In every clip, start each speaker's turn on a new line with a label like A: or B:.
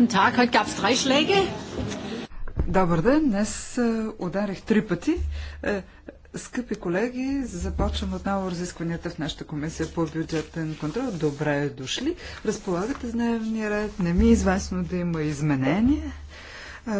A: guten Tag. Heute gab es drei Schläge. Добър ден, днес е, ударих три пъти. Е, скъпи колеги, започвам отново разискванията в нашата комисия по бюджетен контрол. Добре дошли. Разполагате с дневния ред. Не ми е известно да има изменения.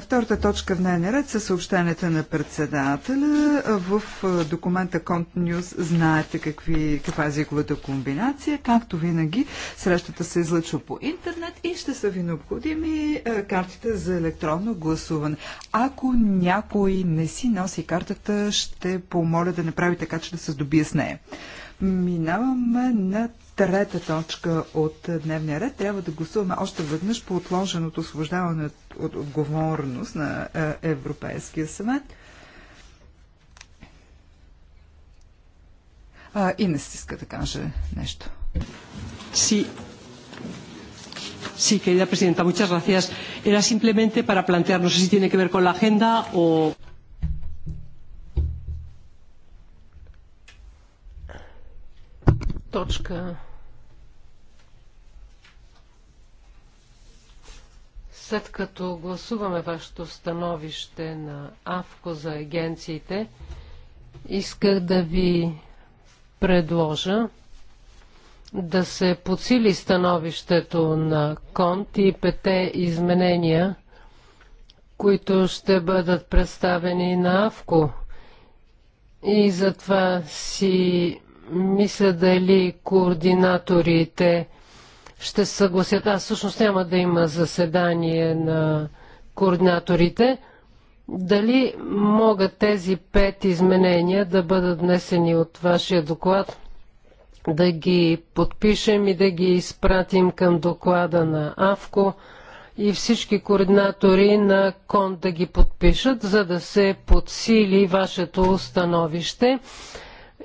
A: Втората точка в дневния ред са съобщенията на председателя. В документа Конт News знаете какви, каква е езиковата комбинация. Както винаги, срещата се излъчва по интернет и ще са ви необходими картите за електронно гласуване. Ако някой не си носи картата, ще помоля да направи така, че да се здобие с нея. Минаваме на трета точка от дневния ред. Трябва да гласуваме още веднъж по отложеното освобождаване от отговорност на е, Европейския съвет. А, и не стиска да каже нещо.
B: Си. Sí, querida presidenta, muchas gracias. Era simplemente para plantear, no sé si tiene que ver con la agenda o... Точка След като гласуваме вашето становище на АВКО за агенциите, исках да ви предложа да се подсили становището на КОНТ и пете изменения, които ще бъдат представени на АВКО. И затова си мисля дали координаторите – ще съгласят. Аз всъщност няма да има заседание на координаторите. Дали могат тези пет изменения да бъдат внесени от вашия доклад, да ги подпишем и да ги изпратим към доклада на АВКО и всички координатори на КОН да ги подпишат, за да се подсили вашето становище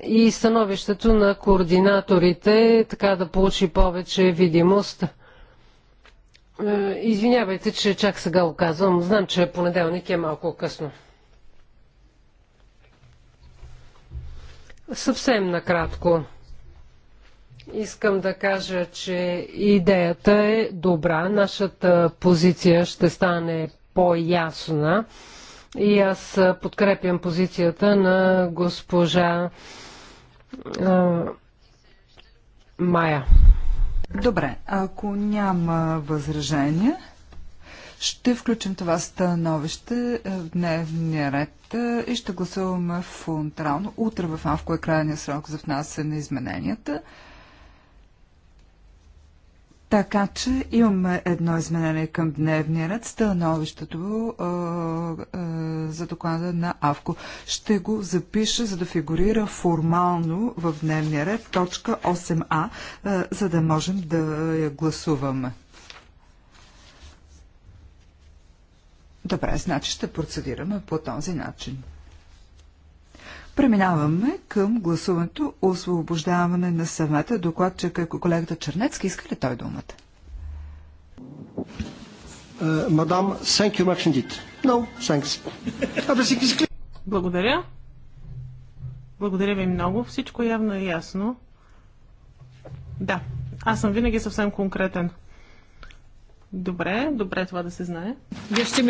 B: и становището на координаторите, така да получи повече видимост. Е, извинявайте, че чак сега го казвам. Знам, че понеделник е малко късно. Съвсем накратко. Искам да кажа, че идеята е добра. Нашата позиция ще стане по-ясна. И аз подкрепям позицията на госпожа Мая.
A: Добре, ако няма възражения, ще включим това становище е, в дневния ред е, и ще гласуваме фунтрално. Утре в Авко е крайния срок за внасяне на измененията. Така че имаме едно изменение към дневния ред, становището а, а, за доклада на АВКО. Ще го запиша, за да фигурира формално в дневния ред точка 8а, а, за да можем да я гласуваме. Добре, значи ще процедираме по този начин. Преминаваме към гласуването освобождаване на съвета. Докладче е колегата Чернецки. Иска ли той думата? Е,
B: мадам, thank you much indeed. No,
C: thanks. Благодаря. Благодаря ви много. Всичко явно е ясно. Да, аз съм винаги съвсем конкретен. Добре, добре това да се знае. ще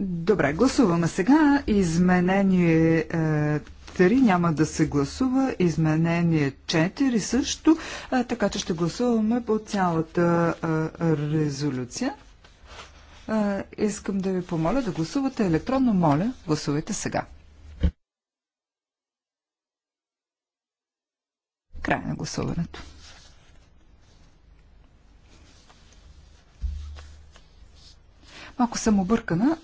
A: Добре, гласуваме сега. Изменение 3 е, няма да се гласува. Изменение 4 също. Е, така че ще гласуваме по цялата е, резолюция. Искам да ви помоля да гласувате електронно. Моля, гласувайте сега. Край на гласуването. Малко съм объркана,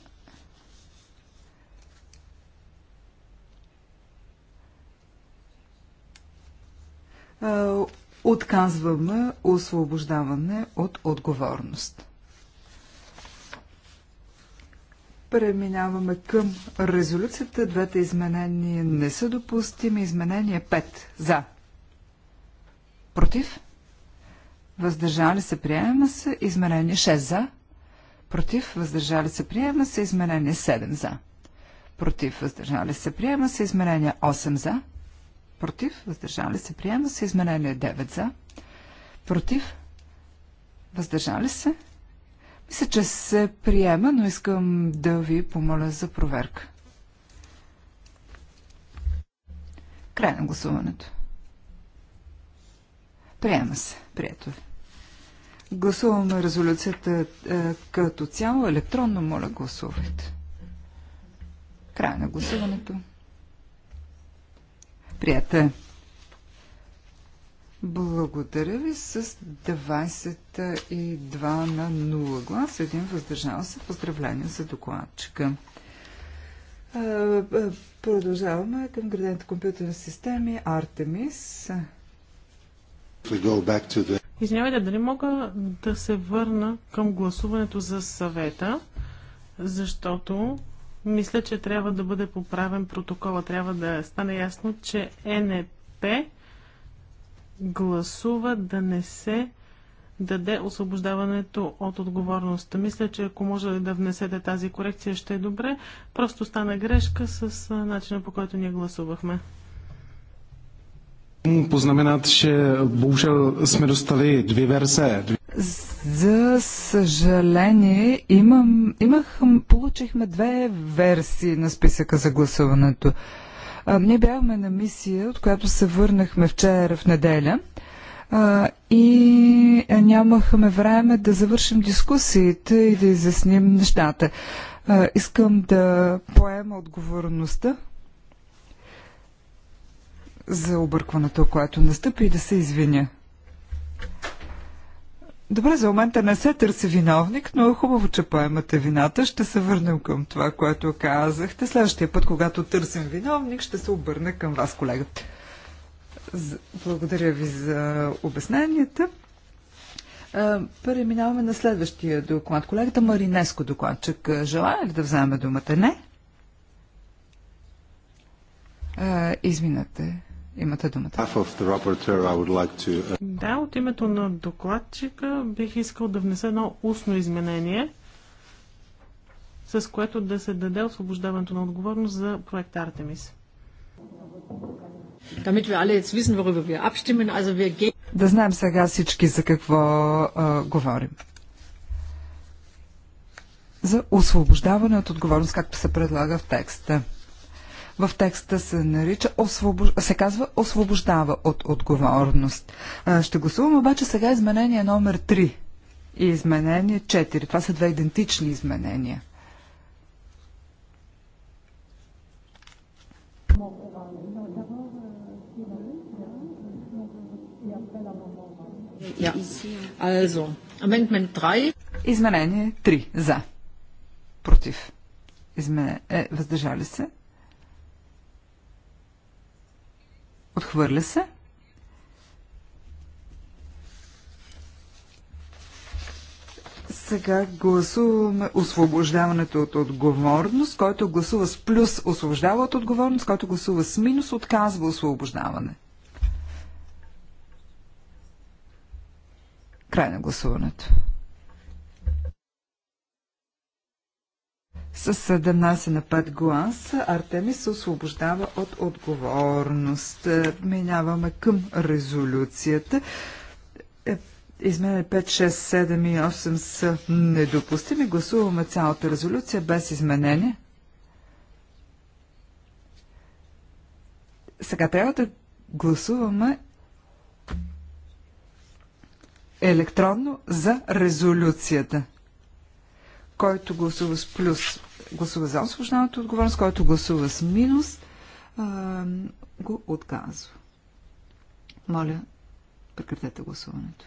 A: отказваме освобождаване от отговорност. Преминаваме към резолюцията. Двете изменения не са допустими. Изменение 5. За. Против. Въздържали се. Приема се. Изменение 6. За. Против. Въздържали се. Приема се. Изменение 7. За. Против. Въздържали се. Приема се. Изменение 8. За Против. Въздържали се. Приема се. Изменение 9 за. Против. Въздържали се. Мисля, че се приема, но искам да ви помоля за проверка. Край на гласуването. Приема се. Прието ви. Е. Гласуваме резолюцията е, като цяло електронно. Моля, гласувайте. Край на гласуването. Прията. Благодаря ви с 22 на 0 глас, един въздържал се. Поздравление за докладчика.
C: Продължаваме към градената компютърна системи Артемис. Извинявайте, дали мога да се върна към гласуването за съвета, защото мисля, че трябва да бъде поправен протокола. Трябва да стане ясно, че НП гласува да не се даде освобождаването от отговорността. Мисля, че ако може да внесете тази корекция, ще е добре. Просто стана грешка с начина по който ние гласувахме. Познamenat, че bohužel сме достали две версии. За съжаление,
A: имам, имах, получихме две версии на списъка за гласуването. А, ние бяхме на мисия, от която се върнахме вчера в неделя а, и нямахме време да завършим дискусиите и да изясним нещата. А, искам да поема отговорността за объркването, което настъпи и да се извиня. Добре, за момента не се търси виновник, но е хубаво, че поемате вината. Ще се върнем към това, което казахте. Следващия път, когато търсим виновник, ще се обърне към вас, колегата. Благодаря ви за обясненията. Преминаваме на следващия доклад. Колегата Маринеско докладчик желая ли да вземе думата? Не?
C: Извинете. Имате думата.
A: Uh,
C: да, от името на докладчика бих искал да внеса едно устно изменение, с което да се даде освобождаването на отговорност за проект Артемис.
A: Да знаем сега всички за какво а, говорим. За освобождаване от отговорност, както се предлага в текста в текста се, нарича, освобож... се казва освобождава от отговорност. Ще гласувам обаче сега изменение номер 3 и изменение 4. Това са две идентични изменения. Изменение 3. За. Против. Измене... Е, въздържали се. Отхвърля се. Сега гласуваме освобождаването от отговорност, който гласува с плюс освобождава от отговорност, който гласува с минус отказва освобождаване. Край на гласуването. С 17 на 5 глас, Артемис се освобождава от отговорност. Е, минаваме към резолюцията. Измене 5, 6, 7 и 8 са недопустими. Гласуваме цялата резолюция без изменение. Сега трябва да гласуваме електронно за резолюцията. Който гласува с плюс гласува за освобождаването отговорност, който гласува с минус, а, го отказва. Моля, прекратете гласуването.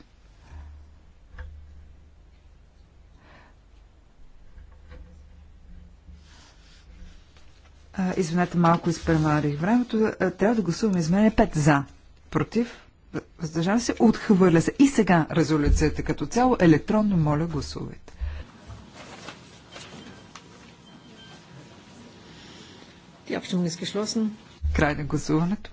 A: извинете, малко изпремарих времето. Трябва да гласуваме измене 5 за. Против? Въздържава се? Отхвърля се. И сега резолюцията като цяло електронно моля гласувайте. Край на гласуването.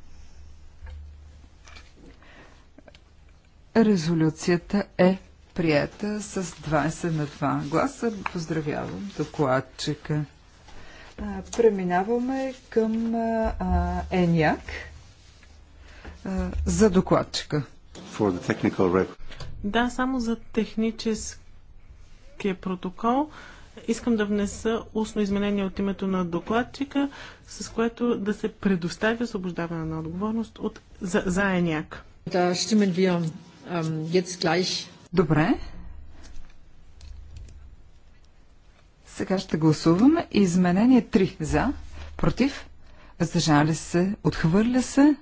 A: Резолюцията е прията с 20 на 2 гласа. Поздравявам докладчика. Преминаваме към ЕНЯК за докладчика.
C: Да, само за техническия протокол. Искам да внеса устно изменение от името на докладчика, с което да се предостави освобождаване на отговорност от, за, за ЕНЯК.
A: Добре. Сега ще гласуваме изменение 3 за, против, въздържали се, отхвърля се,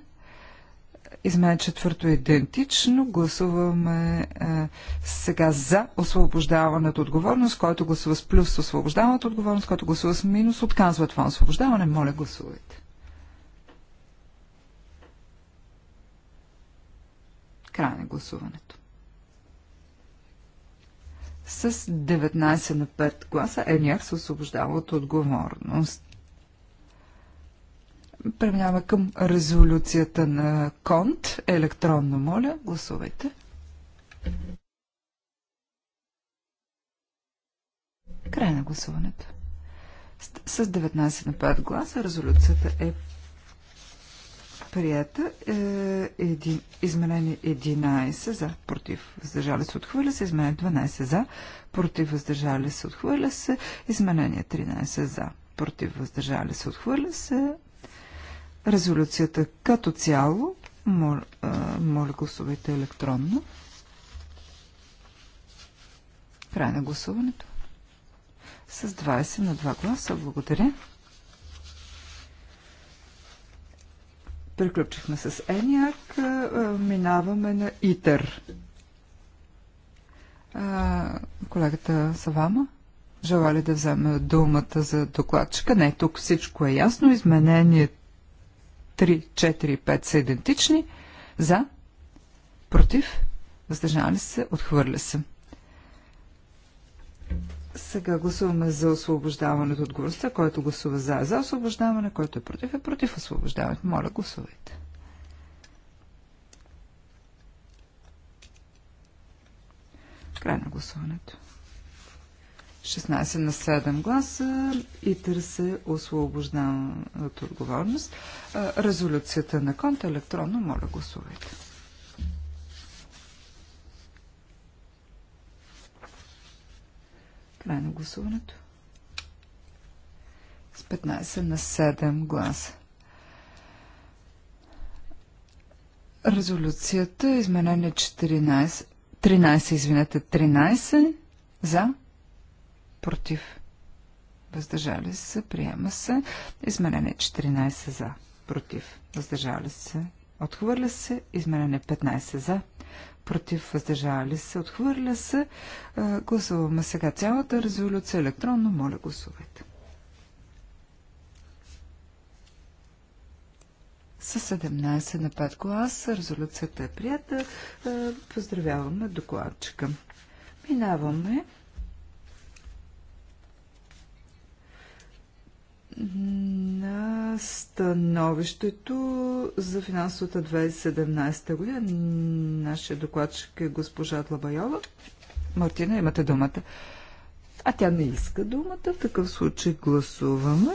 A: Измене четвърто идентично. Гласуваме е, сега за освобождаването от отговорност, който гласува с плюс освобождаването от отговорност, който гласува с минус, отказва това освобождаване. Моля, гласувайте. Край на гласуването. С 19 на 5 гласа Еняк се освобождава от отговорност. Преминаваме към резолюцията на КОНТ. Електронно, моля, гласувайте. Край на гласуването. С 19 на 5 гласа резолюцията е прията. Е, един, изменение 11 за, против, въздържали се, отхвърля се. Изменение 12 за, против, въздържали се, отхвърля се. Изменение 13 за, против, въздържали се, отхвърля се резолюцията като цяло. Моля, моля гласувайте електронно. Край на гласуването. С 20 на 2 гласа. Благодаря. Приключихме с ЕНИАК. Минаваме на ИТЕР. Колегата Савама желали да вземе думата за докладчика. Не, тук всичко е ясно. Изменението 3, 4 5 са идентични. За, против, въздържали се, отхвърля се. Сега гласуваме за освобождаването от отговорността, който гласува за за освобождаване, който е против е против освобождаването. Моля, гласувайте. Край на гласуването. 16 на 7 гласа и търсе освобождава от отговорност. Резолюцията на конта електронно, моля гласувайте. Край на гласуването. С 15 на 7 гласа. Резолюцията е изменение 14, 13, извинете, 13 за против, въздържали се, приема се. Изменение 14 за, против, въздържали се, отхвърля се. Изменение 15 за, против, въздържали се, отхвърля се. Гласуваме сега цялата резолюция електронно. Моля, гласувайте. С 17 на 5 гласа резолюцията е прията. Поздравяваме докладчика. Минаваме на становището за финансовата 2017 година. Нашия докладчик е госпожа Тлабайова. Мартина, имате думата. А тя не иска думата. В такъв случай гласуваме.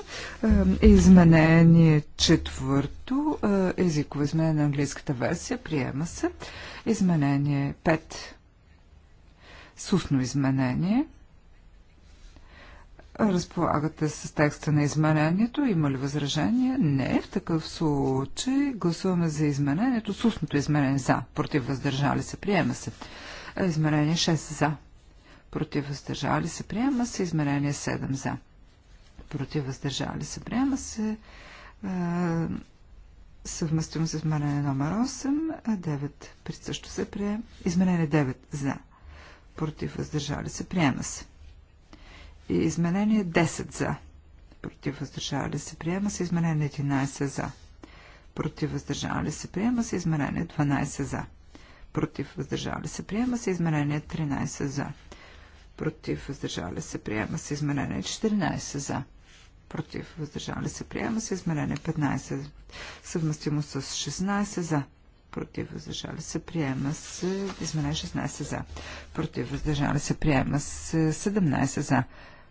A: Изменение четвърто. Е, езиково изменение на английската версия. Приема се. Изменение 5. Сусно изменение. Разполагате с текста на изменението. Има ли възражение? Не. В такъв случай гласуваме за изменението. С устното изменение за. Против въздържали се. Приема се. Изменение 6 за. Против въздържали се. Приема се. Изменение 7 за. Против въздържали се. Приема се. Е, съвместимо с изменение номер 8. 9 при също се приема. Изменение 9 за. Против въздържали се. Приема се. И Изменение 10 за. Против въздържали се приема се. Изменение 11 за. Против въздържали се приема се. Изменение 12 за. Против въздържали се приема се. Изменение 13 за. Против въздържали се приема се. Изменение 14 за против, въздържали се, приема се изменение 15, съвместимо с 16 за, против, въздържали се, приема с, изменение 16 за, против, въздържали се, приема с 17 за,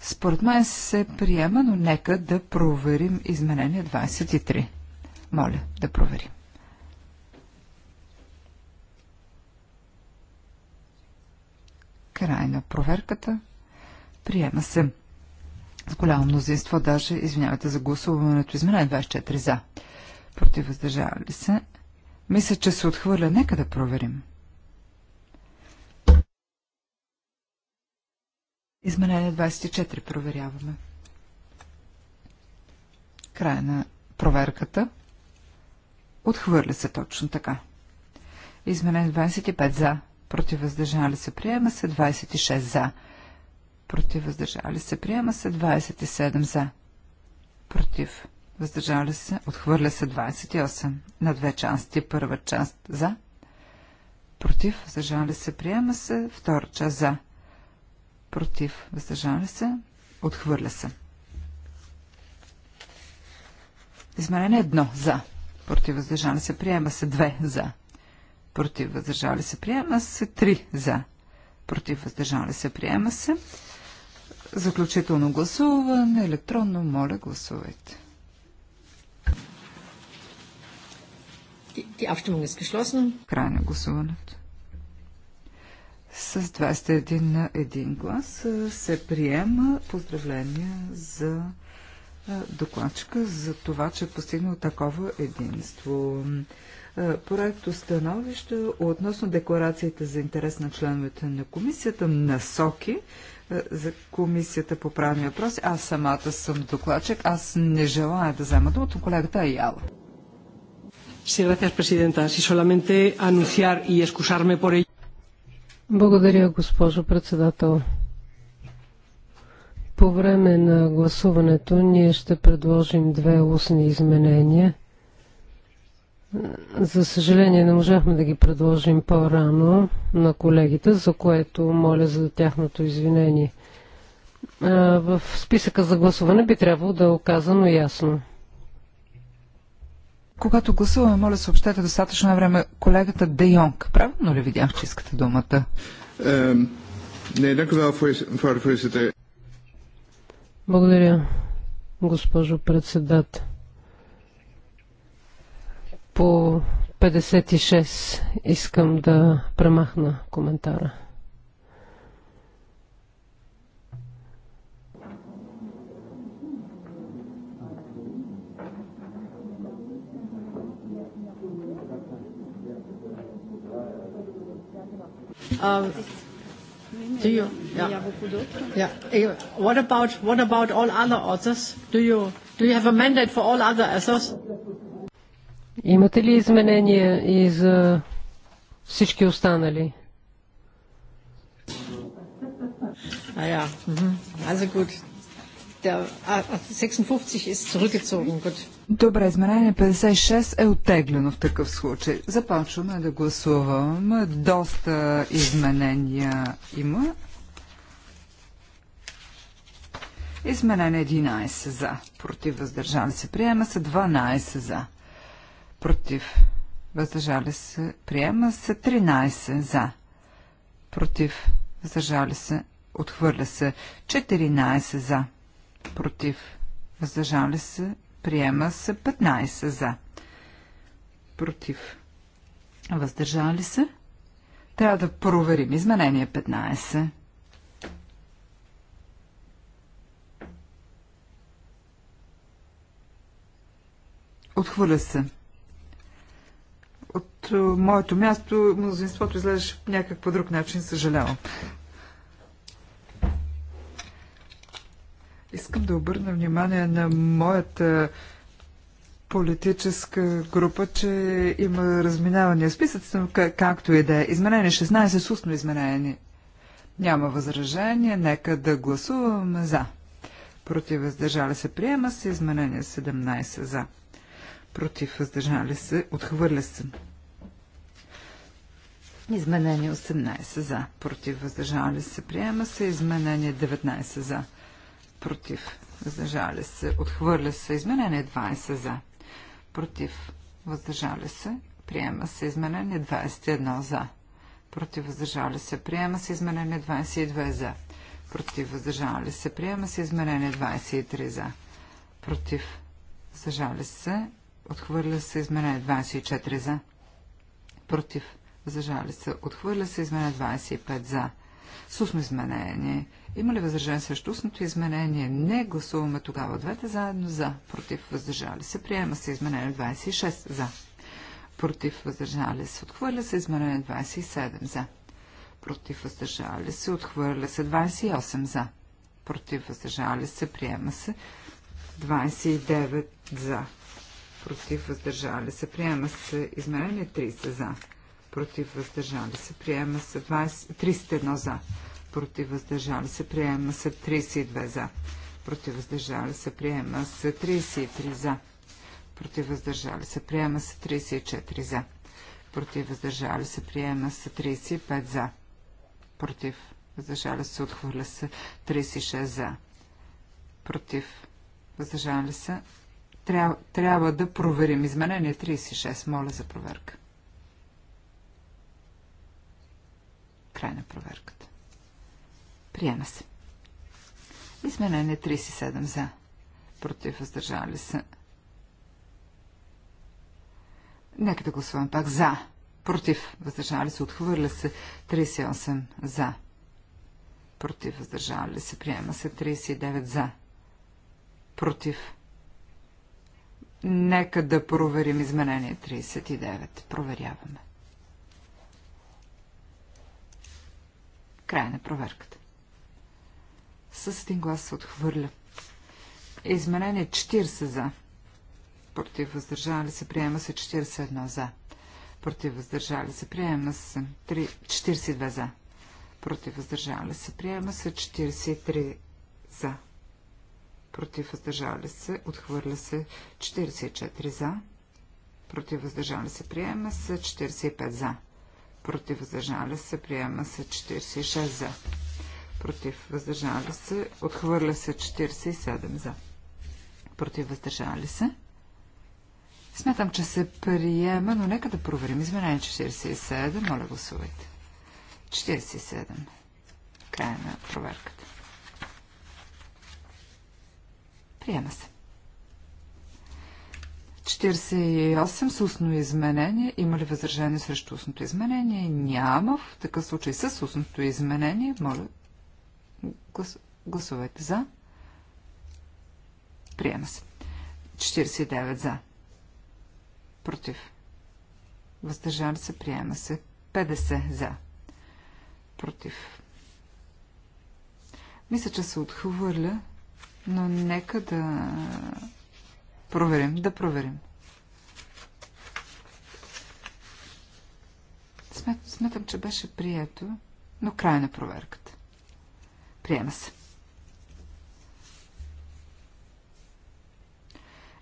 A: според мен се приема, но нека да проверим изменение 23. Моля да проверим. Край на проверката. Приема се. С голямо мнозинство даже, извинявайте за гласуването, изменение 24 за. Против ли се. Мисля, че се отхвърля. Нека да проверим. Изменение 24 проверяваме. Край на проверката. Отхвърля се точно така. Изменение 25 за. Против въздържали се приема се 26 за. Против въздържали се приема се 27 за. Против въздържали се отхвърля се 28 на две части. Първа част за. Против въздържали се приема се втора част за против, въздържали се, отхвърля се. Изменение едно за, против, въздържали се, приема се две за, против, въздържали се, приема се три за, против, въздържали се, приема се. Заключително гласуване, електронно, моля, гласувайте.
B: Die Abstimmung ist geschlossen.
A: Край гласуването. С 21 на 1 глас се приема поздравления за докладчика за това, че е постигнал такова единство. Проект установище относно декларацията за интерес на членовете на комисията, насоки за комисията по правни въпроси. Аз самата съм докладчик. Аз не желая да взема думата. Колегата
B: е яла. Sí, gracias, Presidenta. Si solamente anunciar y excusarme por ello. Благодаря, госпожо председател. По време на гласуването ние ще предложим две устни изменения. За съжаление не можахме да ги предложим по-рано на колегите, за което моля за тяхното извинение. В списъка за гласуване би трябвало да е оказано ясно.
A: Когато гласуваме, моля съобщете достатъчно време колегата Де Йонг. Правилно
B: ли видях, че искате думата? Не, нека Благодаря, госпожо председател. По 56 искам да премахна коментара.
C: do you? Yeah.
B: yeah. What about what about all other authors? Do you do you have a mandate for all other authors? Имате ли изменения и за всички останали? А, ja. Mhm. Also gut der 56 ah, ist zurückgezogen. Gut. Добре,
A: изменение 56 е оттеглено в такъв случай. Започваме да гласуваме. Доста изменения има. Изменение 11 за. Против въздържали се. Приема се 12 за. Против въздържали се. Приема се 13 за. Против въздържали се. Отхвърля се 14 за против, въздържали се, приема се 15 за, против, въздържали се. Трябва да проверим изменение 15. Отхвърля се. От моето място мнозинството изглеждаше по някакъв по друг начин, съжалявам. Искам да обърна внимание на моята политическа група, че има разминавания. Списъците, както и да е. Изменение 16 сусно изменени. изменение. Няма възражение. Нека да гласуваме за. Против въздържали се приема се. Изменение 17 за. Против въздържали се. Отхвърля се. Изменение 18 за. Против въздържали се приема се. Изменение 19 за против, въздържали се, отхвърля се, изменение 20 за, против, въздържали се, приема се, изменение 21 за, против, въздържали се, приема се, изменение 22 за, против, въздържали се, приема се, изменение 23 за, против, въздържали се, отхвърля се, изменение 24 за, против, въздържали се, отхвърля се, изменение 25 за, с устно изменение. Има ли възражение срещу устното изменение? Не. Гласуваме тогава двете заедно за. Против въздържали се. Приема се изменение 26 за. Против въздържали се. Отхвърля се изменение 27 за. Против въздържали се. Отхвърля се 28 за. Против въздържали се. Приема се 29 за. Против въздържали се. Приема се изменение 30 за против въздържали се, приема се 20, за, против въздържали се, приема се 32 за, против въздържали се, приема се 33 за, против въздържали се, приема се 34 за, против въздържали се, приема се 35 за, против въздържали се, отхвърля се 36 за, против въздържали се, трябва, трябва да проверим изменение 36. Моля за проверка. Край на проверката. Приема се. Изменение 37 за. Против въздържали се. Нека да гласувам пак за. Против въздържали се. Отхвърля се 38 за. Против въздържали се. Приема се 39 за. Против. Нека да проверим изменение 39. Проверяваме. Край на проверката. Със един глас се отхвърля. Изменение 40 за. Против въздържали се приема се 41 за. Против въздържали се приема се 3... 42 за. Против въздържали се приема се 43 за. Против въздържали се отхвърля се 44 за. Против въздържали се приема се 45 за против въздържали се, приема се 46 за, против въздържали се, отхвърля се 47 за, против въздържали се. Смятам, че се приема, но нека да проверим. Изменение 47, моля гласувайте. 47. Края на проверката. Приема се. 48 с устно изменение. Има ли възражение срещу устното изменение? Няма. В такъв случай с устното изменение, Може. глас, гласувайте за. Приема се. 49 за. Против. Въздържали се. Приема се. 50 за. Против. Мисля, че се отхвърля, но нека да проверим, да проверим. Смет, сметам, че беше прието, но край на проверката. Приема се.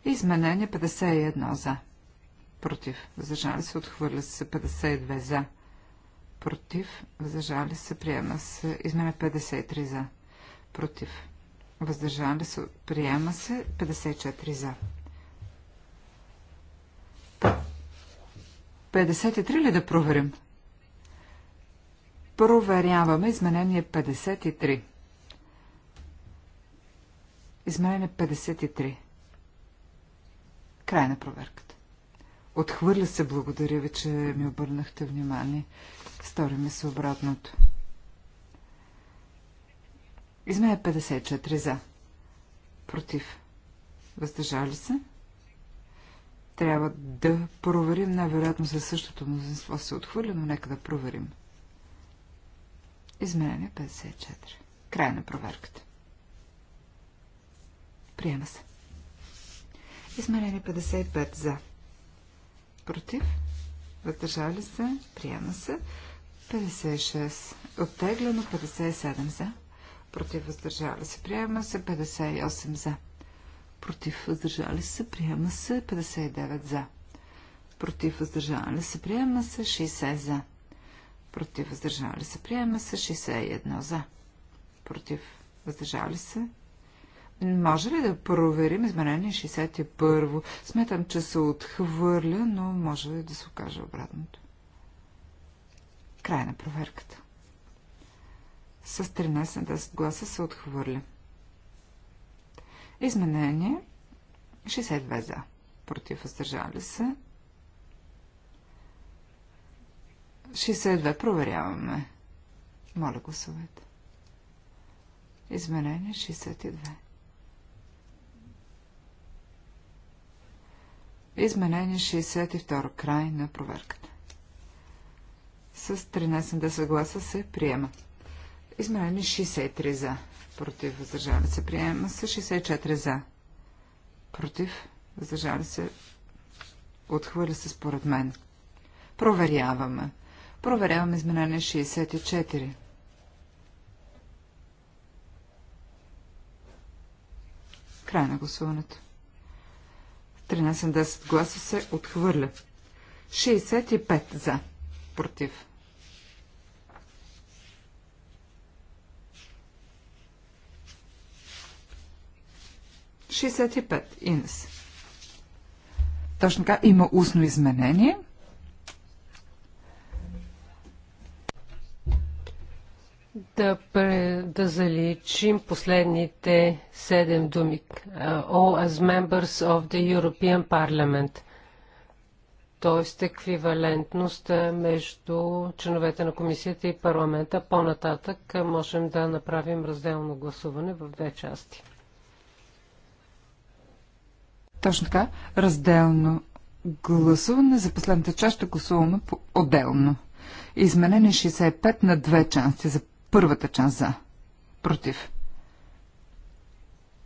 A: Изменение 51 за. Против. Въздържали се. Отхвърля се 52 за. Против. Въздържали се. Приема се. Изменение 53 за. Против въздържали се, приема се 54 за. 53 ли да проверим? Проверяваме изменение 53. Изменение 53. Край на проверката. Отхвърля се, благодаря ви, че ми обърнахте внимание. Стори ми се обратното. Изменя 54 за. Против. Въздържали се. Трябва да проверим. Най-вероятно за същото мнозинство се отхвърля, но нека да проверим. Изменение 54. Край на проверката. Приема се. Измерение 55 за. Против. Въздържали се. Приема се. 56. Оттеглено. 57 за против въздържали се, приема се 58 за. Против въздържали се, приема се 59 за. Против въздържали се, приема се 60 за. Против въздържали се, приема се 61 за. Против въздържали се. Може ли да проверим изменение 61? Сметам, че се отхвърля, но може ли да се окаже обратното. Край на проверката с 13 гласа се отхвърля. Изменение 62 за. Против въздържали се. 62 проверяваме. Моля гласовете. Изменение 62. Изменение 62. Край на проверката. С 13 10 гласа се приема. Измерени 63 за. Против. Въздържали се. Приема се. 64 за. Против. Въздържали се. Отхвърля се според мен. Проверяваме. Проверяваме изменение 64. Край на гласуването. 13-10 гласа се отхвърля. 65 за. Против. 65. инс. Точно така. Има устно изменение.
B: Да, да заличим последните седем думи. All as members of the European Parliament. Тоест еквивалентност е между членовете на комисията и парламента. По-нататък можем да направим разделно гласуване в две части.
A: Точно така, разделно гласуване. За последната част ще гласуваме по отделно. Изменение 65 на две части. За първата част за. Против.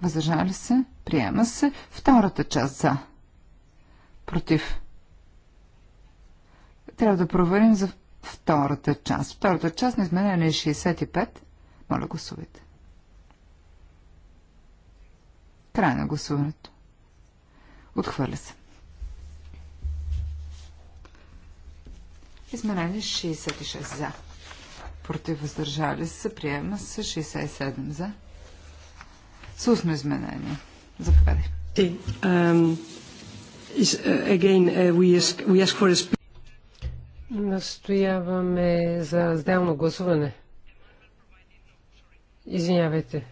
A: Въздържали се. Приема се. Втората част за. Против. Трябва да проверим за втората част. Втората част на изменение 65. Моля, гласувайте. Край на гласуването. Отхвърля се. Изменение 66 за. Против въздържали се. Приема се 67 за. С устно изменение. Заповядай.
B: Настояваме за разделно гласуване. Извинявайте.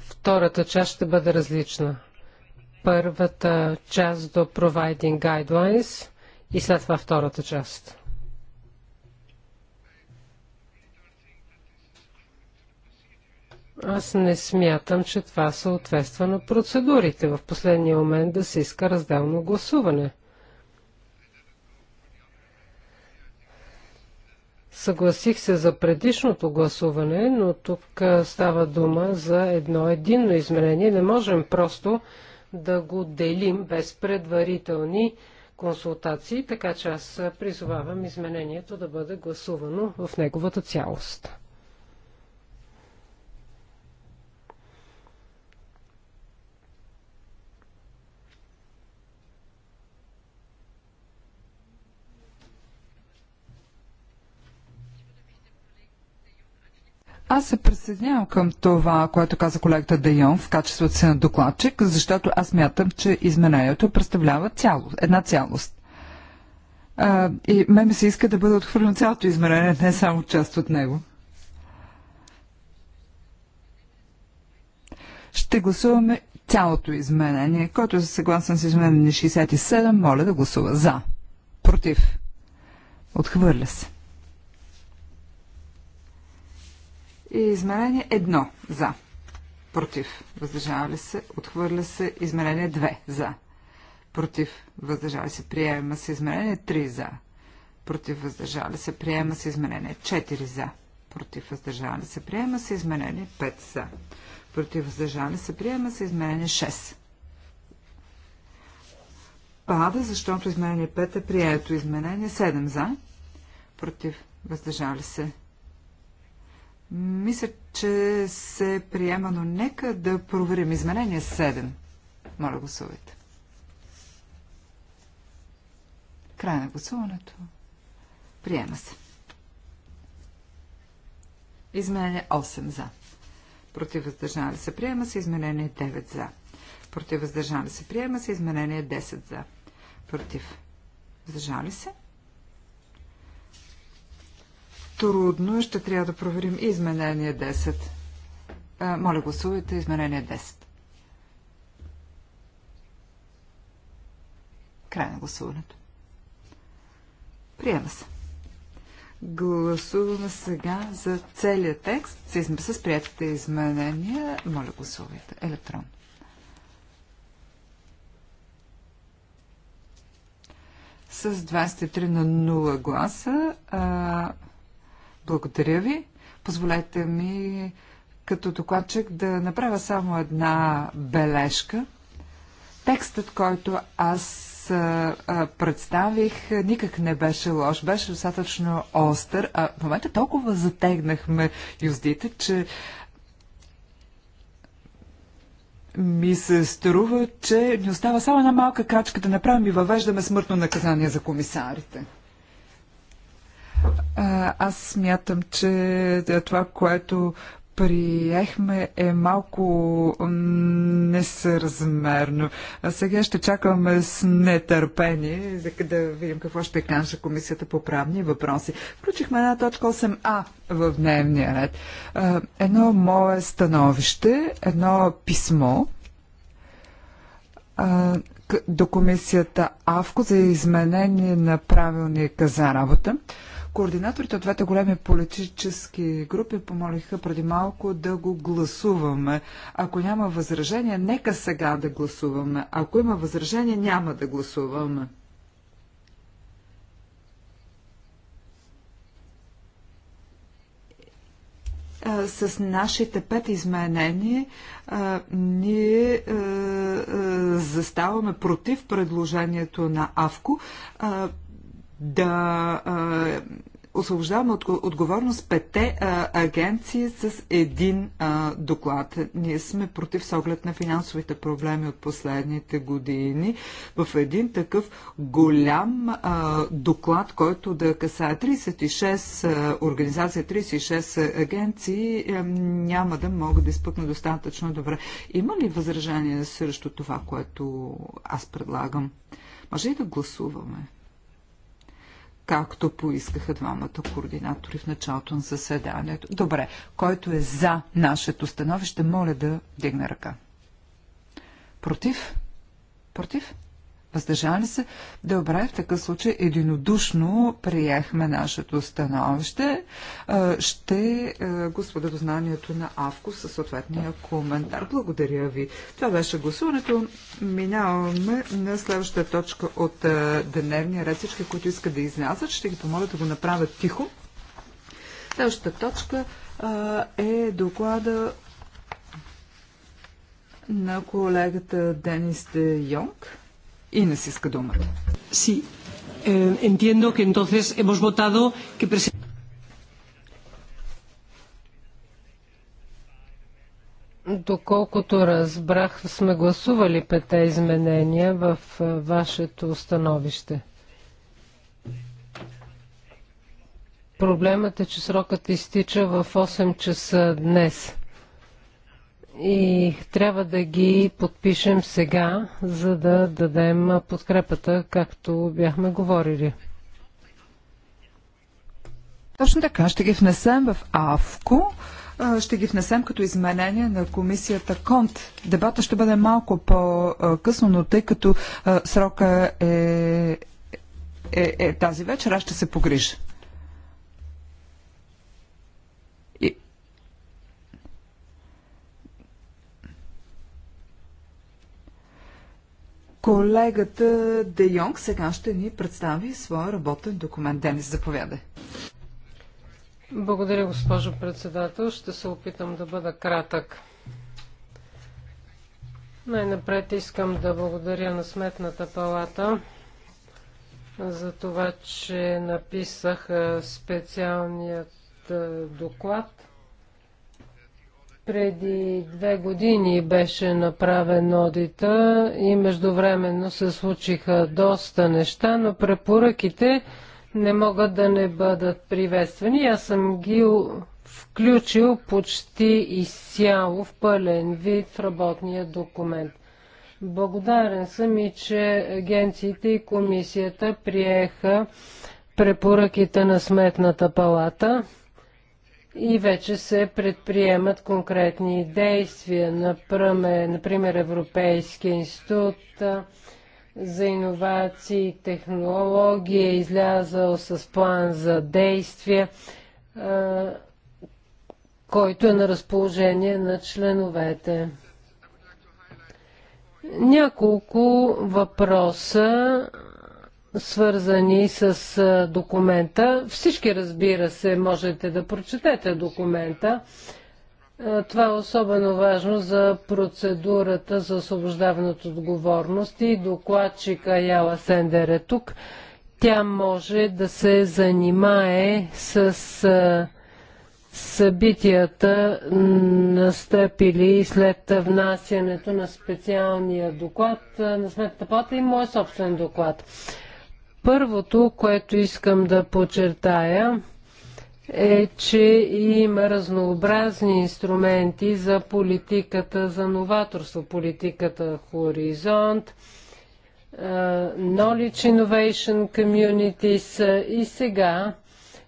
B: Втората част ще бъде различна. Първата част до Providing Guidelines и след това втората част. Аз не смятам, че това съответства на процедурите. В последния момент да се иска разделно гласуване – Съгласих се за предишното гласуване, но тук става дума за едно единно измерение. Не можем просто да го делим без предварителни консултации, така че аз призовавам изменението да бъде гласувано в неговата цялост.
A: Аз се присъединявам към това, което каза колегата Дайон в качеството си на докладчик, защото аз мятам, че изменението представлява цяло, една цялост. А, и ме ми се иска да бъде отхвърлено цялото измерение, не само част от него. Ще гласуваме цялото изменение. Който е съгласен с изменение 67, моля да гласува за. Против. Отхвърля се. И измерение 1 за. Против. въздържава ли се. Отхвърля се. Измерение 2 за. Против. Въздържали се. Приема се. Измерение 3 за. Против. Въздържали се. Приема се. измерение. 4 за. Против. Въздържали се. Приема се. измерение 5 за. Против. Въздържали се. Приема се. измерение 6 пада, защото изменение 5 е прието. Изменение 7 за. Против. Въздържали се. Мисля, че се приема, но нека да проверим. Изменение 7. Моля, гласувайте. Край на гласуването. Приема се. Изменение 8 за. Против въздържане се приема се изменение 9 за. Против въздържане се приема се изменение 10 за. Против въздържане се трудно. Ще трябва да проверим изменение 10. А, моля, гласувайте изменение 10. Край на гласуването. Приема се. Гласуваме сега за целият текст с приятите изменения. Моля, гласувайте електронно. С 23 на 0 гласа а, благодаря ви. Позволете ми като докладчик да направя само една бележка. Текстът, който аз представих, никак не беше лош, беше достатъчно остър, а в момента толкова затегнахме юздите, че ми се струва, че ни остава само една малка крачка да направим и въвеждаме смъртно наказание за комисарите. Аз смятам, че това, което приехме е малко несъразмерно. А сега ще чакаме с нетърпение, за да видим какво ще каже Комисията по правни въпроси. Включихме една точка 8а в дневния ред. Едно мое становище, едно писмо до комисията АВКО за изменение на правилника за работа. Координаторите от двете големи политически групи помолиха преди малко да го гласуваме. Ако няма възражение, нека сега да гласуваме. Ако има възражение, няма да гласуваме. с нашите пет изменения ние заставаме против предложението на АВКО да освобождаваме от отговорност пете а, агенции с един а, доклад. Ние сме против с оглед на финансовите проблеми от последните години в един такъв голям а, доклад, който да касае 36 а, организации, 36 агенции, а, няма да могат да изпъкнат достатъчно добре. Има ли възражение срещу това, което аз предлагам? Може и да гласуваме както поискаха двамата координатори в началото на заседанието. Добре, който е за нашето становище, моля да дигне ръка. Против? Против? Въздържали се? Добре, в такъв случай единодушно приехме нашето становище. Ще го до знанието на Авко със съответния коментар. Благодаря ви. Това беше гласуването. Минаваме на следващата точка от дневния ред. Всички, които искат да излязат, ще ги помоля да го направят тихо. Следващата точка е доклада на колегата Денис Де Йонг и иска думата.
B: Си. Eh, entiendo que entonces hemos votado que Доколкото разбрах, сме гласували пете изменения в е, вашето становище. Проблемът е, че срокът изтича в 8 часа днес и трябва да ги подпишем сега, за да дадем подкрепата, както бяхме говорили.
A: Точно така, ще ги внесем в АВКО, ще ги внесем като изменение на комисията КОНТ. Дебата ще бъде малко по-късно, но тъй като срока е, е, е тази вечер, аз ще се погрижа. Колегата Де Йонг сега ще ни представи своя работен документ. Денис, заповядай.
B: Благодаря, госпожо председател. Ще се опитам да бъда кратък. Най-напред искам да благодаря на Сметната палата за това, че написах специалният доклад – преди две години беше направен одита и междувременно се случиха доста неща, но препоръките не могат да не бъдат приветствени. Аз съм ги включил почти изцяло в пълен вид в работния документ. Благодарен съм и, че агенциите и комисията приеха препоръките на Сметната палата и вече се предприемат конкретни действия. Например, например Европейския институт за иновации и технология е излязал с план за действие, който е на разположение на членовете. Няколко въпроса свързани с документа. Всички, разбира се, можете да прочетете документа. Това е особено важно за процедурата за освобождаване от отговорност и докладчика Яла Сендер е тук. Тя може да се занимае с събитията настъпили след внасянето на специалния доклад на Сметната пата и моят собствен доклад. Първото, което искам да подчертая, е, че има разнообразни инструменти за политиката за новаторство, политиката Хоризонт, Knowledge Innovation Communities и сега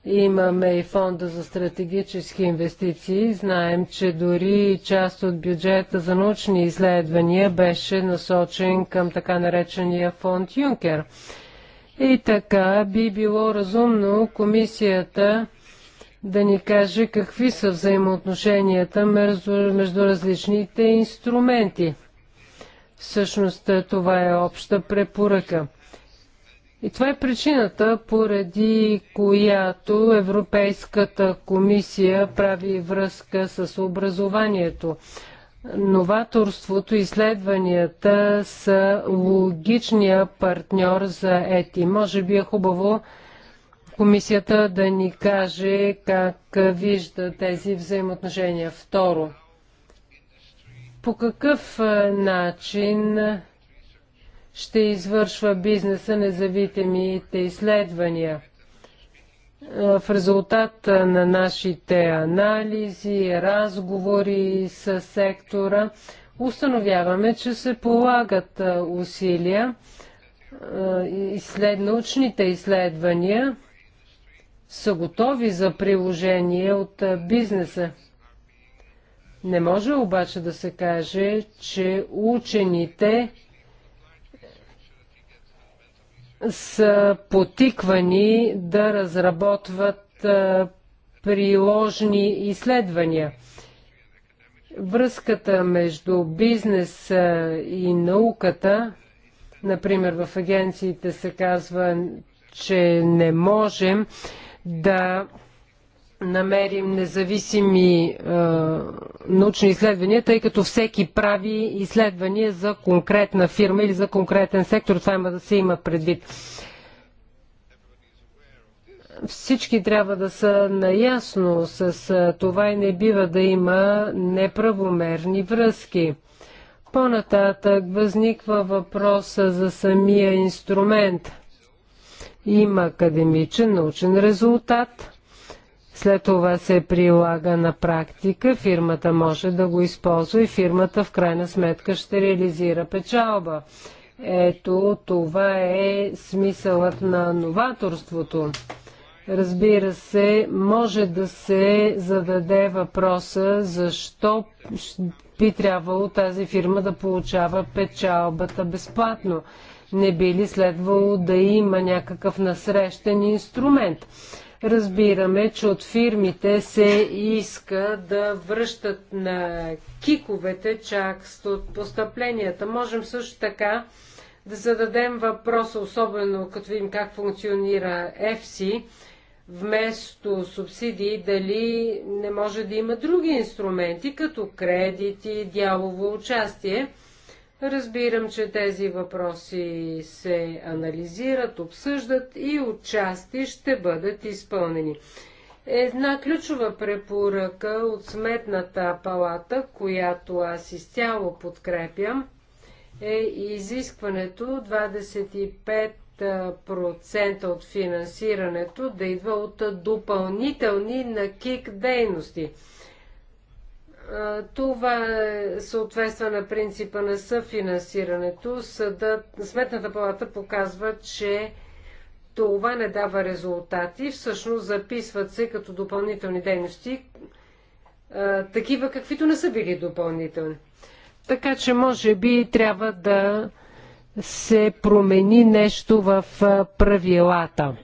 B: имаме и фонда за стратегически инвестиции. Знаем, че дори част от бюджета за научни изследвания беше насочен към така наречения фонд Юнкер – и така би било разумно комисията да ни каже какви са взаимоотношенията между, различните инструменти. Всъщност е, това е обща препоръка. И това е причината, поради която Европейската комисия прави връзка с образованието. Новаторството изследванията са логичния партньор за ЕТИ. Може би е хубаво комисията да ни каже как вижда тези взаимоотношения. Второ, по какъв е, начин ще извършва бизнеса независимите изследвания? Е, в резултат е, на нашите анализи, разговори с сектора, установяваме, че се полагат е, усилия след научните изследвания са готови за приложение от бизнеса. Не може обаче да се каже, че учените са потиквани да разработват приложни изследвания. Връзката между бизнес и науката, например в агенциите се казва, че не можем да намерим независими е, научни изследвания, тъй като всеки прави изследвания за конкретна фирма или за конкретен сектор. Това има да се има предвид. Всички трябва да са наясно с това и не бива да има неправомерни връзки. По-нататък възниква въпроса за самия инструмент. Има академичен научен резултат – след това се прилага на практика, фирмата може да го използва и фирмата в крайна сметка ще реализира печалба. Ето, това е смисълът на новаторството. Разбира се, може да се зададе въпроса защо би трябвало тази фирма да получава печалбата безплатно. Не би ли следвало да има някакъв насрещен инструмент? Разбираме, че от фирмите се иска да връщат на киковете чак от постъпленията. Можем също така да зададем въпроса, особено като видим как функционира ЕФСИ, вместо субсидии, дали не може да има други инструменти, като кредити, дялово участие – Разбирам, че тези въпроси се анализират, обсъждат и отчасти ще бъдат изпълнени. Една ключова препоръка от Сметната палата, която аз изцяло подкрепям, е изискването 25% от финансирането да идва от допълнителни на КИК дейности – това съответства на принципа на съфинансирането. Съдът, сметната палата показва, че това не дава резултати. Всъщност записват се като допълнителни дейности, такива каквито не са били допълнителни. Така че може би трябва да се промени нещо в правилата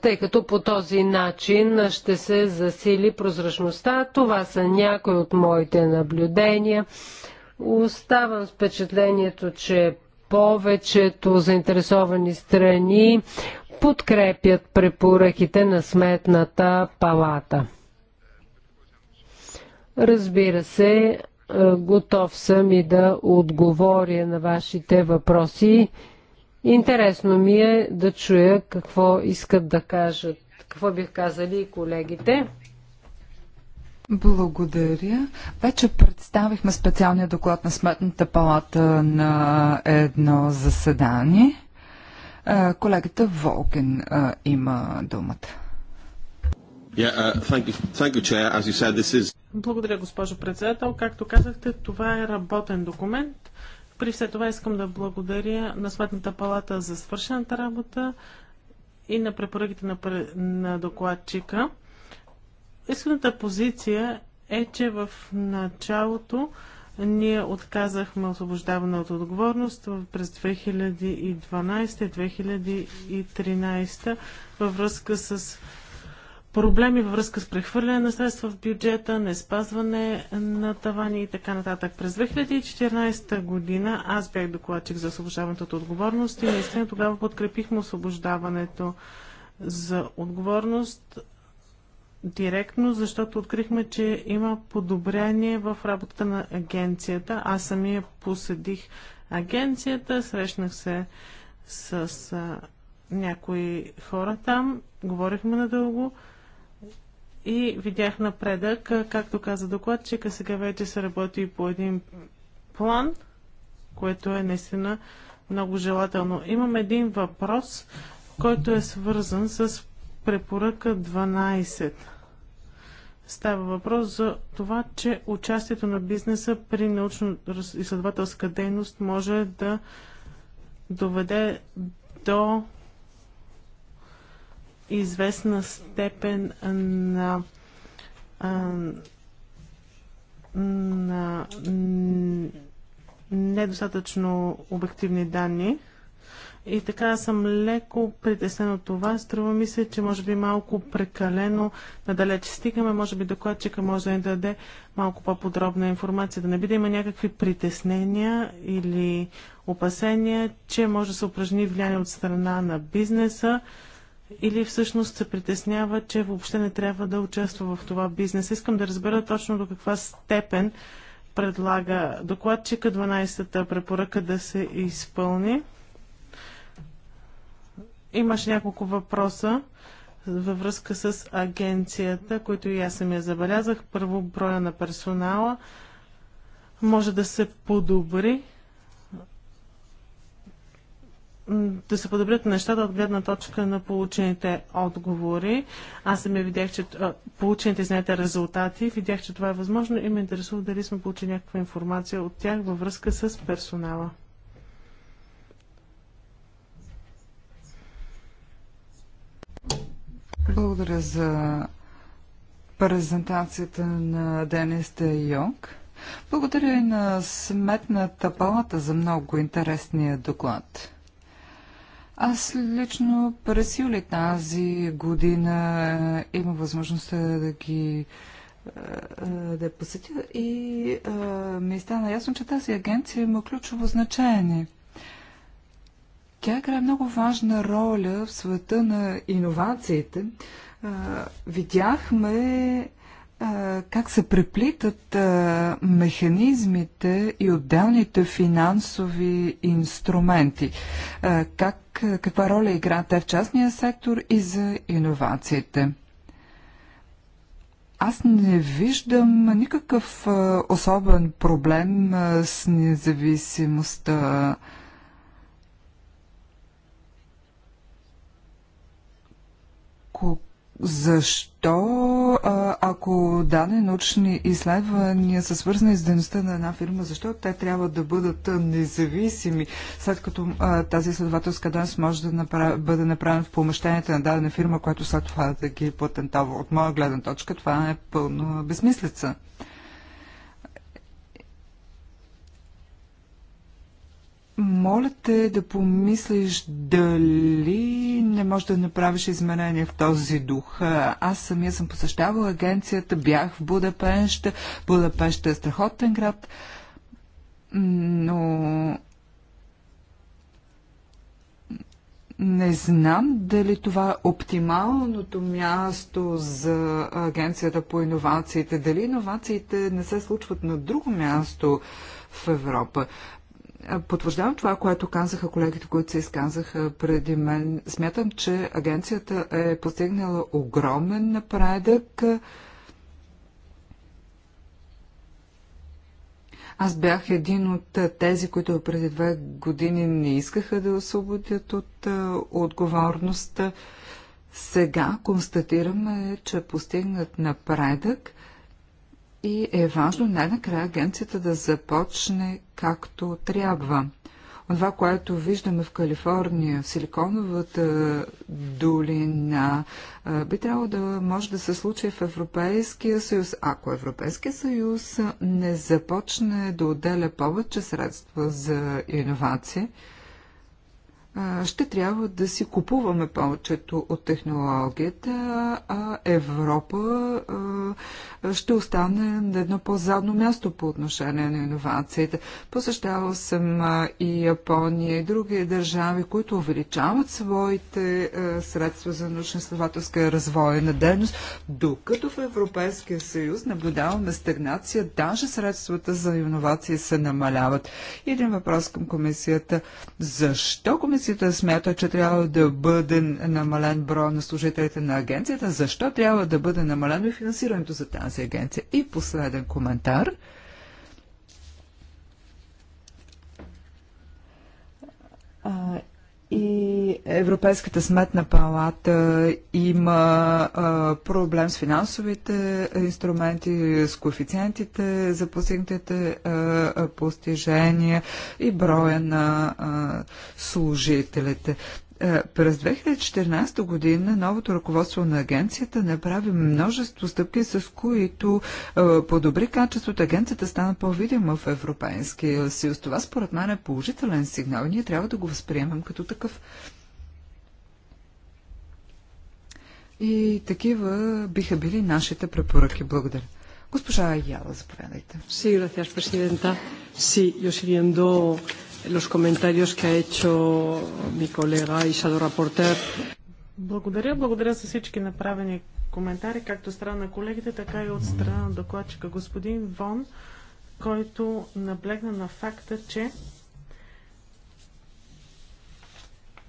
B: тъй като по този начин ще се засили прозрачността. Това са някои от моите наблюдения. Оставам с впечатлението, че повечето заинтересовани страни подкрепят препоръките на Сметната палата. Разбира се, готов съм и да отговоря на вашите въпроси. Интересно ми е да чуя какво искат да кажат, какво бих казали и колегите. Благодаря. Вече
A: представихме специалния доклад на Сметната палата на едно заседание. Е, колегата Волкен е, има думата.
C: Uh, Благодаря, госпожо председател. Както казахте, това е работен документ, при все това искам да благодаря на Сметната палата за свършената работа и на препоръките на, на докладчика. Исканата позиция е, че в началото ние отказахме освобождаване от отговорност през 2012-2013 във връзка с проблеми във връзка с прехвърляне на средства в бюджета, не спазване на тавани и така нататък. През 2014 година аз бях докладчик за освобождаването от отговорност и наистина тогава подкрепихме освобождаването за отговорност директно, защото открихме, че има подобрение в работата на агенцията. Аз самия посетих агенцията, срещнах се с някои хора там, говорихме надълго и видях напредък. Както каза докладчика, сега вече се работи по един план, което е наистина много желателно. Имам един въпрос, който е свързан с препоръка 12. Става въпрос за това, че участието на бизнеса при научно-изследователска дейност може да доведе до известна степен на, на недостатъчно обективни данни. И така съм леко притеснен от това. Струва ми се, че може би малко прекалено надалеч стигаме. Може би докладчика може да ни даде малко по-подробна информация. Да не би да има някакви притеснения или опасения, че може да се упражни влияние от страна на бизнеса или всъщност се притеснява, че въобще не трябва да участва в това бизнес. Искам да разбера точно до каква степен предлага докладчика 12-та препоръка да се изпълни. Имаш няколко въпроса във връзка с агенцията, които и аз съм я забелязах. Първо, броя на персонала може да се подобри да се подобрят нещата от гледна точка на получените отговори. Аз съм я видях, че а, получените, знаете, резултати, видях, че това е възможно и ме интересува дали сме получили някаква информация от тях във връзка с персонала. Благодаря
A: за презентацията на Денис Де Йонг. Благодаря и на Сметната палата за много интересния доклад. Аз лично през юли тази година е, имам възможността да ги е, е, да посетя и а, ми стана ясно, че тази агенция има ключово значение. Тя играе много важна роля в света на иновациите. Видяхме как се преплитат механизмите и отделните финансови инструменти. Как, каква роля играят те в частния сектор и за иновациите? Аз не виждам никакъв особен проблем с независимостта. Колко защо, ако дане научни изследвания са свързани с дейността на една фирма, защо те трябва да бъдат независими, след като а, тази изследователска дейност може да направи, бъде направена в помещенията на дадена фирма, която след това да ги е патентава? От моя гледна точка това е пълно безмислица. Моля те да помислиш дали не можеш да направиш изменения в този дух. Аз самия съм посещавал агенцията, бях в Будапеща. Будапеща е страхотен град, но Не знам дали това е оптималното място за Агенцията по иновациите, дали иновациите не се случват на друго място в Европа. Потвърждавам това, което казаха колегите, които се изказаха преди мен. Смятам, че агенцията е постигнала огромен напредък. Аз бях един от тези, които преди две години не искаха да освободят от отговорността. Сега констатираме, че постигнат напредък и е важно най-накрая агенцията да започне както трябва. Това, което виждаме в Калифорния, в Силиконовата долина, би трябвало да може да се случи в Европейския съюз, ако Европейския съюз не започне да отделя повече средства за иновация ще трябва да си купуваме повечето от технологията, а Европа ще остане на едно по-задно място по отношение на иновациите. Посещавал съм и Япония и други държави, които увеличават своите средства за научно-изследователска развойна дейност, докато в Европейския съюз наблюдаваме стагнация, даже средствата за иновации се намаляват. Един въпрос към комисията. Защо комисията агенцията смята, че трябва да бъде намален броя на служителите на агенцията, защо трябва да бъде намалено и финансирането за тази агенция? И последен коментар. А, и Европейската сметна палата има а, проблем с финансовите инструменти, с коефициентите за постигнатите постижения и броя на а, служителите. Е, през 2014 година новото ръководство на агенцията направи множество стъпки, с които е, подобри качеството. Агенцията стана по-видима в Европейския съюз. Това според мен е положителен сигнал и ние трябва да го възприемем като такъв. И такива биха били нашите препоръки. Благодаря. Госпожа Яла, заповядайте. Sí, gracias,
B: presidenta. Sí, yo siguiendo los comentarios que ha hecho mi colega Isado Рапортер.
C: Благодаря, благодаря за всички направени коментари, както страна на колегите, така и от страна на докладчика господин Вон, който наблегна на факта, че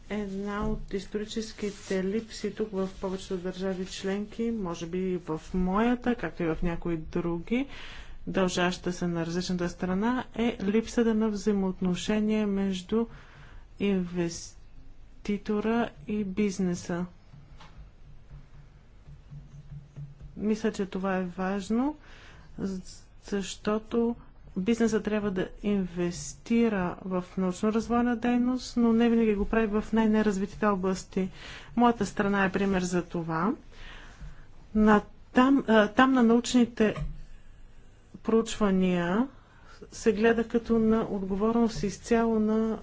C: една от историческите липси тук в повечето държави членки, може би в моята, както и в някои други, дължаща се на различната страна, е липсата на взаимоотношение между инвеститора и бизнеса. Мисля, че това е важно, защото бизнеса трябва да инвестира в научно-развойна дейност, но не винаги го прави в най-неразвитите области. Моята страна е пример за това. На, там, там на научните проучвания се гледа като на отговорност изцяло на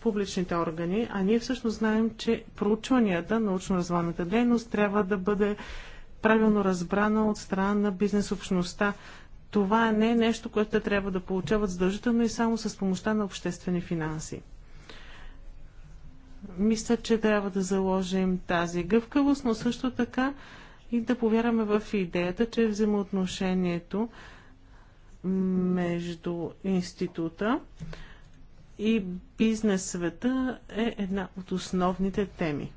C: публичните органи, а ние всъщност знаем, че проучванията, научно-развойната дейност трябва да бъде правилно разбрана от страна на бизнес общността. Това не е нещо, което те трябва да получават задължително и само с помощта на обществени финанси. Мисля, че трябва да заложим тази гъвкавост, но също така и да повярваме в идеята, че взаимоотношението между института и бизнес света е една от основните теми.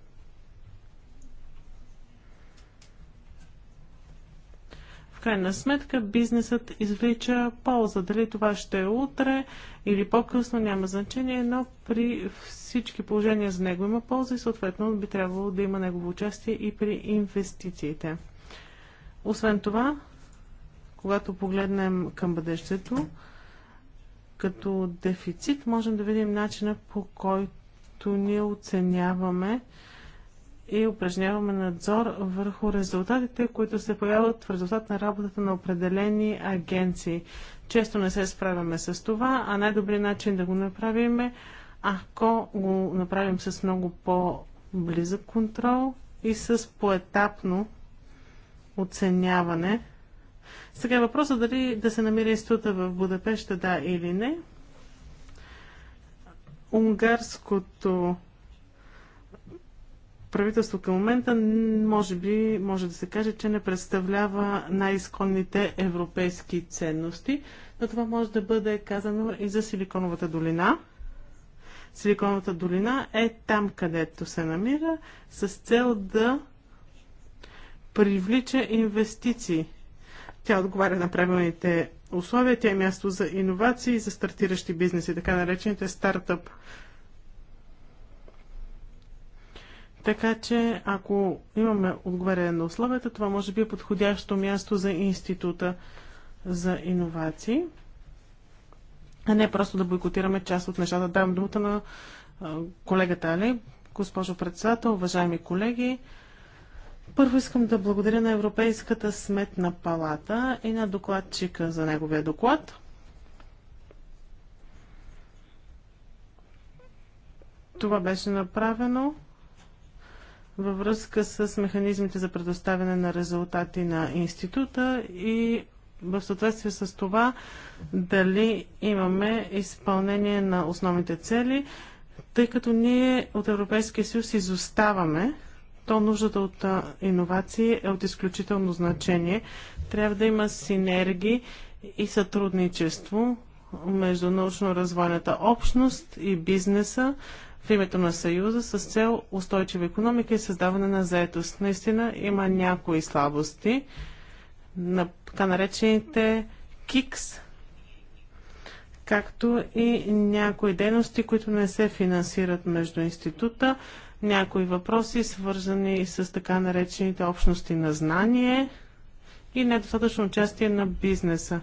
C: В крайна сметка бизнесът извлича полза. Дали това ще е утре или по-късно няма значение, но при всички положения за него има полза и съответно би трябвало да има негово участие и при инвестициите. Освен това, когато погледнем към бъдещето, като дефицит, можем да видим начина по който ние оценяваме и упражняваме надзор върху резултатите, които се появят в резултат на работата на определени агенции. Често не се справяме с това, а най-добрият начин да го направим е ако го направим с много по-близък контрол и с поетапно оценяване сега е въпросът дали да се намира института в Будапешта, да или не. Унгарското правителство към момента може би може да се каже, че не представлява най-изконните европейски ценности, но това може да бъде казано и за Силиконовата долина. Силиконовата долина е там, където се намира, с цел да привлича инвестиции. Тя отговаря на правилните условия. Тя е място за иновации, за стартиращи бизнеси, така наречените стартъп. Така че, ако имаме отговаряне на условията, това може би е подходящо място за института за иновации, а не просто да бойкотираме част от нещата. Давам думата на колегата Али. Госпожо председател, уважаеми колеги, първо искам да благодаря на Европейската сметна палата и на докладчика за неговия доклад. Това беше направено във връзка с механизмите за предоставяне на резултати на института и в съответствие с това дали имаме изпълнение на основните цели, тъй като ние от Европейския съюз изоставаме то нуждата от иновации е от изключително значение. Трябва да има синергии и сътрудничество между научно-развойната общност и бизнеса в името на Съюза с цел устойчива економика и създаване на заетост. Наистина има някои слабости на така наречените КИКС, както и някои дейности, които не се финансират между института, някои въпроси, свързани с така наречените общности на знание и недостатъчно участие на бизнеса.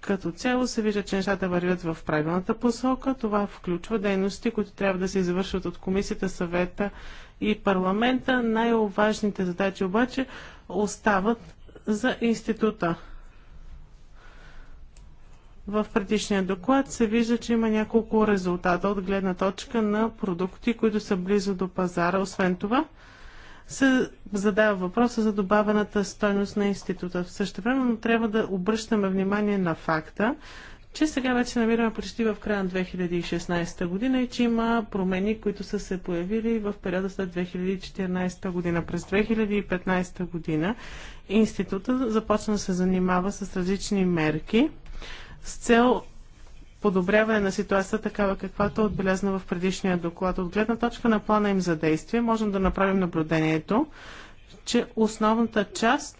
C: Като цяло се вижда, че нещата вървят в правилната посока. Това включва дейности, които трябва да се извършват от комисията, съвета и парламента. Най-важните задачи обаче остават за института. В предишния доклад се вижда, че има няколко резултата от гледна точка на продукти, които са близо до пазара. Освен това, се задава въпроса за добавената стойност на института. В същото време трябва да обръщаме внимание на факта, че сега вече намираме почти в края на 2016 година и че има промени, които са се появили в периода след 2014 година. През 2015 година института започна да се занимава с различни мерки, с цел подобряване на ситуацията такава каквато е отбелязана в предишния доклад. От гледна точка на плана им за действие можем да направим наблюдението, че основната част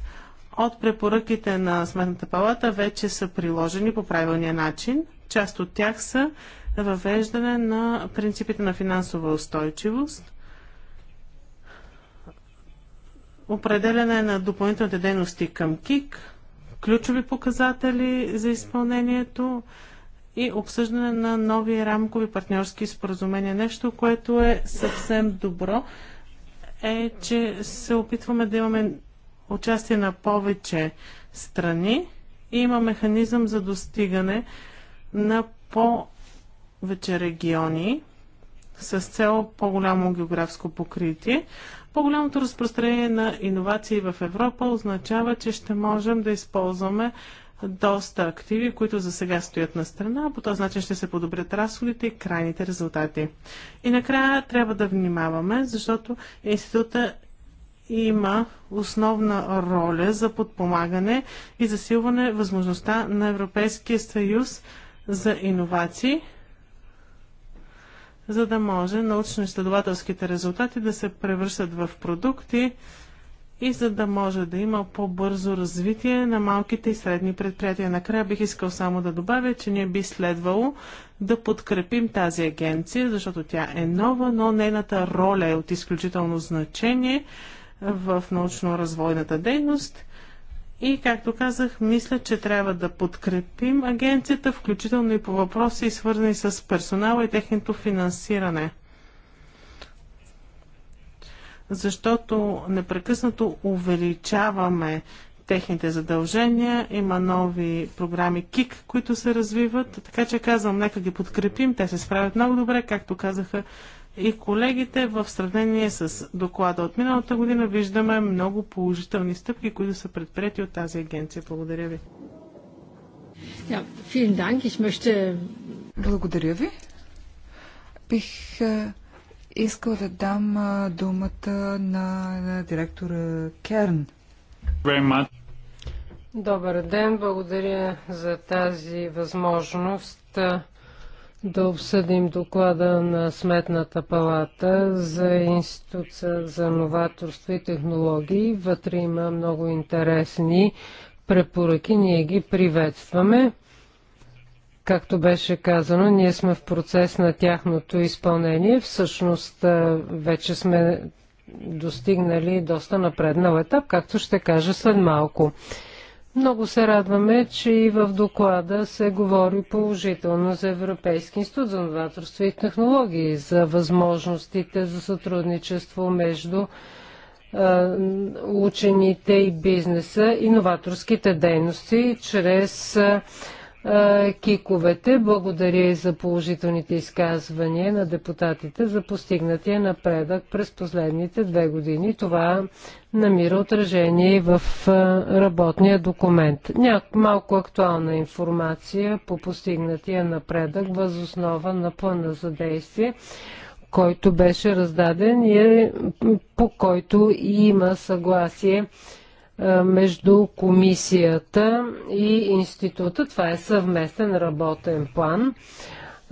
C: от препоръките на Сметната палата вече са приложени по правилния начин. Част от тях са въвеждане на принципите на финансова устойчивост, определяне на допълнителните дейности към КИК, ключови показатели за изпълнението и обсъждане на нови рамкови партньорски споразумения. Нещо, което е съвсем добро, е, че се опитваме да имаме участие на повече страни и има механизъм за достигане на повече региони с цел по-голямо географско покритие. По-голямото разпространение на иновации в Европа означава, че ще можем да използваме доста активи, които за сега стоят на страна. По този начин ще се подобрят разходите и крайните резултати. И накрая трябва да внимаваме, защото института има основна роля за подпомагане и засилване възможността на Европейския съюз за иновации, за да може научно-изследователските резултати да се превръщат в продукти и за да може да има по-бързо развитие на малките и средни предприятия. Накрая бих искал само да добавя, че ние би следвало да подкрепим тази агенция, защото тя е нова, но нейната роля е от изключително значение в научно-развойната дейност – и, както казах, мисля, че трябва да подкрепим агенцията, включително и по въпроси, свързани с персонала и техното финансиране. Защото непрекъснато увеличаваме техните задължения, има нови програми КИК, които се развиват, така че казвам, нека ги подкрепим, те се справят много добре, както казаха и колегите в сравнение с доклада от миналата година виждаме много положителни стъпки, които са предприяти от тази агенция. Благодаря ви.
B: Благодаря ви. Бих
A: е, искал да дам е, думата на, на директора
B: Керн. Добър ден, благодаря за тази възможност е, да обсъдим доклада на Сметната палата за Института за новаторство и технологии. Вътре има много интересни препоръки. Ние ги приветстваме. Както беше казано, ние сме в процес на тяхното изпълнение. Всъщност вече сме достигнали доста напреднал етап, както ще кажа след малко. Много се радваме, че и в доклада се говори положително за Европейски институт за новаторство и технологии, за възможностите за сътрудничество между учените и бизнеса, иноваторските дейности чрез киковете. Благодаря и за положителните изказвания на депутатите за постигнатия напредък през последните две години. Това намира отражение и в работния документ. Няк малко актуална информация по постигнатия напредък възоснова на плана за действие който беше раздаден и е, по който има съгласие е, между комисията и института. Това е съвместен работен план.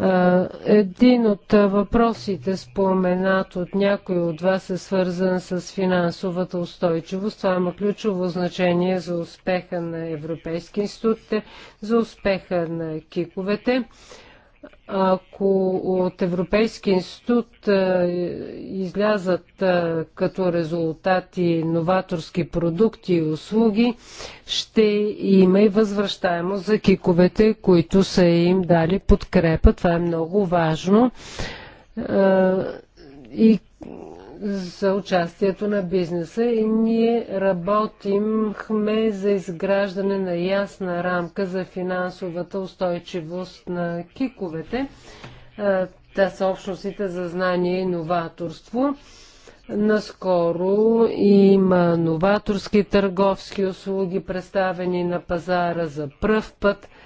B: Е, един от въпросите, споменат от някой от вас, е свързан с финансовата устойчивост. Това има ключово значение за успеха на Европейски институт, за успеха на киковете ако от Европейски институт е, излязат е, като резултати новаторски продукти и услуги, ще има и възвръщаемо за киковете, които са им дали подкрепа. Това е много важно. Е, и за участието на бизнеса и ние работимхме за изграждане на ясна рамка за финансовата устойчивост на киковете. Та са общностите за знание и новаторство. Наскоро има новаторски търговски услуги, представени на пазара за пръв път –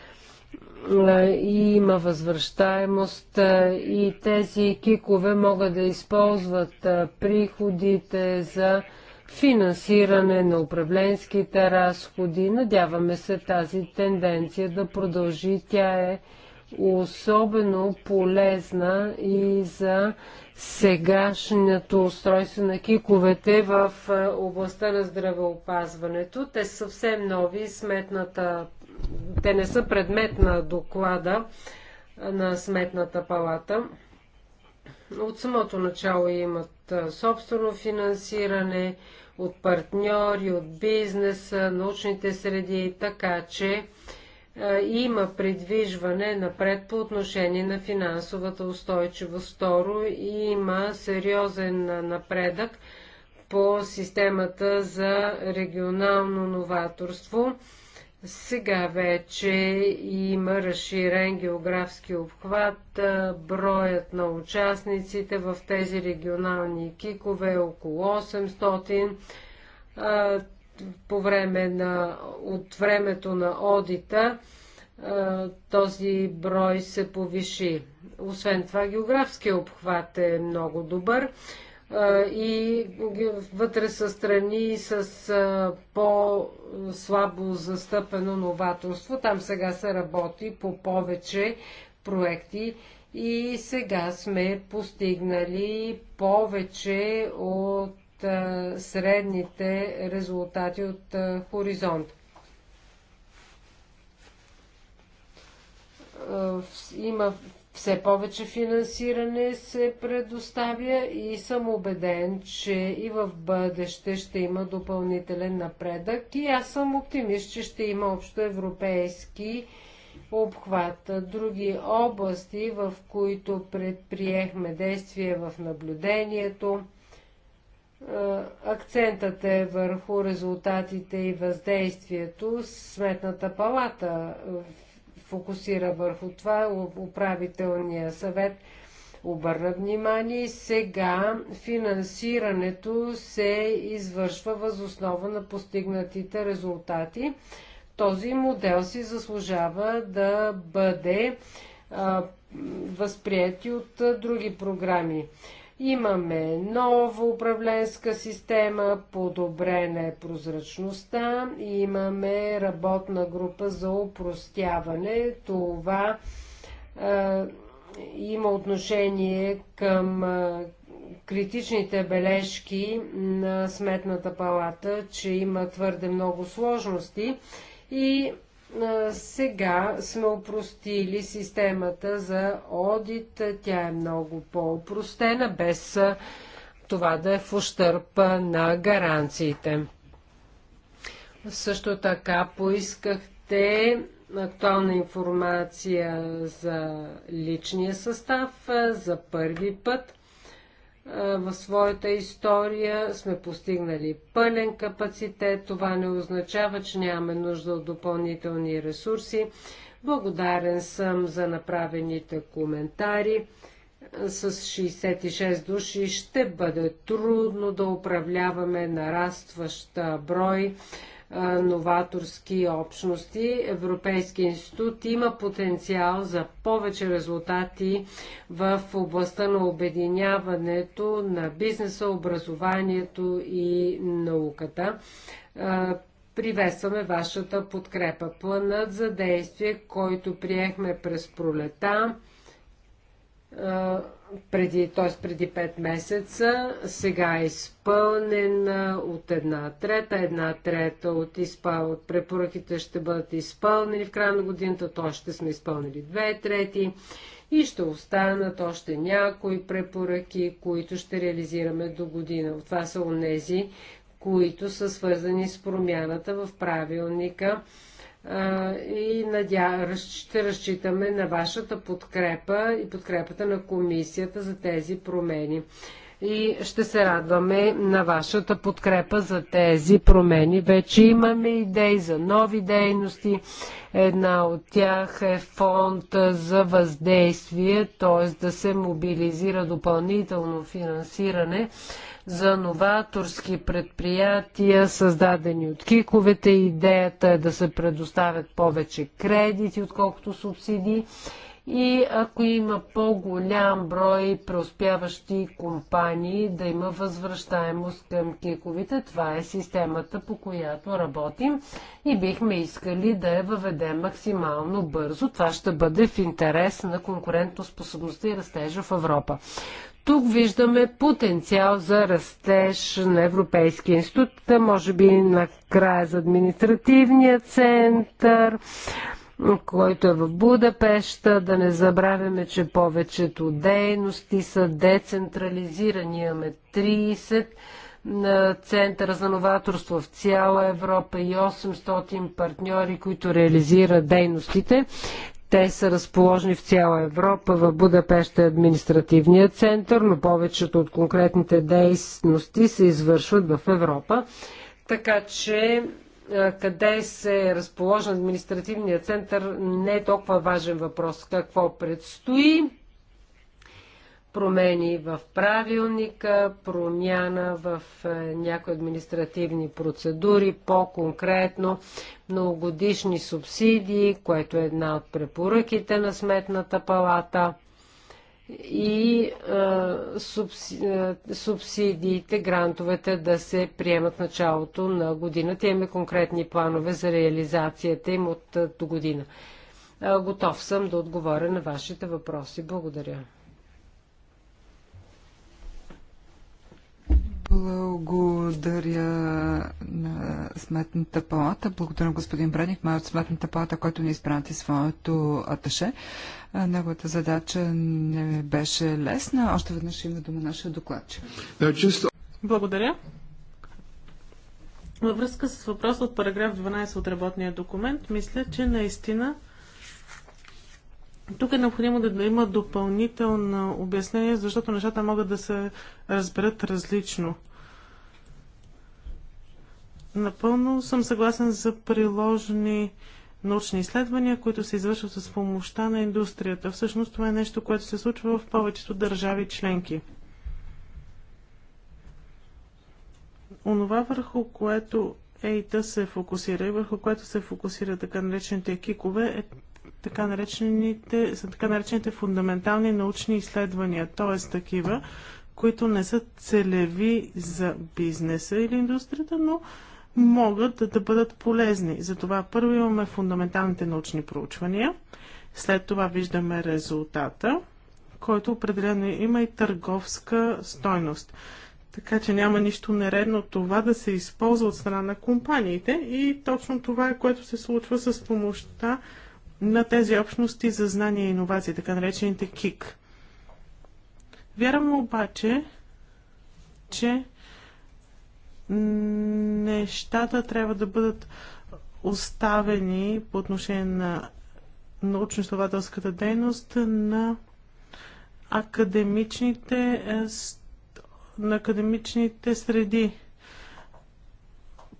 B: и е, има възвръщаемост е, и тези кикове могат да използват е, приходите за финансиране на управленските разходи. Надяваме се тази тенденция да продължи. Тя е особено полезна и за сегашното устройство на киковете в областта на здравеопазването. Те са съвсем нови. Сметната те не са предмет на доклада на Сметната палата. От самото начало имат собствено финансиране от партньори, от бизнеса, научните среди, така че има придвижване напред по отношение на финансовата устойчивост. Второ, има сериозен напредък по системата за регионално новаторство. Сега вече има разширен географски обхват. Броят на участниците в тези регионални кикове е около 800. По време на, от времето на одита този брой се повиши. Освен това, географския обхват е много добър и вътре са страни с по-слабо застъпено новаторство. Там сега се работи по повече проекти и сега сме постигнали повече от средните резултати от хоризонт. Има все повече финансиране се предоставя и съм убеден, че и в бъдеще ще има допълнителен напредък и аз съм оптимист, че ще има общо европейски обхват. Други области, в които предприехме действия в наблюдението, акцентът е върху резултатите и въздействието. Сметната палата фокусира върху това. Управителният съвет обърна внимание сега финансирането се извършва възоснова на постигнатите резултати. Този модел си заслужава да бъде а, възприяти от а, други програми. Имаме нова управленска система, подобрена е прозрачността, имаме работна група за упростяване. Това е, има отношение към е, критичните бележки на Сметната палата, че има твърде много сложности и сега сме упростили системата за одит. Тя е много по-упростена, без това да е в ущърп на гаранциите. Също така поискахте актуална информация за личния състав за първи път в своята история, сме постигнали пълен капацитет. Това не означава, че нямаме нужда от допълнителни ресурси. Благодарен съм за направените коментари. С 66 души ще бъде трудно да управляваме нарастваща брой новаторски общности. Европейски институт има потенциал за повече резултати в областта на обединяването на бизнеса, образованието и науката. Приветстваме вашата подкрепа. Планът за действие, който приехме през пролета, преди, т.е. преди 5 месеца, сега е изпълнена от една трета, една трета от, изпа, от препоръките ще бъдат изпълнени в края на годината, то ще сме изпълнили две трети и ще останат още някои препоръки, които ще реализираме до година. Това са онези, които са свързани с промяната в правилника и надя... ще разчитаме на вашата подкрепа и подкрепата на комисията за тези промени и ще се радваме на вашата подкрепа за тези промени. Вече имаме идеи за нови дейности. Една от тях е фонд за въздействие, т.е. да се мобилизира допълнително финансиране за новаторски предприятия, създадени от киковете. Идеята е да се предоставят повече кредити, отколкото субсидии и ако има по-голям брой преуспяващи компании, да има възвръщаемост към киковите. Това е системата, по която работим и бихме искали да я въведем максимално бързо. Това ще бъде в интерес на конкурентоспособността и растежа в Европа. Тук виждаме потенциал за растеж на Европейския институт, може би накрая за административния център, който е в Будапешта. Да не забравяме, че повечето дейности са децентрализирани. Имаме 30 на Центъра за новаторство в цяла Европа и 800 партньори, които реализират дейностите. Те са разположени в цяла Европа. В Будапеща е административният център, но повечето от конкретните дейности се извършват в Европа. Така че къде се е разположен административният център, не е толкова важен въпрос. Какво предстои? Промени в правилника, промяна в някои административни процедури, по-конкретно многогодишни субсидии, което е една от препоръките на Сметната палата – и субсидиите, грантовете да се приемат в началото на годината. Имаме конкретни планове за реализацията им от до година. Готов съм да отговоря на вашите въпроси. Благодаря.
A: Благодаря на Сметната палата. Благодаря господин Бреник, май от Сметната палата, който ни изпрати своето аташе. Неговата задача не беше лесна. Още веднъж има
C: дума нашия докладчик. Благодаря. Във връзка с въпроса от параграф 12 от работния документ, мисля, че наистина тук е необходимо да има допълнително обяснение, защото нещата могат да се разберат различно. Напълно съм съгласен за приложени научни изследвания, които се извършват с помощта на индустрията. Всъщност това е нещо, което се случва в повечето държави членки. Онова върху което ЕИТА се фокусира и върху което се фокусира така наречените кикове е така наречените, за така наречените фундаментални научни изследвания, т.е. такива, които не са целеви за бизнеса или индустрията, но могат да, да бъдат полезни. Затова първо имаме фундаменталните научни проучвания, след това виждаме резултата, който определено има и търговска стойност. Така че няма нищо нередно това да се използва от страна на компаниите и точно това е което се случва с помощта на тези общности за знания и иновации, така наречените КИК. Вярвам обаче, че нещата трябва да бъдат оставени по отношение на научно-изследователската дейност на академичните, е, на академичните среди.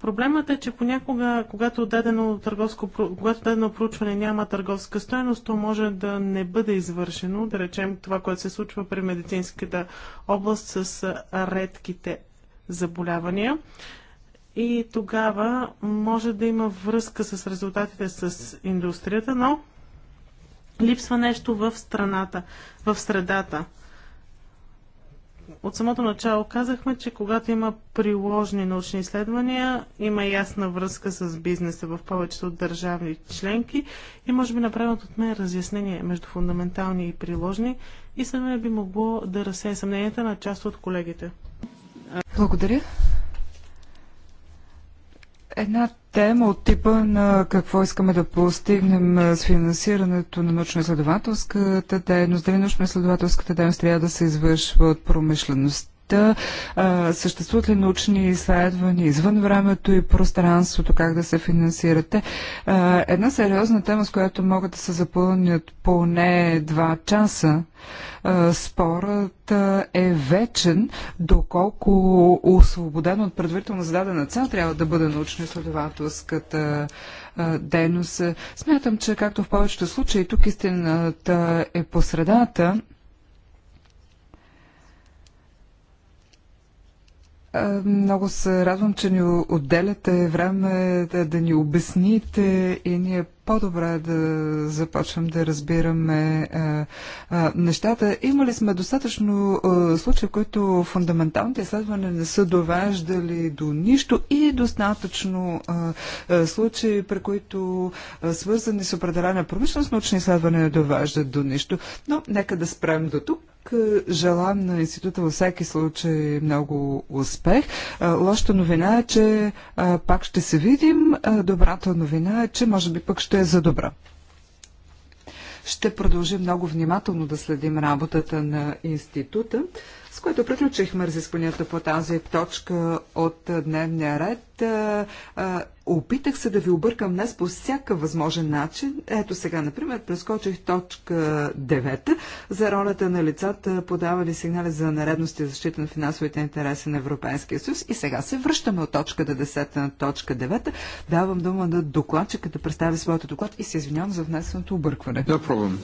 C: Проблемът е, че понякога, когато дадено, търговско, когато дадено проучване няма търговска стоеност, то може да не бъде извършено, да речем това, което се случва при медицинската област с редките заболявания. И тогава може да има връзка с резултатите с индустрията, но липсва нещо в страната, в средата от самото начало казахме, че когато има приложни научни изследвания, има ясна връзка с бизнеса в повечето от държавни членки и може би направят от мен разяснение е между фундаментални и приложни и след би могло да разсея съмненията на част от колегите.
A: Благодаря. Една тема от типа на какво искаме да постигнем с финансирането на научно-изследователската дейност. Дали научно-изследователската дейност трябва да се извършва от промишлеността света, а, съществуват ли научни изследвания извън времето и пространството, как да се финансирате. А, една сериозна тема, с която могат да се запълнят поне два часа. спорът е вечен, доколко освободен от предварително зададена цел трябва да бъде научно-изследователската дейност. Смятам, че както в повечето случаи, тук истината е по средата. Е, много се радвам, че ни отделяте време да, е, да ни обясните и ние по-добре е да започвам да разбираме а, е, а, е, нещата. Имали сме достатъчно а, случаи, в които фундаменталните изследвания не са довеждали до нищо и достатъчно а, а, случаи, при които а, свързани с определена промишленост научни изследвания не довеждат до нищо. Но нека да спрем до тук желам на института във всеки случай много успех. Лошата новина е, че пак ще се видим. Добрата новина е, че може би пък ще е за добра. Ще продължим много внимателно да следим работата на института с което приключихме разискванията по тази точка от дневния ред. Опитах се да ви объркам днес по всяка възможен начин. Ето сега, например, прескочих точка 9 за ролята на лицата, подавали сигнали за наредности за защита на финансовите интереси на Европейския съюз. И сега се връщаме от точка 10 на точка 9. Давам дума на докладчика да представи своята доклад и се извинявам за внесеното объркване.
C: Няма проблем.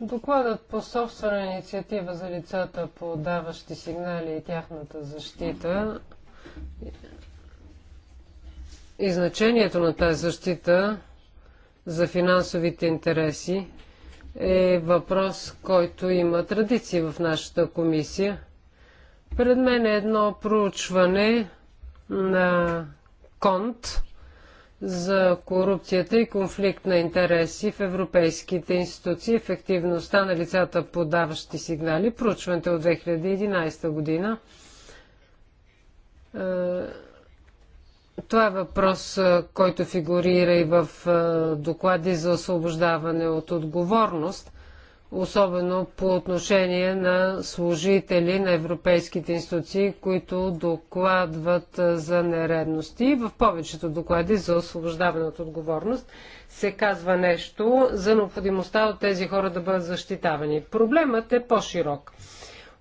B: Докладът по собствена инициатива за лицата, подаващи сигнали и тяхната защита и значението на тази защита за финансовите интереси е въпрос, който има традиции в нашата комисия. Пред мен е едно проучване на Конт – за корупцията и конфликт на интереси в европейските институции, ефективността на лицата подаващи сигнали. Проучването е от 2011 година. Е, това е въпрос, е, който фигурира и в доклади за освобождаване от отговорност особено по отношение на служители на европейските институции, които докладват за нередности. В повечето доклади за освобождаване от отговорност се казва нещо за необходимостта от тези хора да бъдат защитавани. Проблемът е по-широк.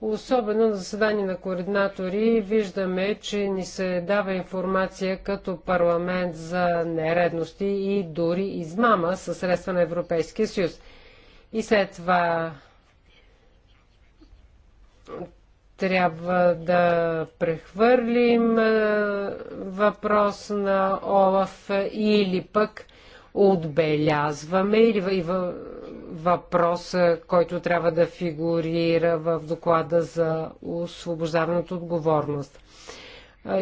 B: Особено на заседание на координатори виждаме, че ни се дава информация като парламент за нередности и дори измама със средства на Европейския съюз. И след това трябва да прехвърлим въпрос на Олаф или пък отбелязваме или въпрос, който трябва да фигурира в доклада за освобождаването отговорност.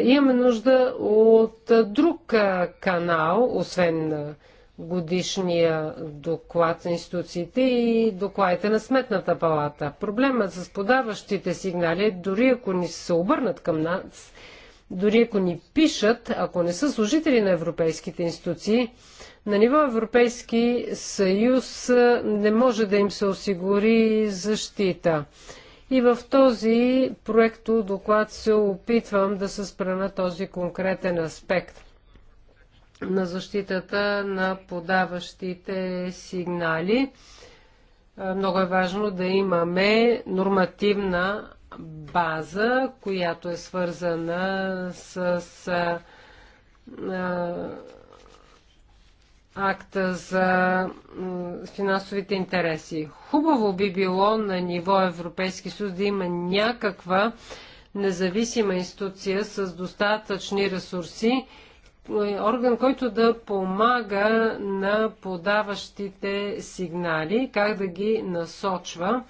B: Имаме нужда от друг канал, освен годишния доклад на институциите и докладите на Сметната палата. Проблемът с подаващите сигнали, е дори ако ни се обърнат към нас, дори ако ни пишат, ако не са служители на европейските институции, на ниво Европейски съюз не може да им се осигури защита. И в този проекто доклад се опитвам да се спра на този конкретен аспект на защитата на подаващите сигнали. Много е важно да имаме нормативна база, която е свързана с а, акта за финансовите интереси. Хубаво би било на ниво Европейски съюз да има някаква независима институция с достатъчни ресурси, орган, който да помага на подаващите сигнали, как да ги насочва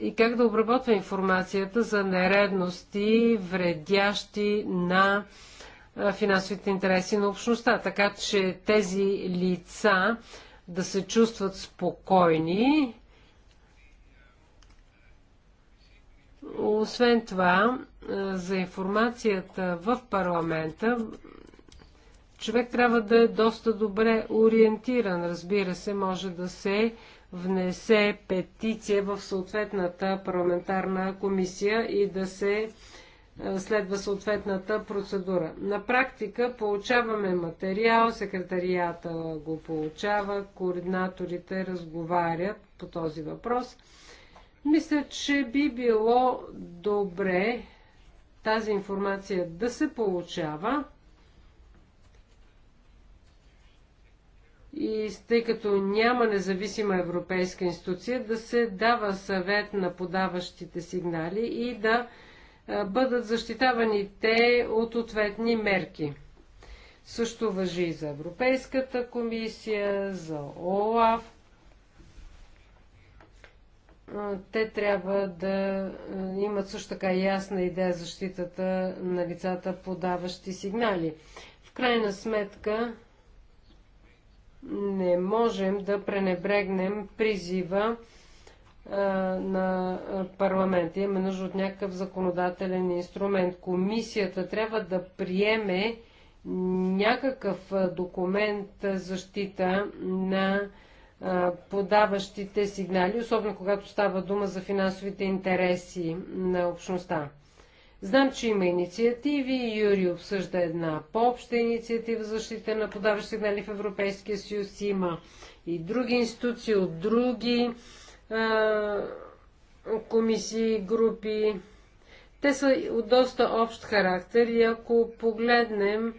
B: и как да обработва информацията за нередности, вредящи на финансовите интереси на общността. Така че тези лица да се чувстват спокойни Освен това, за информацията в парламента, човек трябва да е доста добре ориентиран. Разбира се, може да се внесе петиция в съответната парламентарна комисия и да се следва съответната процедура. На практика получаваме материал, секретарията го получава, координаторите разговарят по този въпрос – мисля, че би било добре тази информация да се получава. И тъй като няма независима европейска институция, да се дава съвет на подаващите сигнали и да бъдат защитавани те от ответни мерки. Също въжи и за Европейската комисия, за ОЛАФ те трябва да имат също така ясна идея защитата на лицата, подаващи сигнали. В крайна сметка не можем да пренебрегнем призива на парламента. Имаме нужда от някакъв законодателен инструмент. Комисията трябва да приеме някакъв документ защита на подаващите сигнали, особено когато става дума за финансовите интереси на общността. Знам, че има инициативи. Юри обсъжда една по-обща инициатива за защита на подаващи сигнали в Европейския съюз. Има и други институции от други а, комисии, групи. Те са от доста общ характер и ако погледнем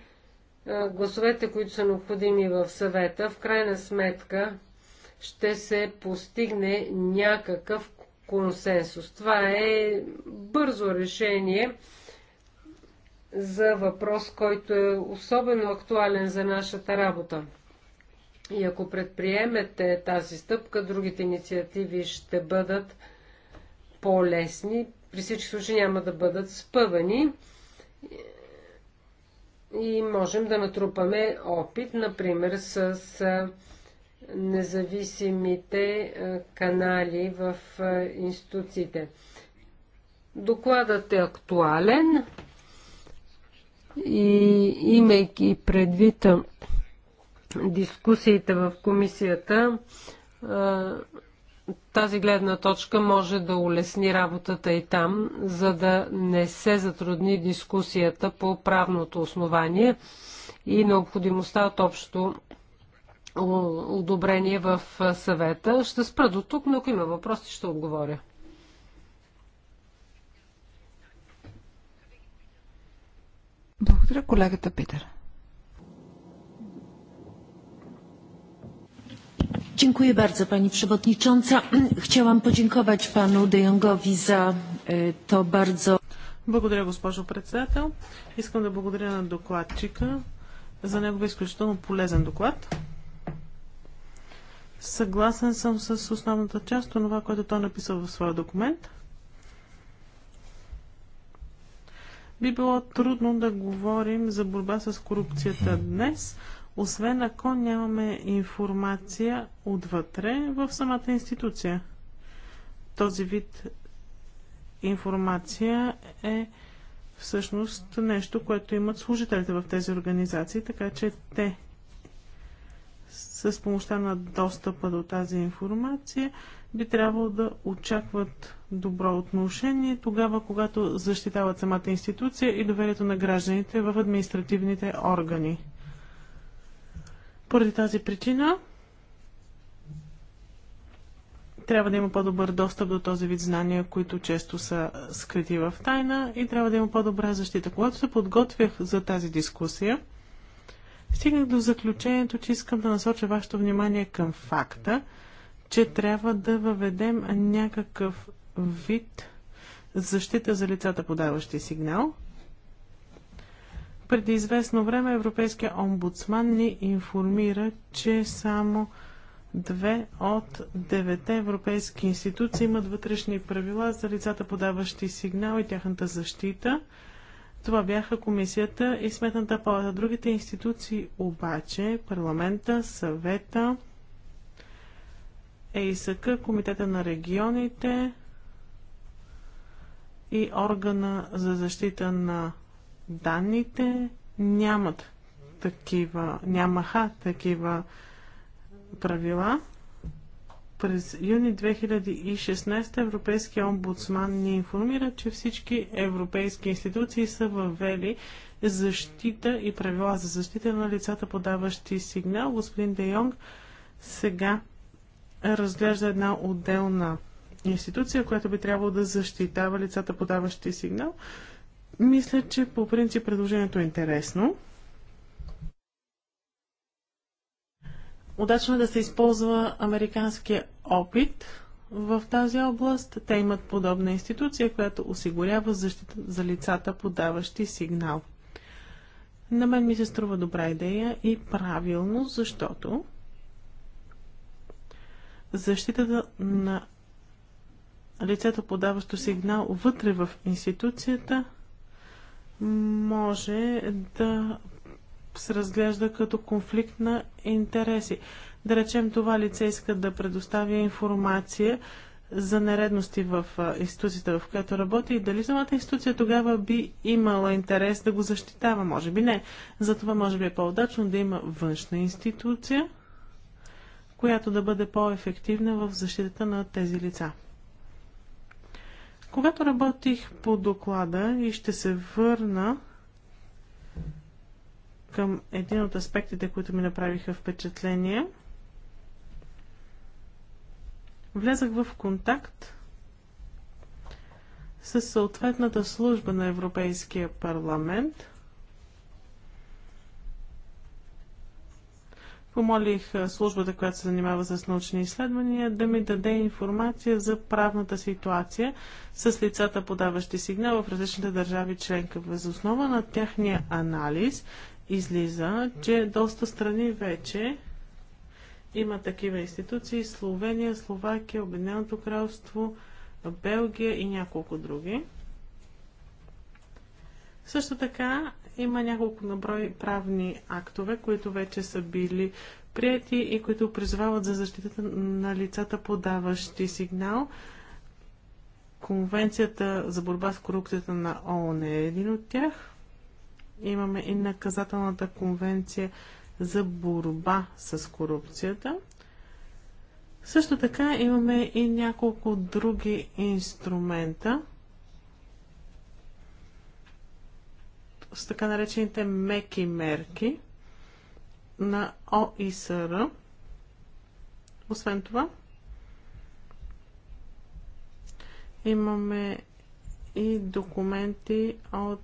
B: а, гласовете, които са необходими в съвета, в крайна сметка ще се постигне някакъв консенсус. Това е бързо решение за въпрос, който е особено актуален за нашата работа. И ако предприемете тази стъпка, другите инициативи ще бъдат по-лесни. При всички случаи няма да бъдат спъвани и можем да натрупаме опит, например, с независимите е, канали в е, институциите. Докладът е актуален и имайки предвид е, дискусиите в комисията, тази гледна точка може да улесни работата и там, за да не се затрудни дискусията по правното основание и необходимостта от общото одобрение в съвета. Ще спра до тук, но ако има въпроси, ще отговоря. Благодаря, колегата Питер. Dziękuję bardzo Pani Przewodnicząca. Chciałam podziękować Panu De Jongowi za e,
C: to bardzo... Благодаря, госпожо председател. Искам да благодаря на докладчика за неговия изключително полезен доклад. Съгласен съм с основната част от това, което той написал в своя документ. Би било трудно да говорим за борба с корупцията днес, освен ако нямаме информация отвътре в самата институция. Този вид информация е всъщност нещо, което имат служителите в тези организации, така че те с помощта на достъпа до тази информация, би трябвало да очакват добро отношение тогава, когато защитават самата институция и доверието на гражданите в административните органи. Поради тази причина трябва да има по-добър достъп до този вид знания, които често са скрити в тайна и трябва да има по-добра защита. Когато се подготвях за тази дискусия, стигнах до заключението, че искам да насоча вашето внимание към факта, че трябва да въведем някакъв вид защита за лицата, подаващи сигнал. Преди известно време Европейския омбудсман ни информира, че само две от девете европейски институции имат вътрешни правила за лицата, подаващи сигнал и тяхната защита – това бяха комисията и сметната палата. Другите институции обаче, парламента, съвета, ЕИСК, комитета на регионите и органа за защита на данните, нямат такива, нямаха такива правила. През юни 2016 Европейския омбудсман ни информира, че всички европейски институции са въвели защита и правила за защита на лицата, подаващи сигнал. Господин Де Йонг сега разглежда една отделна институция, която би трябвало да защитава лицата, подаващи сигнал. Мисля, че по принцип предложението е интересно. Удачно е да се използва американския опит в тази област. Те имат подобна институция, която осигурява защита за лицата, подаващи сигнал. На мен ми се струва добра идея и правилно, защото защитата на лицето, подаващо сигнал вътре в институцията, може да се разглежда като конфликт на интереси. Да речем, това лице иска да предоставя информация за нередности в институцията, в която работи и дали самата институция тогава би имала интерес да го защитава. Може би не. Затова може би е по-удачно да има външна институция, която да бъде по-ефективна в защитата на тези лица. Когато работих по доклада и ще се върна към един от аспектите, които ми направиха впечатление. Влязах в контакт с съответната служба на Европейския парламент. Помолих службата, която се занимава с научни изследвания, да ми даде информация за правната ситуация с лицата, подаващи сигнал в различните държави членка. Въз основа на тяхния анализ излиза, че доста страни вече има такива институции. Словения, Словакия, Обединеното кралство, Белгия и няколко други. Също така има няколко наброй правни актове, които вече са били прияти и които призвават за защитата на лицата, подаващи сигнал. Конвенцията за борба с корупцията на ООН е един от тях. Имаме и наказателната конвенция за борба с корупцията. Също така имаме и няколко други инструмента с така наречените меки мерки на ОИСР. Освен това, имаме и документи от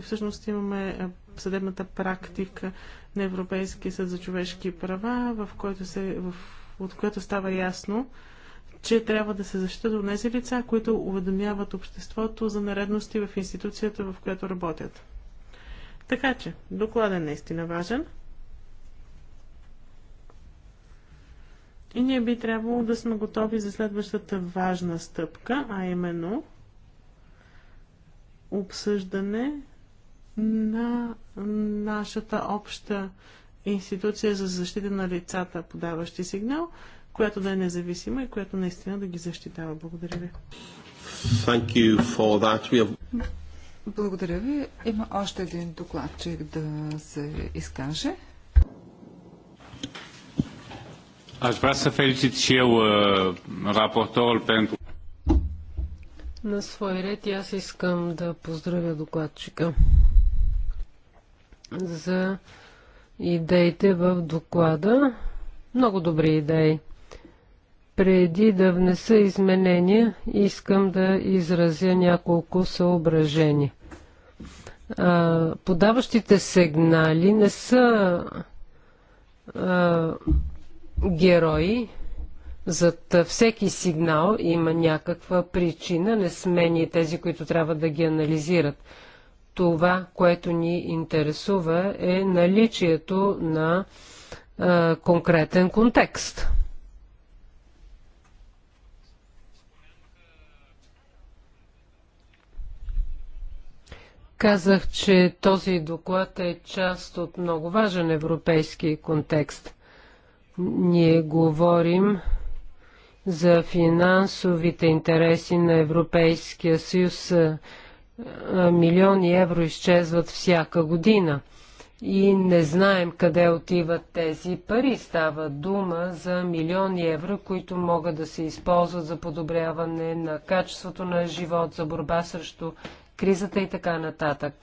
C: всъщност имаме е, съдебната практика на Европейския съд за човешки права, в който се, в, от която става ясно, че трябва да се защитат от тези лица, които уведомяват обществото за наредности в институцията, в която работят. Така че, докладът е наистина важен. И ние би трябвало да сме готови за следващата важна стъпка, а именно – обсъждане на нашата обща институция за защита на лицата, подаващи сигнал, която да е независима и която наистина да ги защитава. Благодаря ви.
D: Thank you for that. We have...
C: Благодаря ви. Има още един докладчик да се
B: изкаже.
D: Аз vrea се felicit și eu uh,
B: на свой ред и аз искам да поздравя докладчика за идеите в доклада. Много добри идеи. Преди да внеса изменения, искам да изразя няколко съображения. Подаващите сигнали не са а, герои, зад всеки сигнал има някаква причина. Не сме ние тези, които трябва да ги анализират. Това, което ни интересува е наличието на а, конкретен контекст. Казах, че този доклад е част от много важен европейски контекст. Ние говорим за финансовите интереси на Европейския съюз. Е, е, милиони евро изчезват всяка година и не знаем къде отиват тези пари. Става дума за милиони евро, които могат да се използват за подобряване на качеството на живот, за борба срещу кризата и така нататък.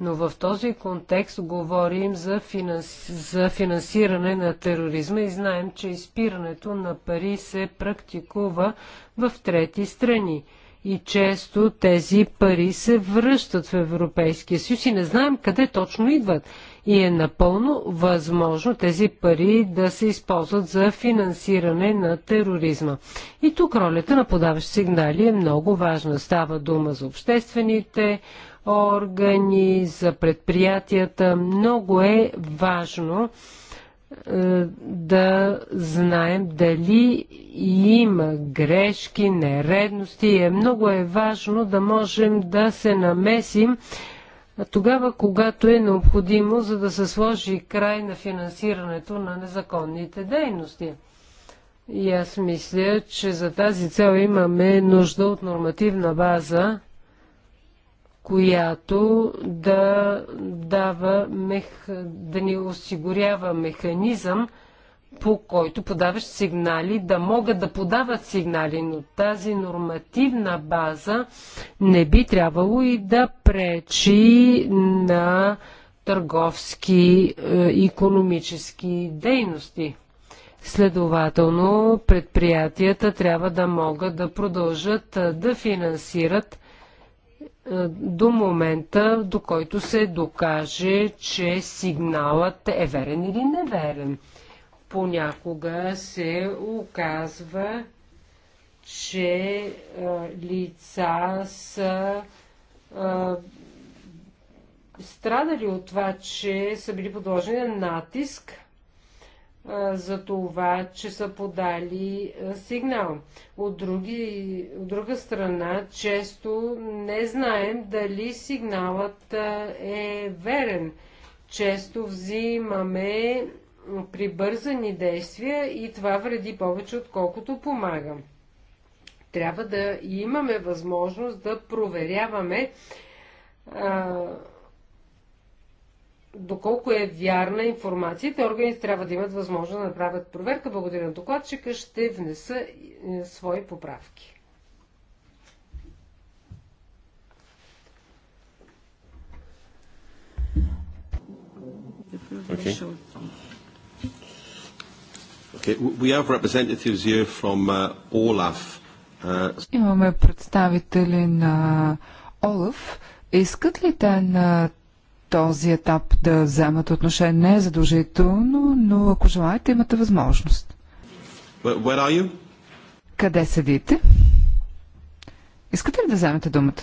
B: Но в този контекст говорим за, финанси... за финансиране на тероризма и знаем, че изпирането на пари се практикува в трети страни. И често тези пари се връщат в Европейския съюз и не знаем къде точно идват. И е напълно възможно тези пари да се използват за финансиране на тероризма. И тук ролята на подаващ сигнали е много важна. Става дума за обществените органи, за предприятията. Много е важно е, да знаем дали има грешки, нередности. Е много е важно да можем да се намесим тогава, когато е необходимо, за да се сложи край на финансирането на незаконните дейности. И аз мисля, че за тази цел имаме нужда от нормативна база, която да дава, мех... да ни осигурява механизъм, по който подаваш сигнали, да могат да подават сигнали, но тази нормативна база не би трябвало и да пречи на търговски е, и економически дейности. Следователно, предприятията трябва да могат да продължат е, да финансират е, до момента, до който се докаже, че сигналът е верен или неверен. Понякога се оказва, че е, лица са а, е, страдали от това, че са били подложени на натиск за това, че са подали сигнал. От, други, от друга страна, често не знаем дали сигналът е верен. Често взимаме прибързани действия и това вреди повече, отколкото помага. Трябва да имаме възможност да проверяваме а, доколко е вярна информацията, органите трябва да имат възможност да направят проверка. Благодаря на докладчика, ще внеса е, свои поправки. Okay. Okay. We have representatives here
C: from uh, Olaf. Uh...
A: Имаме представители на Олаф. Искат ли те на този етап да вземат отношение. Не е задължително, но ако желаете, имате възможност. Къде седите? Искате ли да вземете думата?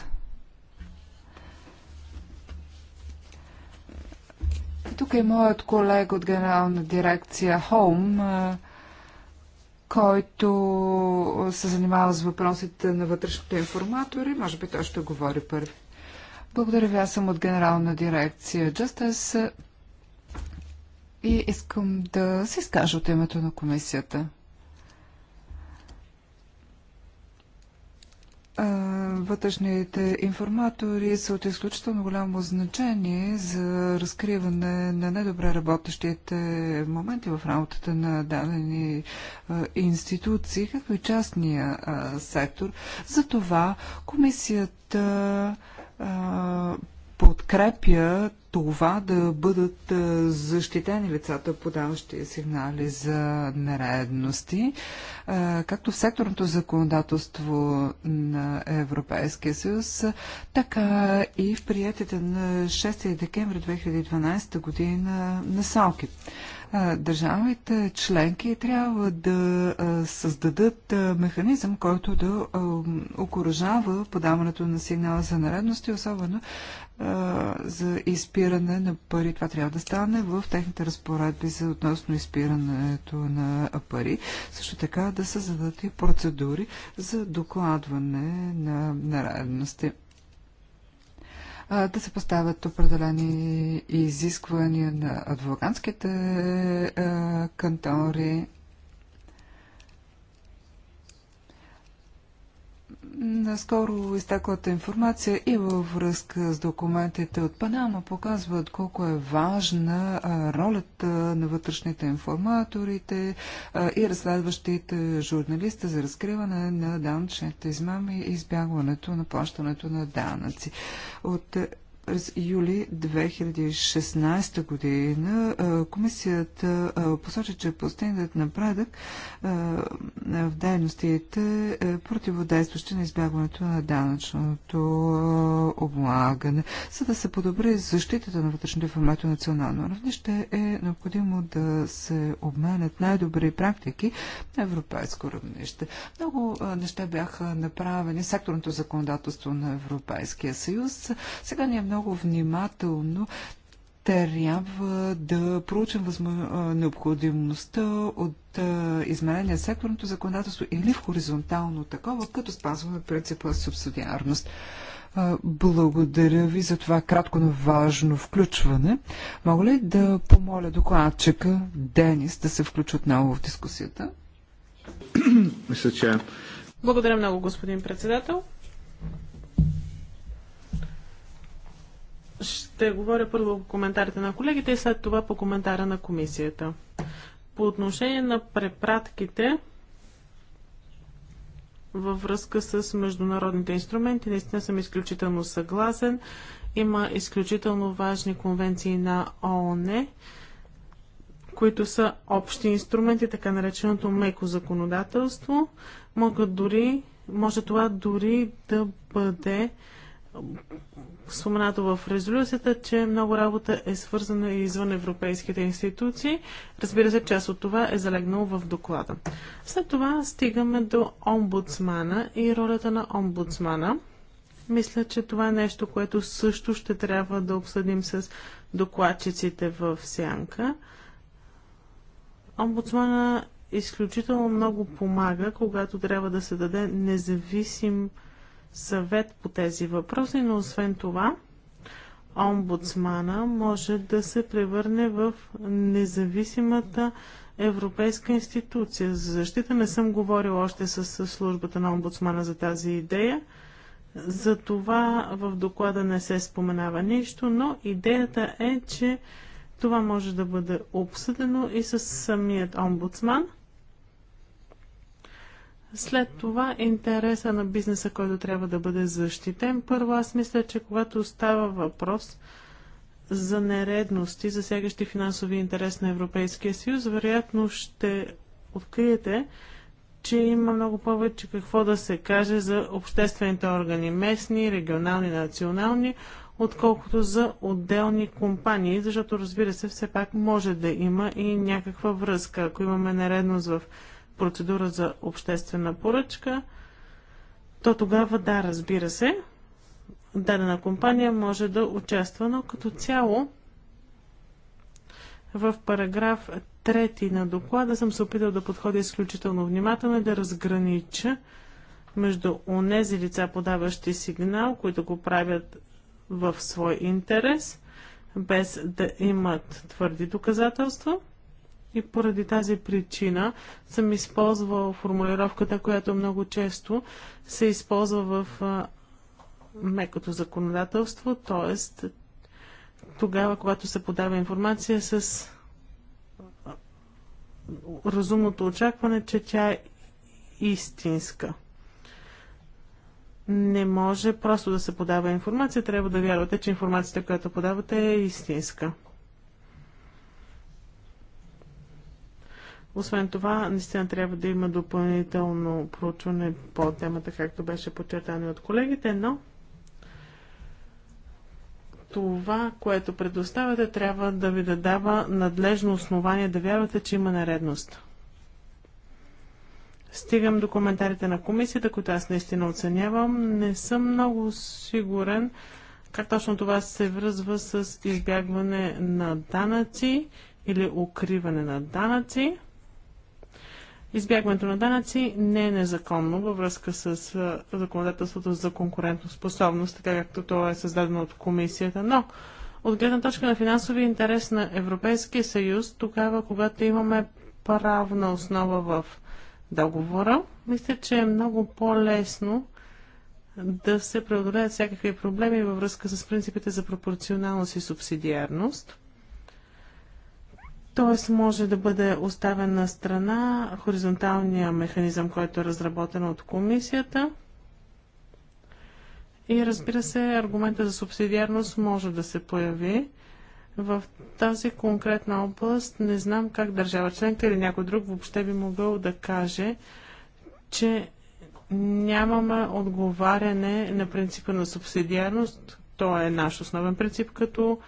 A: Тук е моят колега от генерална дирекция Home, който се занимава с въпросите на вътрешните информатори. Може би той ще говори първи. Благодаря ви, аз съм от генерална дирекция Justice и искам да се изкажа от името на комисията. вътрешните информатори са от изключително голямо значение за разкриване на недобре работещите моменти в работата на дадени институции, както и частния сектор. Затова комисията подкрепя това да бъдат защитени лицата, подаващи сигнали за нередности, както в секторното законодателство на Европейския съюз, така и в приятите на 6 декември 2012 година на Салки. Държавите членки трябва да създадат механизъм, който да окоръжава подаването на сигнала за наредности, особено за изпиране на пари. Това трябва да стане в техните разпоредби за относно изпирането на пари. Също така да създадат и процедури за докладване на наредности да се поставят определени изисквания на адвокатските кантори. Наскоро изтеклата информация и във връзка с документите от Панама показват колко е важна ролята на вътрешните информаторите и разследващите журналисти за разкриване на данъчните измами и избягването на плащането на данъци. От през юли 2016 година комисията посочи, че постигнат напредък в дейностите противодействащи на избягването на данъчното облагане. За да се подобри защитата на вътрешните формати на национално равнище е необходимо да се обменят най-добри практики на европейско равнище. Много неща бяха направени. Секторното законодателство на Европейския съюз. Сега ние много внимателно трябва да проучим необходимостта от изменение на секторното законодателство или в хоризонтално такова, като спазваме принципа субсидиарност. Благодаря ви за това кратко, но важно включване. Мога ли да помоля докладчика Денис да се включи отново в дискусията?
C: Мисля, че... Благодаря много, господин председател. Ще говоря първо по коментарите на колегите и след това по коментара на комисията. По отношение на препратките във връзка с международните инструменти, наистина съм изключително съгласен. Има изключително важни конвенции на ООН, които са общи инструменти, така нареченото меко законодателство. Могат дори, може това дори да бъде споменато в резолюцията, че много работа е свързана и извън европейските институции. Разбира се, част от това е залегнало в доклада. След това стигаме до омбудсмана и ролята на омбудсмана. Мисля, че това е нещо, което също ще трябва да обсъдим с докладчиците в сянка. Омбудсмана изключително много помага, когато трябва да се даде независим съвет по тези въпроси, но освен това омбудсмана може да се превърне в независимата европейска институция за защита. Не съм говорила още с, с службата на омбудсмана за тази идея. За това в доклада не се споменава нищо, но идеята е, че това може да бъде обсъдено и с самият омбудсман – след това интереса на бизнеса, който трябва да бъде защитен. Първо, аз мисля, че когато става въпрос за нередности, засягащи финансови интерес на Европейския съюз, вероятно ще откриете, че има много повече какво да се каже за обществените органи, местни, регионални, национални, отколкото за отделни компании, защото разбира се, все пак може да има и някаква връзка. Ако имаме нередност в процедура за обществена поръчка, то тогава да, разбира се, дадена компания може да участва, но като цяло в параграф 3 на доклада съм се опитал да подходя изключително внимателно и да разгранича между онези лица, подаващи сигнал, които го правят в свой интерес, без да имат твърди доказателства – и поради тази причина съм използвал формулировката, която много често се използва в а, мекото законодателство, т.е. тогава, когато се подава информация с разумното очакване, че тя е истинска. Не може просто да се подава информация, трябва да вярвате, че информацията, която подавате е истинска. Освен това, наистина трябва да има допълнително проучване по темата, както беше подчертано от колегите, но това, което предоставяте, трябва да ви да дава надлежно основание да вярвате, че има наредност. Стигам до коментарите на комисията, които аз наистина оценявам. Не съм много сигурен как точно това се връзва с избягване на данъци или укриване на данъци. Избягването на данъци не е незаконно във връзка с законодателството за конкурентоспособност, така както то е създадено от комисията, но от гледна точка на финансовия интерес на Европейския съюз, тогава, когато имаме правна основа в договора, мисля, че е много по-лесно да се преодолеят всякакви проблеми във връзка с принципите за пропорционалност и субсидиарност – т.е. може да бъде оставен на страна хоризонталния механизъм, който е разработен от комисията. И разбира се, аргумента за субсидиарност може да се появи. В тази конкретна област не знам как държава членка или някой друг въобще би могъл да каже, че нямаме отговаряне на принципа на субсидиарност. То е наш основен принцип като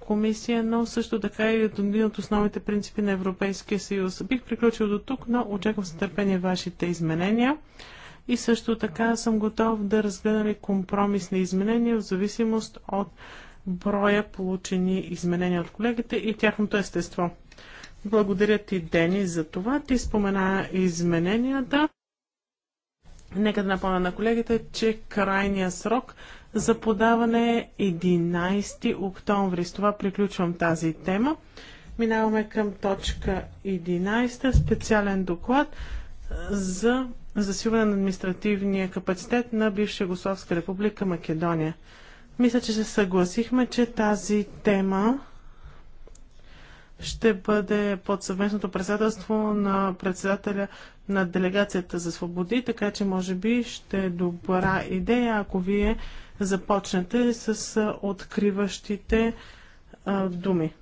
C: комисия, но също така и от един от основните принципи на Европейския съюз. Бих приключил до тук, но очаквам с търпение вашите изменения. И също така съм готов да разгледаме компромисни изменения в зависимост от броя получени изменения от колегите и тяхното естество. Благодаря ти, Дени, за това. Ти спомена измененията. Нека да напомня на колегите, че крайният срок за подаване 11 октомври. С това приключвам тази тема. Минаваме към точка 11, специален доклад за засилване на административния капацитет на бивша Югославска република Македония. Мисля, че се съгласихме, че тази тема ще бъде под съвместното председателство на председателя на делегацията за свободи, така че може би ще е добра идея, ако вие започнете с откриващите думи.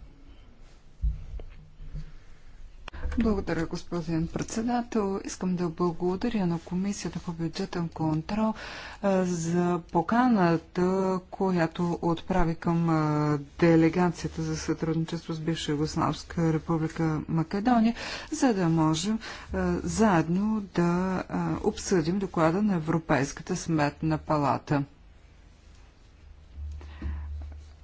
C: Благодаря, господин председател. Искам
A: да благодаря на Комисията по бюджетен контрол за поканата, която отправи към делегацията за сътрудничество с бивша Югославска република Македония, за да можем заедно да обсъдим доклада на Европейската сметна палата.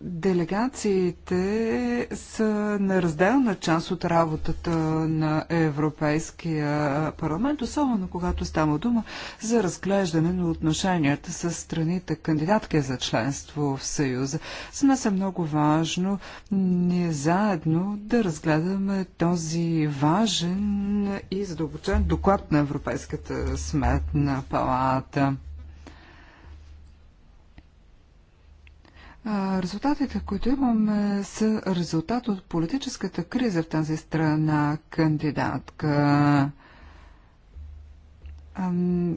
A: Делегациите са неразделна част от работата на Европейския парламент, особено когато става дума за разглеждане на отношенията с страните кандидатки за членство в Съюза. За нас е много важно ние заедно да разгледаме този важен и задълбочен доклад на Европейската сметна палата. Резултатите, които имаме, са резултат от политическата криза в тази страна кандидатка.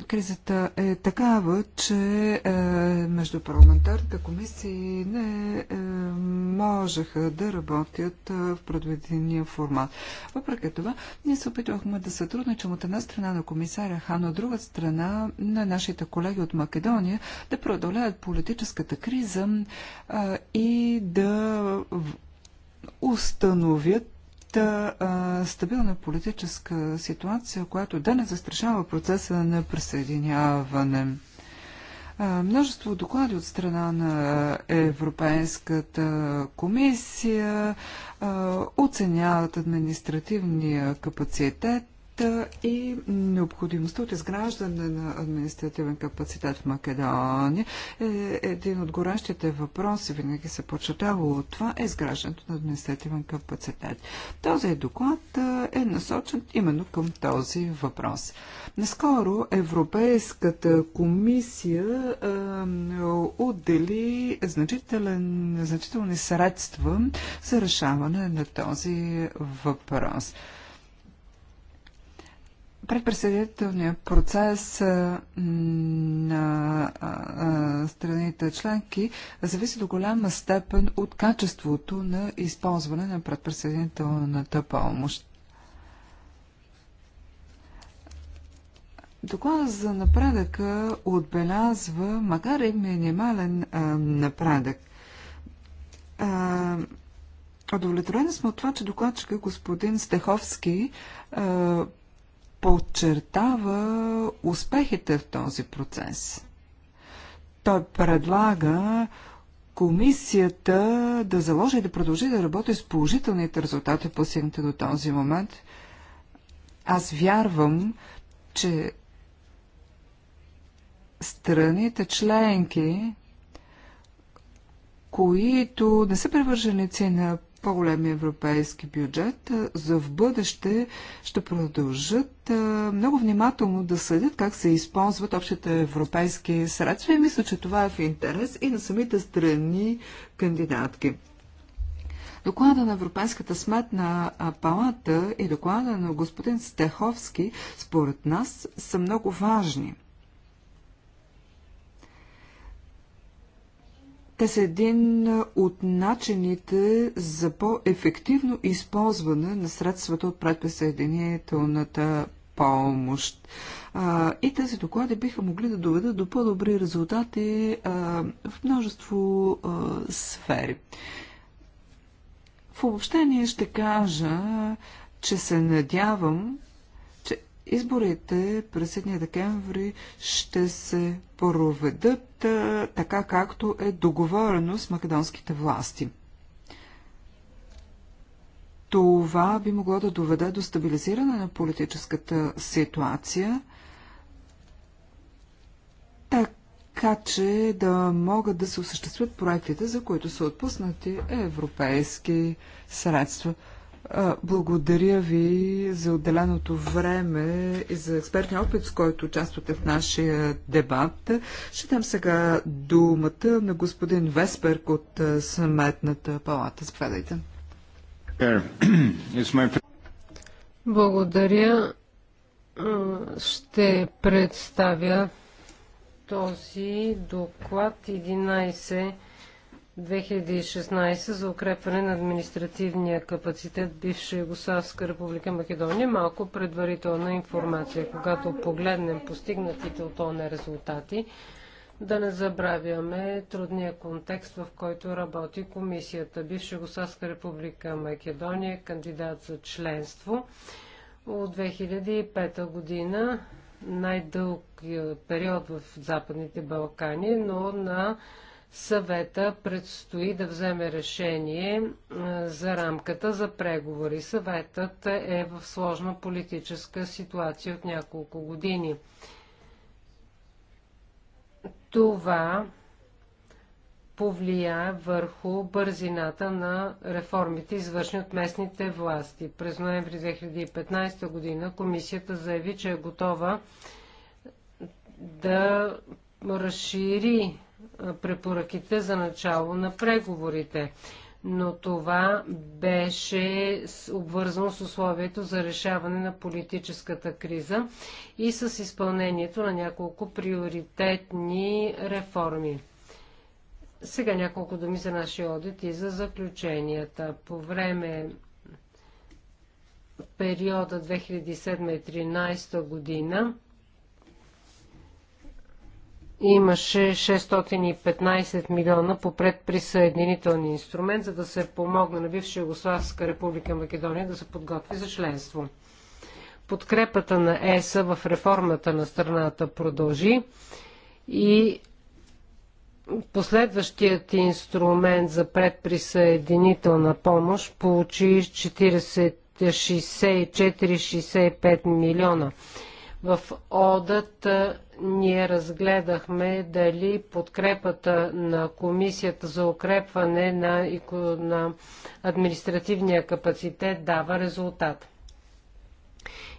A: Кризата е такава, че е, между междупарламентарните комисии не е, можеха да работят е, в предвидения формат. Въпреки това, ние се опитвахме да сътрудничим от една страна на комисаря Хан, от друга страна на нашите колеги от Македония да преодолеят политическата криза и да установят а, стабилна политическа ситуация, която да не застрашава процеса на присъединяване. Множество доклади от страна на Европейската комисия оценяват административния капацитет Та и необходимостта от изграждане на административен капацитет в Македония е един от горещите въпроси, винаги се почетава от това, е изграждането на административен капацитет. Този доклад е насочен именно към този въпрос. Наскоро Европейската комисия е, отдели значителен, значителни средства за решаване на този въпрос предпредседателния процес на страните членки зависи до голяма степен от качеството на използване на предпредседателната помощ. Доклада за напредъка отбелязва, макар и минимален а, напредък. А, удовлетворени сме от това, че докладчика господин Стеховски а, подчертава успехите в този процес. Той предлага комисията да заложи и да продължи да работи с положителните резултати, постигнати до този момент. Аз вярвам, че страните членки, които не са привърженици на по-големи европейски бюджет, за в бъдеще ще продължат много внимателно да съдят как се използват общите европейски средства и мисля, че това е в интерес и на самите страни кандидатки. Доклада на Европейската сметна палата и доклада на господин Стеховски, според нас, са много важни – те са един от начините за по-ефективно използване на средствата от предприсъединителната помощ. и тези доклади биха могли да доведат до по-добри резултати в множество сфери. В обобщение ще кажа, че се надявам, Изборите през 7 декември ще се проведат така, както е договорено с македонските власти. Това би могло да доведе до стабилизиране на политическата ситуация, така че да могат да се осъществят проектите, за които са отпуснати европейски средства. Благодаря ви за отделеното време и за експертния опит, с който участвате в нашия дебат. Ще дам сега думата на господин Весперк от Съметната палата. Заповядайте.
C: Е,
B: благодаря. Ще представя този доклад 11 2016 за укрепване на административния капацитет бивша Югославска република Македония. Малко предварителна информация. Когато погледнем постигнатите от ОНЕ резултати, да не забравяме трудния контекст, в който работи комисията. Бивша Югославска република Македония е кандидат за членство от 2005 година най-дълг период в Западните Балкани, но на Съвета предстои да вземе решение за рамката за преговори. Съветът е в сложна политическа ситуация от няколко години. Това повлия върху бързината на реформите, извършени от местните власти. През ноември 2015 година комисията заяви, че е готова да разшири препоръките за начало на преговорите. Но това беше обвързано с условието за решаване на политическата криза и с изпълнението на няколко приоритетни реформи. Сега няколко думи за нашия одит и за заключенията. По време периода 2007-2013 година имаше 615 милиона по предприсъединителния инструмент, за да се помогне на бивша Югославска република Македония да се подготви за членство. Подкрепата на ЕСА в реформата на страната продължи и последващият инструмент за предприсъединителна помощ получи 64-65 милиона в Одата, ние разгледахме дали подкрепата на Комисията за укрепване на, на административния капацитет дава резултат.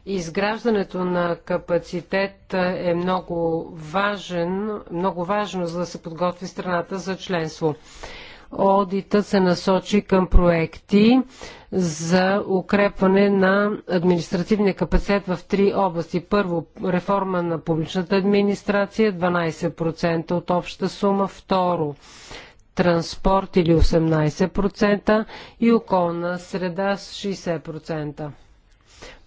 B: Изграждането на капацитет е много важен, много важно, за да се подготви страната за членство. Одита се насочи към проекти за укрепване на административния капацитет в три области. Първо, реформа на публичната администрация 12% от обща сума. Второ, транспорт или 18% и околна среда с 60%.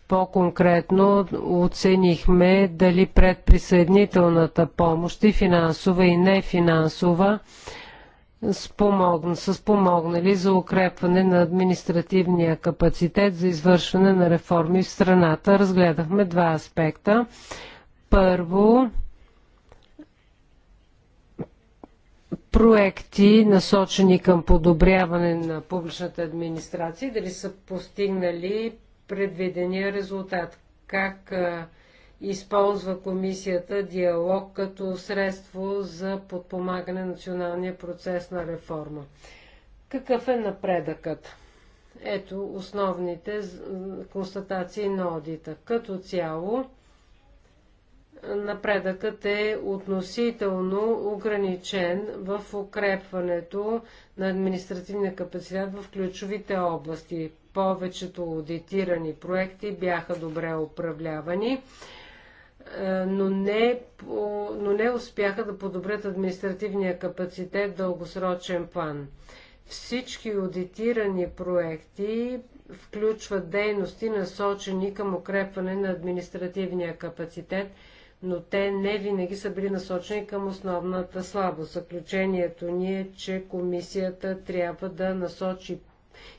B: По-конкретно оценихме дали предприсъединителната помощ и е финансова и нефинансова финансова са спомогнали за укрепване на административния капацитет за извършване на реформи в страната. Разгледахме два аспекта. Първо, проекти, насочени към подобряване на публичната администрация, дали са постигнали предвидения резултат? Как използва комисията диалог като средство за подпомагане на националния процес на реформа. Какъв е напредъкът? Ето основните констатации на одита. Като цяло, напредъкът е относително ограничен в укрепването на административния капацитет в ключовите области. Повечето аудитирани проекти бяха добре управлявани е, но не, но не успяха да подобрят административния капацитет в дългосрочен план. Всички аудитирани проекти включват дейности насочени към укрепване на административния капацитет, но те не винаги са били насочени към основната слабост. Заключението ни е, че комисията трябва да насочи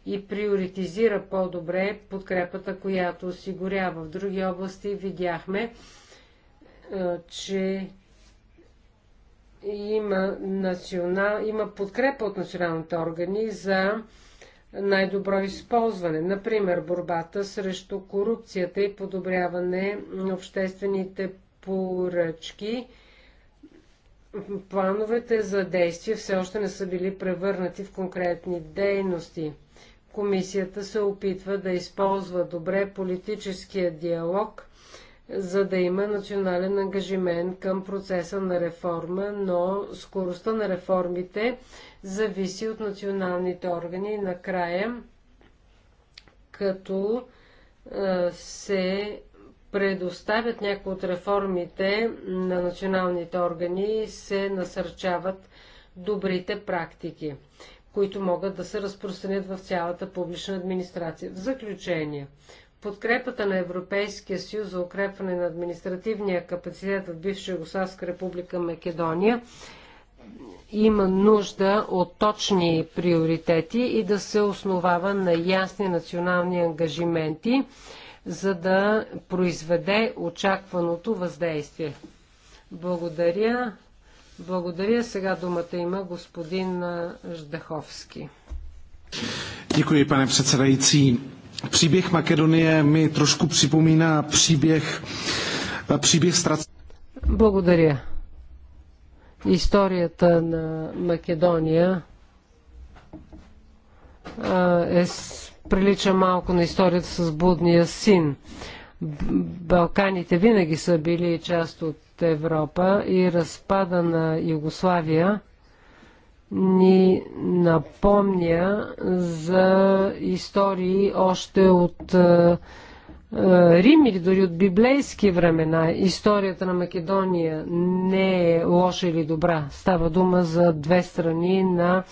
B: и приоритизира по-добре подкрепата, която осигурява. В други области видяхме, че има, национал, има подкрепа от националните органи за най-добро използване. Например, борбата срещу корупцията и подобряване на обществените поръчки. Плановете за действие все още не са били превърнати в конкретни дейности. Комисията се опитва да използва добре политическия диалог – за да има национален ангажимент към процеса на реформа, но скоростта на реформите зависи от националните органи. Накрая, като се предоставят някои от реформите на националните органи, се насърчават добрите практики, които могат да се разпространят в цялата публична администрация. В заключение, Подкрепата на Европейския съюз за укрепване на административния капацитет в бивша Югославска република Македония има нужда от точни приоритети и да се основава на ясни национални ангажименти, за да произведе очакваното въздействие. Благодаря. Благодаря. Сега думата има господин Ждаховски.
D: Дякую, пане předsedající. Příběh Македония ми трошко připomíná příběh, eh, příběh страц...
B: Благодаря. Историята на Македония е, прилича малко на историята с будния син. Балканите винаги са били част от Европа и разпада на Югославия ни напомня за истории още от е, е, Рим или дори от библейски времена. Историята на Македония не е лоша или добра. Става дума за две страни на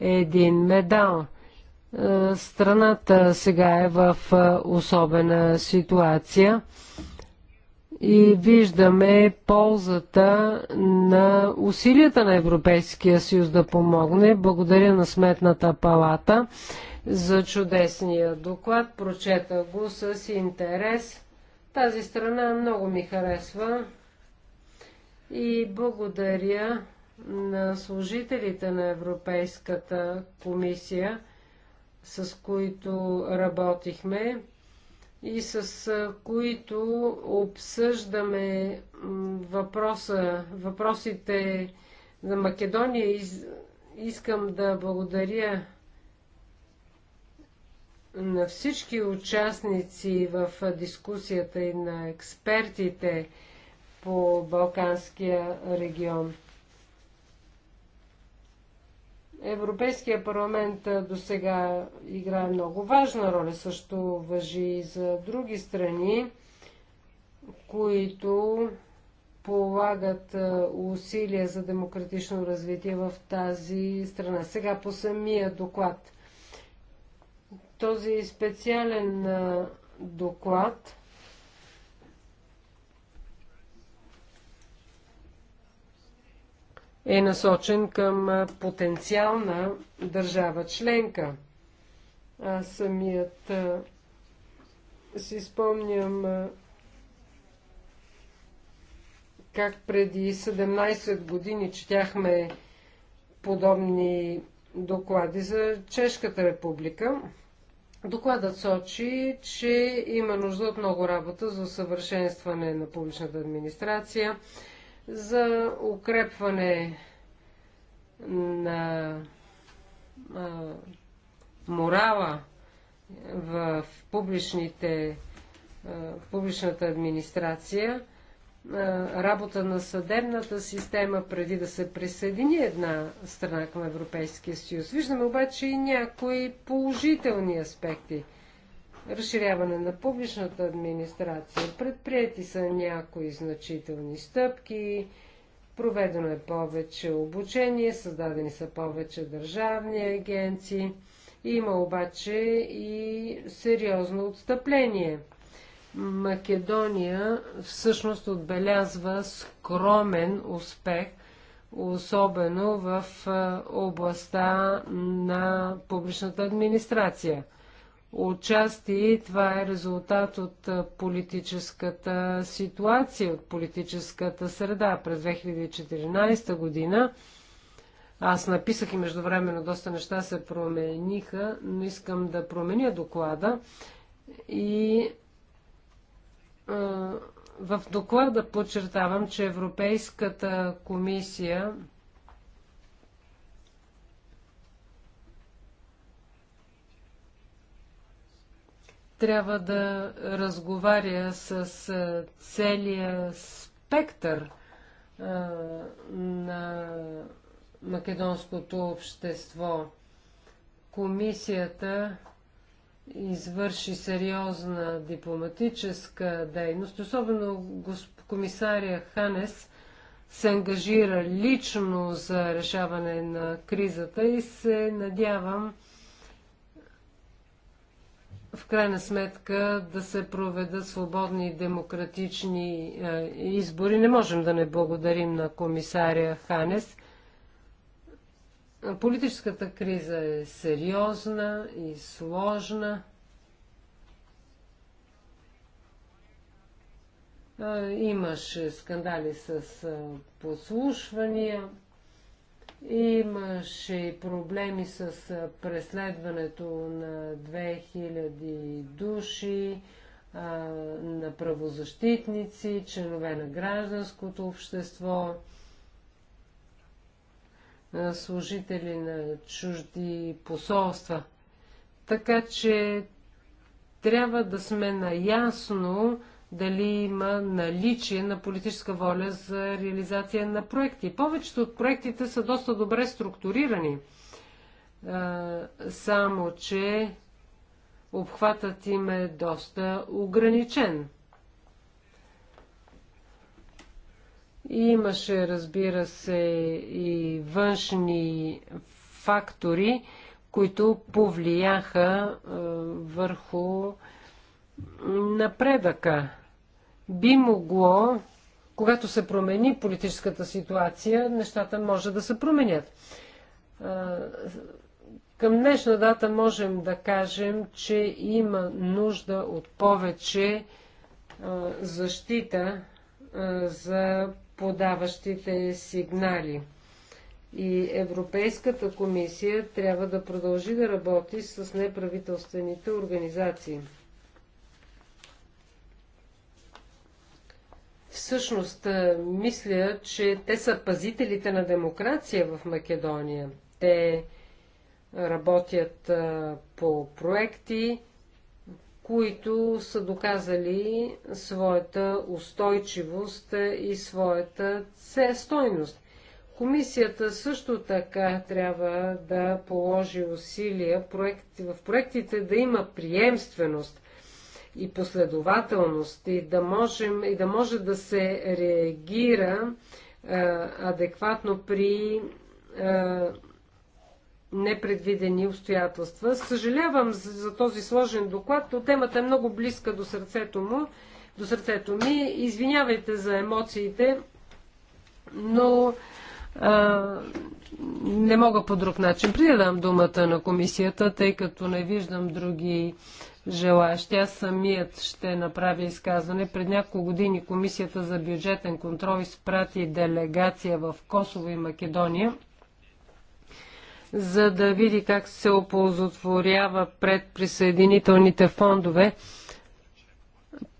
B: един медал. Е, страната сега е в особена ситуация и виждаме ползата на усилията на Европейския съюз да помогне. Благодаря на Сметната палата за чудесния доклад. Прочета го с интерес. Тази страна много ми харесва и благодаря на служителите на Европейската комисия, с които работихме и с които обсъждаме въпроса, въпросите за Македония. Из, искам да благодаря на всички участници в дискусията и на експертите по Балканския регион. Европейския парламент до сега играе много важна роля, също въжи и за други страни, които полагат усилия за демократично развитие в тази страна. Сега по самия доклад. Този специален доклад е насочен към потенциална държава членка. Аз самият си спомням как преди 17 години четяхме подобни доклади за Чешката република. Докладът сочи, че има нужда от много работа за усъвършенстване на публичната администрация, за укрепване на а, морала в публичните, а, публичната администрация, а, работа на съдебната система преди да се присъедини една страна към Европейския съюз. Виждаме обаче и някои положителни аспекти – разширяване на публичната администрация. Предприяти са някои значителни стъпки, проведено е повече обучение, създадени са повече държавни агенции. Има обаче и сериозно отстъпление. Македония всъщност отбелязва скромен успех, особено в областта на публичната администрация – отчасти това е резултат от политическата ситуация, от политическата среда през 2014 година. Аз написах и междувременно доста неща се промениха, но искам да променя доклада. И а, в доклада подчертавам, че Европейската комисия трябва да разговаря с целия спектър на македонското общество. Комисията извърши сериозна дипломатическа дейност, особено комисария Ханес се ангажира лично за решаване на кризата и се надявам, в крайна сметка да се проведат свободни и демократични е, избори. Не можем да не благодарим на комисаря Ханес. Политическата криза е сериозна и сложна. Е, имаше скандали с е, послушвания. Имаше проблеми с преследването на 2000 души, на правозащитници, членове на гражданското общество, служители на чужди посолства. Така че трябва да сме наясно дали има наличие на политическа воля за реализация на проекти. Повечето от проектите са доста добре структурирани, само че обхватът им е доста ограничен. И имаше, разбира се, и външни фактори, които повлияха върху напредъка би могло, когато се промени политическата ситуация, нещата може да се променят. Към днешна дата можем да кажем, че има нужда от повече защита за подаващите сигнали. И Европейската комисия трябва да продължи да работи с неправителствените организации. Всъщност, мисля, че те са пазителите на демокрация в Македония. Те работят по проекти, които са доказали своята устойчивост и своята стойност. Комисията също така трябва да положи усилия в проектите да има приемственост, и последователност и да, можем, и да може да се реагира а, адекватно при а, непредвидени обстоятелства. Съжалявам за, за този сложен доклад, но темата е много близка до сърцето му, до сърцето ми. Извинявайте за емоциите, но а, не мога по друг начин. Предадам думата на комисията, тъй като не виждам други желаящи. Аз самият ще направя изказване. Пред няколко години Комисията за бюджетен контрол изпрати делегация в Косово и Македония за да види как се оползотворява пред присъединителните фондове.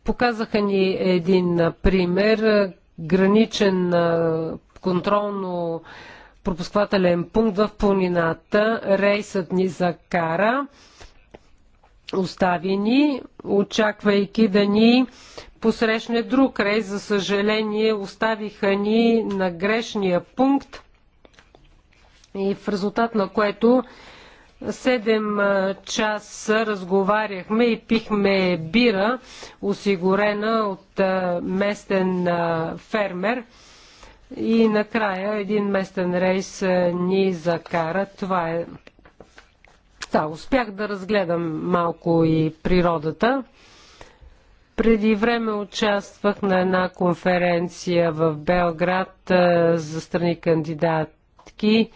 B: Показаха ни един пример. Граничен контролно пропусквателен пункт в планината. Рейсът ни закара. Остави ни, очаквайки да ни посрещне друг рейс. За съжаление, оставиха ни на грешния пункт и в резултат на което 7 часа разговаряхме и пихме бира, осигурена от местен фермер. И накрая един местен рейс ни закара. Това е областта. Успях да разгледам малко и природата. Преди време участвах на една конференция в Белград за страни кандидатки.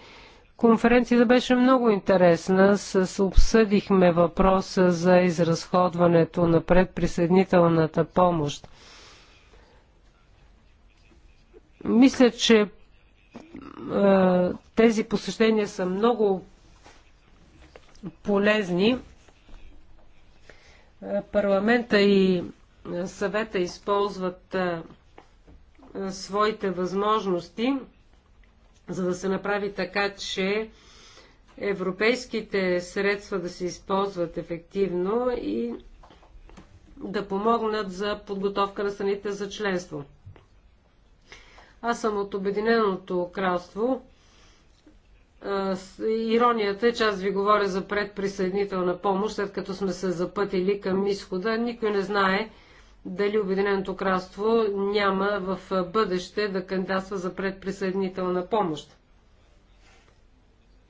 B: Конференцията беше много интересна. С обсъдихме въпроса за изразходването на предприсъединителната помощ. Мисля, че тези посещения са много полезни. Е, парламента и съвета използват е, своите възможности, за да се направи така, че европейските средства да се използват ефективно и да помогнат за подготовка на страните за членство. Аз съм от Обединеното кралство Иронията е, че аз ви говоря за предприсъединителна помощ, след като сме се запътили към изхода. Никой не знае дали Обединеното кралство няма в бъдеще да кандидатства за предприсъединителна помощ.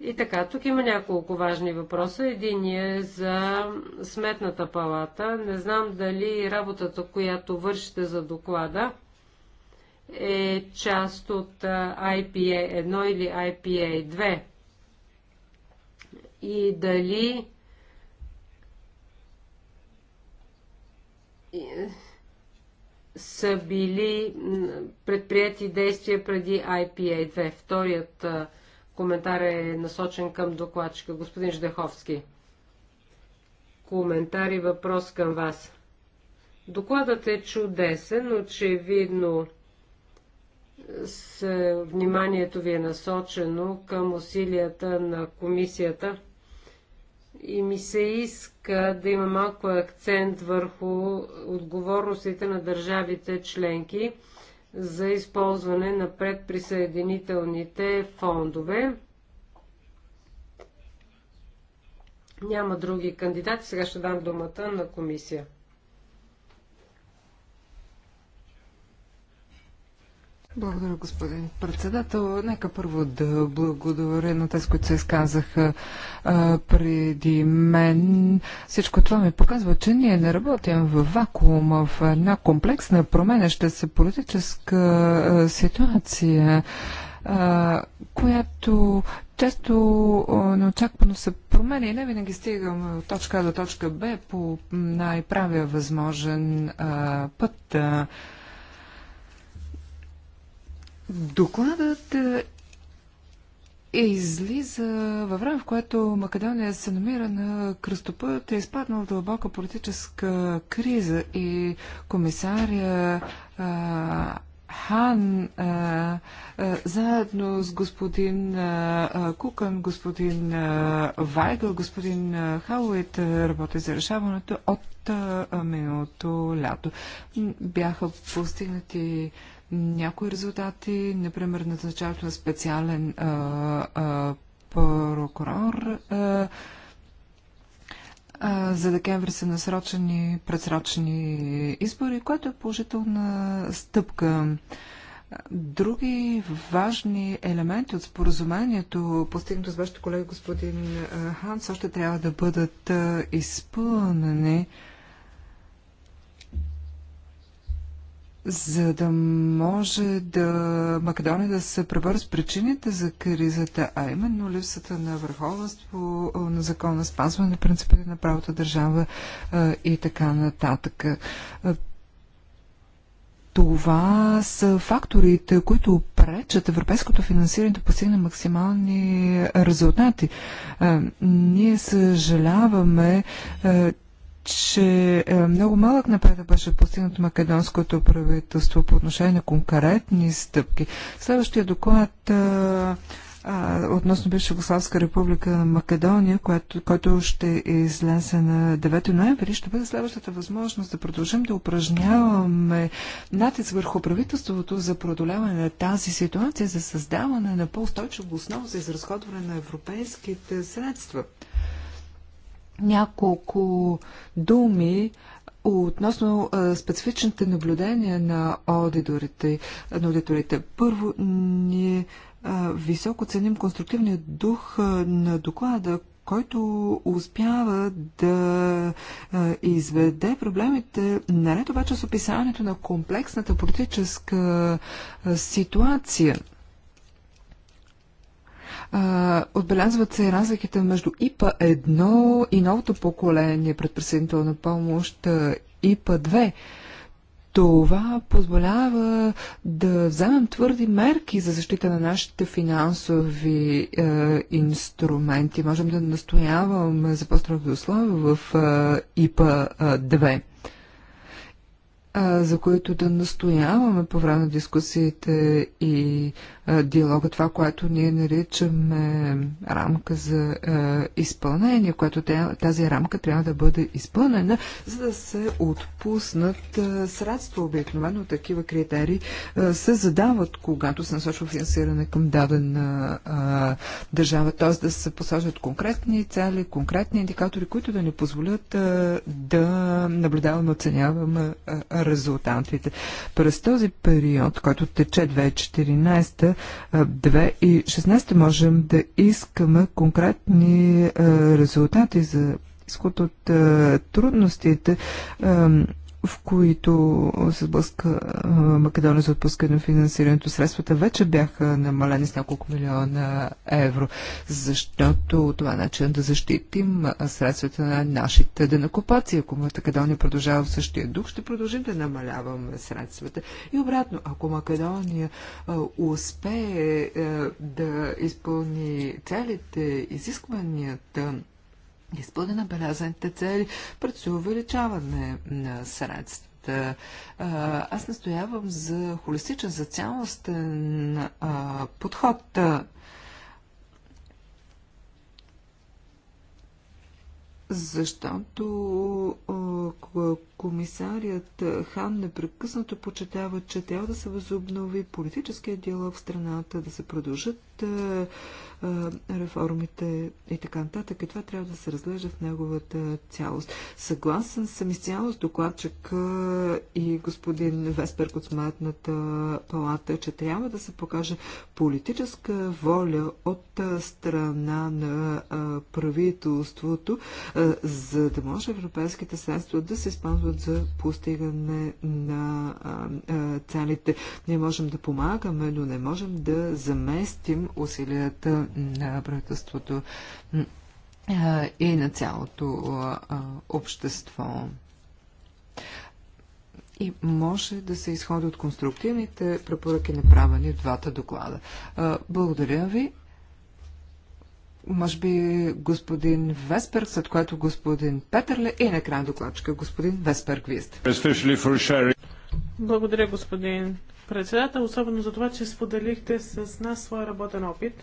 B: И така, тук има няколко важни въпроса. Един е за сметната палата. Не знам дали работата, която вършите за доклада, е част от IPA1 или IPA2 и дали е, са били предприяти действия преди IPA2. Вторият коментар е насочен към докладчика. Господин Ждеховски, коментар и въпрос към вас. Докладът е чудесен, очевидно с вниманието ви е насочено към усилията на комисията и ми се иска да има малко акцент върху отговорностите на държавите членки за използване на предприсъединителните фондове. Няма други кандидати. Сега ще дам думата на комисия.
A: Благодаря, господин председател. Нека първо да благодаря на тези, които се изказаха а, преди мен. Всичко това ми показва, че ние не работим в вакуум, в една комплексна променеща се политическа а, ситуация, а, която често неочаквано се променя и не винаги стигам от точка А до точка Б по най-правия възможен а, път. А, Докладът е излиза във време, в което Македония се намира на кръстопът, е изпаднал в дълбока политическа криза и комисария а, Хан а, а, заедно с господин а, Кукан, господин а, Вайгъл, господин а, Хауит работи за решаването от а, миналото лято. Бяха постигнати а, някои резултати, например назначаването на специален а, а, прокурор. А, а, за декември са насрочени предсрочни избори, което е положителна стъпка. Други важни елементи от споразумението, постигнато с вашите колеги господин Ханс, още трябва да бъдат изпълнени. А, за да може да Македония да се пребори с причините за кризата, а именно липсата на върховенство на закона, спазване на принципите на правото държава и така нататък. Това са факторите, които пречат европейското финансиране да постигне максимални резултати. Ние съжаляваме, че е, много малък напредък беше постигнато македонското правителство по отношение на конкретни стъпки. Следващия доклад а, е, а, е, относно бивша Гославска република Македония, което, който ще излезе на 9 ноември, ще бъде следващата възможност да продължим да упражняваме натиск върху правителството за продоляване на тази ситуация, за създаване на по-устойчива основа за изразходване на европейските средства няколко думи относно специфичните наблюдения на аудиторите. На аудиторите. Първо, ние високо ценим конструктивния дух на доклада, който успява да изведе проблемите, наред обаче с описанието на комплексната политическа ситуация отбелязват се разликите между ИПА-1 и новото поколение на помощ ИПА-2. Това позволява да вземем твърди мерки за защита на нашите финансови е, инструменти. Можем да настояваме за по-строги условия в е, ИПА-2 за които да настояваме по време на дискусиите и е, диалога, това, което ние наричаме рамка за е, изпълнение, което тази рамка трябва да бъде изпълнена, за да се отпуснат е, средства. Обикновено такива критерии се задават, когато се насочва финансиране към дадена държава, т.е. да се посажат конкретни цели, конкретни индикатори, които да ни позволят да наблюдаваме, оценяваме резултатите. През този период, който тече 2014 2 и 16 можем да искаме конкретни е, резултати за изход от е, трудностите в които се сблъска Македония за отпускане на финансирането. Средствата вече бяха намалени с няколко милиона евро, защото това е начин да защитим средствата на нашите денакопаци. Ако Македония продължава в същия дух, ще продължим да намаляваме средствата. И обратно, ако Македония успее да изпълни целите, изискванията, Изпълнена набелязаните цели, предстои увеличаване на средства. Аз настоявам за холистичен, за цялостен подход. Защото комисарият Хан непрекъснато почетава, че трябва да се възобнови политическия диалог в страната, да се продължат е, е, реформите и така нататък. И това трябва да се разглежда в неговата цялост. Съгласен съм изцяло с докладчик и господин Весперк от Сметната палата, че трябва да се покаже политическа воля от е, страна на правителството, за да може европейските средства да се използват средството за постигане на целите. Ние можем да помагаме, но не можем да заместим усилията на правителството и на цялото общество. И може да се изходи от конструктивните препоръки, направени в двата доклада. Благодаря ви. Може би господин Весперк, след което господин Петърле и накрая докладчика. Господин Весперк, вие сте.
C: Благодаря, господин председател, особено за това, че споделихте с нас своя работен опит.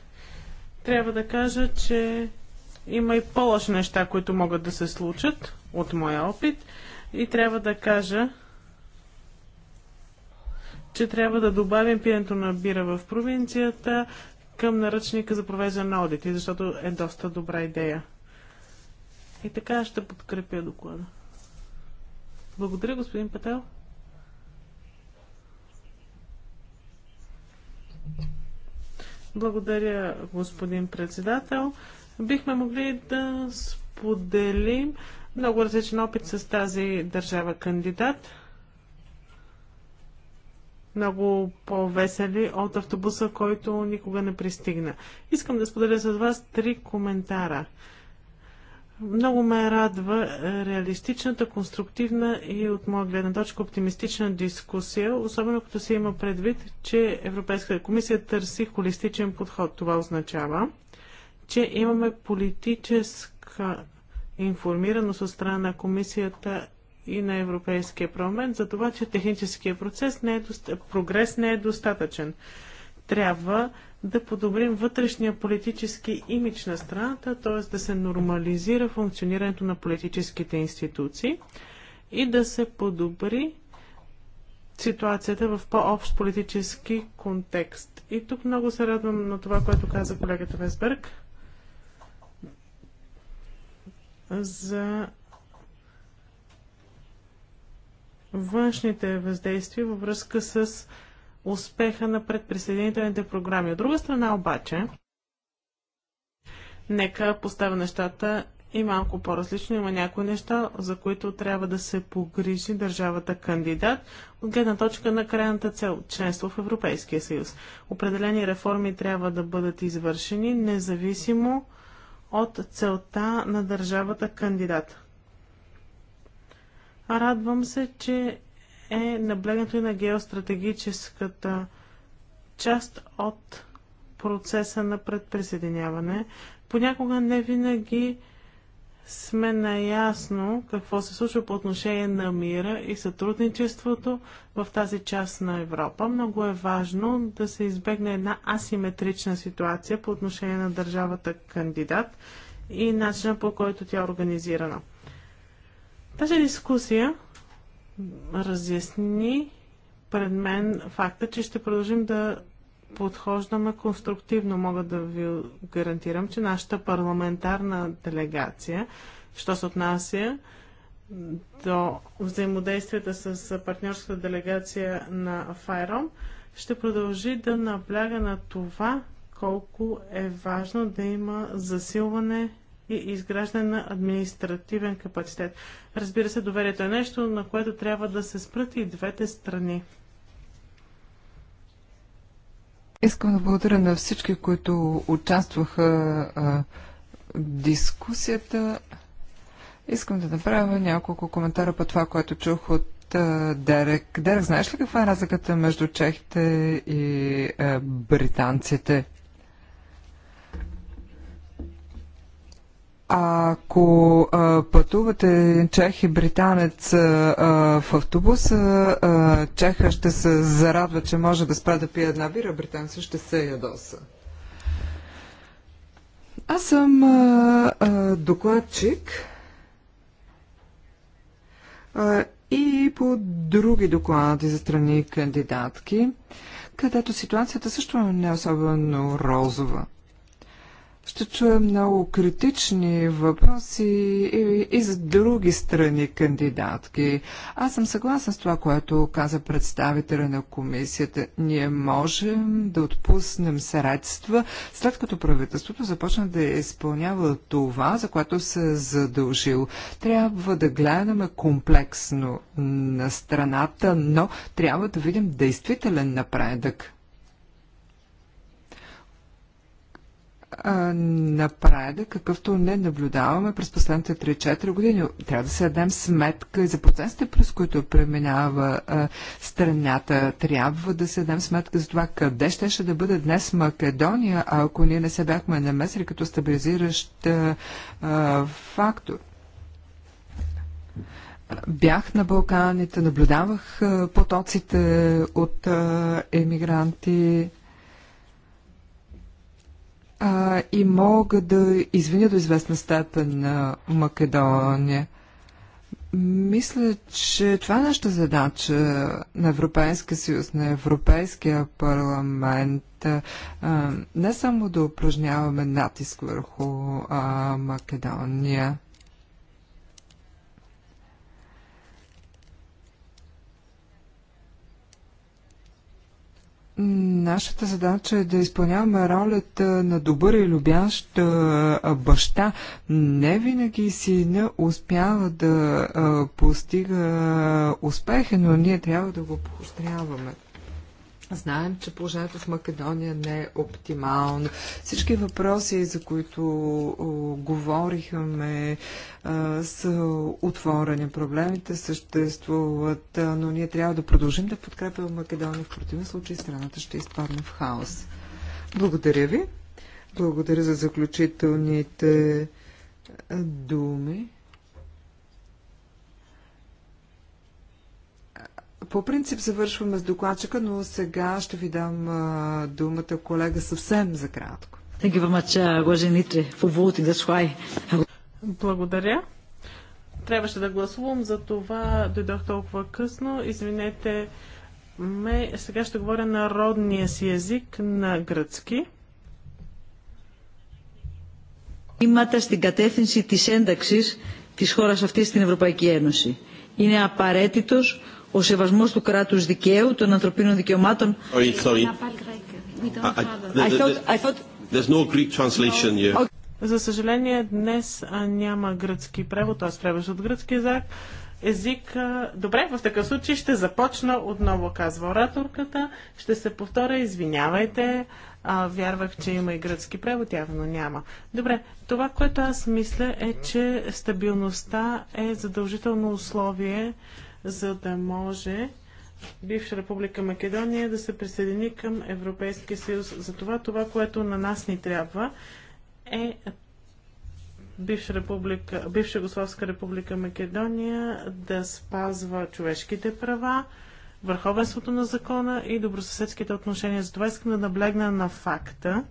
C: Трябва да кажа, че има и по-лоши неща, които могат да се случат от моя опит. И трябва да кажа, че трябва да добавим пиенето на бира в провинцията, към наръчника за провеждане на одити, защото е доста добра идея. И така ще подкрепя доклада. Благодаря, господин Петел. Благодаря, господин председател. Бихме могли да споделим много различен опит с тази държава кандидат много по-весели от автобуса, който никога не пристигна. Искам да споделя с вас три коментара. Много ме радва е, реалистичната, конструктивна и от моя гледна точка оптимистична дискусия, особено като се има предвид, че Европейската комисия търси холистичен подход. Това означава, че имаме политическа информираност от страна на комисията и на Европейския парламент за това, че техническия процес не е доста... прогрес не е достатъчен. Трябва да подобрим вътрешния политически имидж на страната, т.е. да се нормализира функционирането на политическите институции и да се подобри ситуацията в по-общ политически контекст. И тук много се радвам на това, което каза колегата Весберг за външните въздействия във връзка с успеха на предприсъединителните програми. От друга страна обаче, нека поставя нещата и малко по-различно. Има някои неща, за които трябва да се погрижи държавата кандидат от гледна точка на крайната цел – членство в Европейския съюз. Определени реформи трябва да бъдат извършени независимо от целта на държавата кандидат. Радвам се, че е наблегнато и на геостратегическата част от процеса на предприсъединяване. Понякога не винаги сме наясно какво се случва по отношение на мира и сътрудничеството в тази част на Европа. Много е важно да се избегне една асиметрична ситуация по отношение на държавата кандидат и начина по който тя е организирана. Тази дискусия разясни пред мен факта, че ще продължим да подхождаме конструктивно. Мога да ви гарантирам, че нашата парламентарна делегация, що се отнася до взаимодействията с партньорската делегация на ФАЙРОМ, ще продължи да набляга на това, колко е важно да има засилване и изграждане на административен капацитет. Разбира се, доверието е нещо, на което трябва да се спрат и двете страни.
A: Искам да благодаря на всички, които участваха а, дискусията. Искам да направя няколко коментара по това, което чух от Дерек. Дерек, знаеш ли каква е разликата между чехите и британците? Ако а, пътувате чех и британец а, в автобуса, а, чеха ще се зарадва, че може да спре да пие една бира, британца ще се ядоса. Аз съм а, а, докладчик а, и по други доклади за страни кандидатки, където ситуацията също не е особено розова ще чуем много критични въпроси и, и за други страни кандидатки. Аз съм съгласна с това, което каза представителя на комисията. Ние можем да отпуснем средства, след като правителството започна да е изпълнява това, за което се е задължил. Трябва да гледаме комплексно на страната, но трябва да видим действителен напредък. напредък, какъвто не наблюдаваме през последните 3-4 години. Трябва да се дадем сметка и за процесите, през които преминава а, страната. Трябва да се дадем сметка за това къде ще, ще да бъде днес Македония, ако ние не се бяхме намесили като стабилизиращ а, фактор. Бях на Балканите, наблюдавах потоците от емигранти а, и мога да извиня до известна степен на Македония. Мисля, че това е нашата задача на Европейския съюз, на Европейския парламент, не само да упражняваме натиск върху Македония. Нашата задача е да изпълняваме ролята на добър и любящ баща. Не винаги сина успява да постига успеха, но ние трябва да го поощряваме. Знаем, че положението в Македония не е оптимално. Всички въпроси, за които о, говорихме, а, са отворени. Проблемите съществуват, а, но ние трябва да продължим да подкрепяме Македония. В противен случай страната ще изпадне в хаос. Благодаря ви. Благодаря за заключителните думи. По принцип завършваме с докладчика, но сега ще ви дам думата колега съвсем за кратко.
C: Благодаря. Трябваше да гласувам, за това дойдох толкова късно. Извинете ме. Сега ще говоря на родния си език, на гръцки. Имата στην κατεύθυνση της ένταξης της χώρας αυτής στην Ευρωπαϊκή Ένωση. Είναι
D: απαραίτητος ο σεβασμός του κράτους δικαίου, των ανθρωπίνων δικαιωμάτων. Sorry, sorry.
C: I, I, thought, I
D: thought... There's no Greek translation here. Okay. За
C: съжаление, днес няма гръцки превод, аз превод от гръцки език. език. Добре, в такъв случай ще започна отново, казва ораторката. Ще се повторя, извинявайте. А, вярвах, че има и гръцки превод, явно няма. Добре, това, което аз мисля е, че стабилността е задължително условие за да може бивша република Македония да се присъедини към Европейския съюз. Затова това, което на нас ни трябва е бивша, република, бивша Гославска република Македония да спазва човешките права, върховенството на закона и добросъседските отношения. Затова искам да наблегна на факта,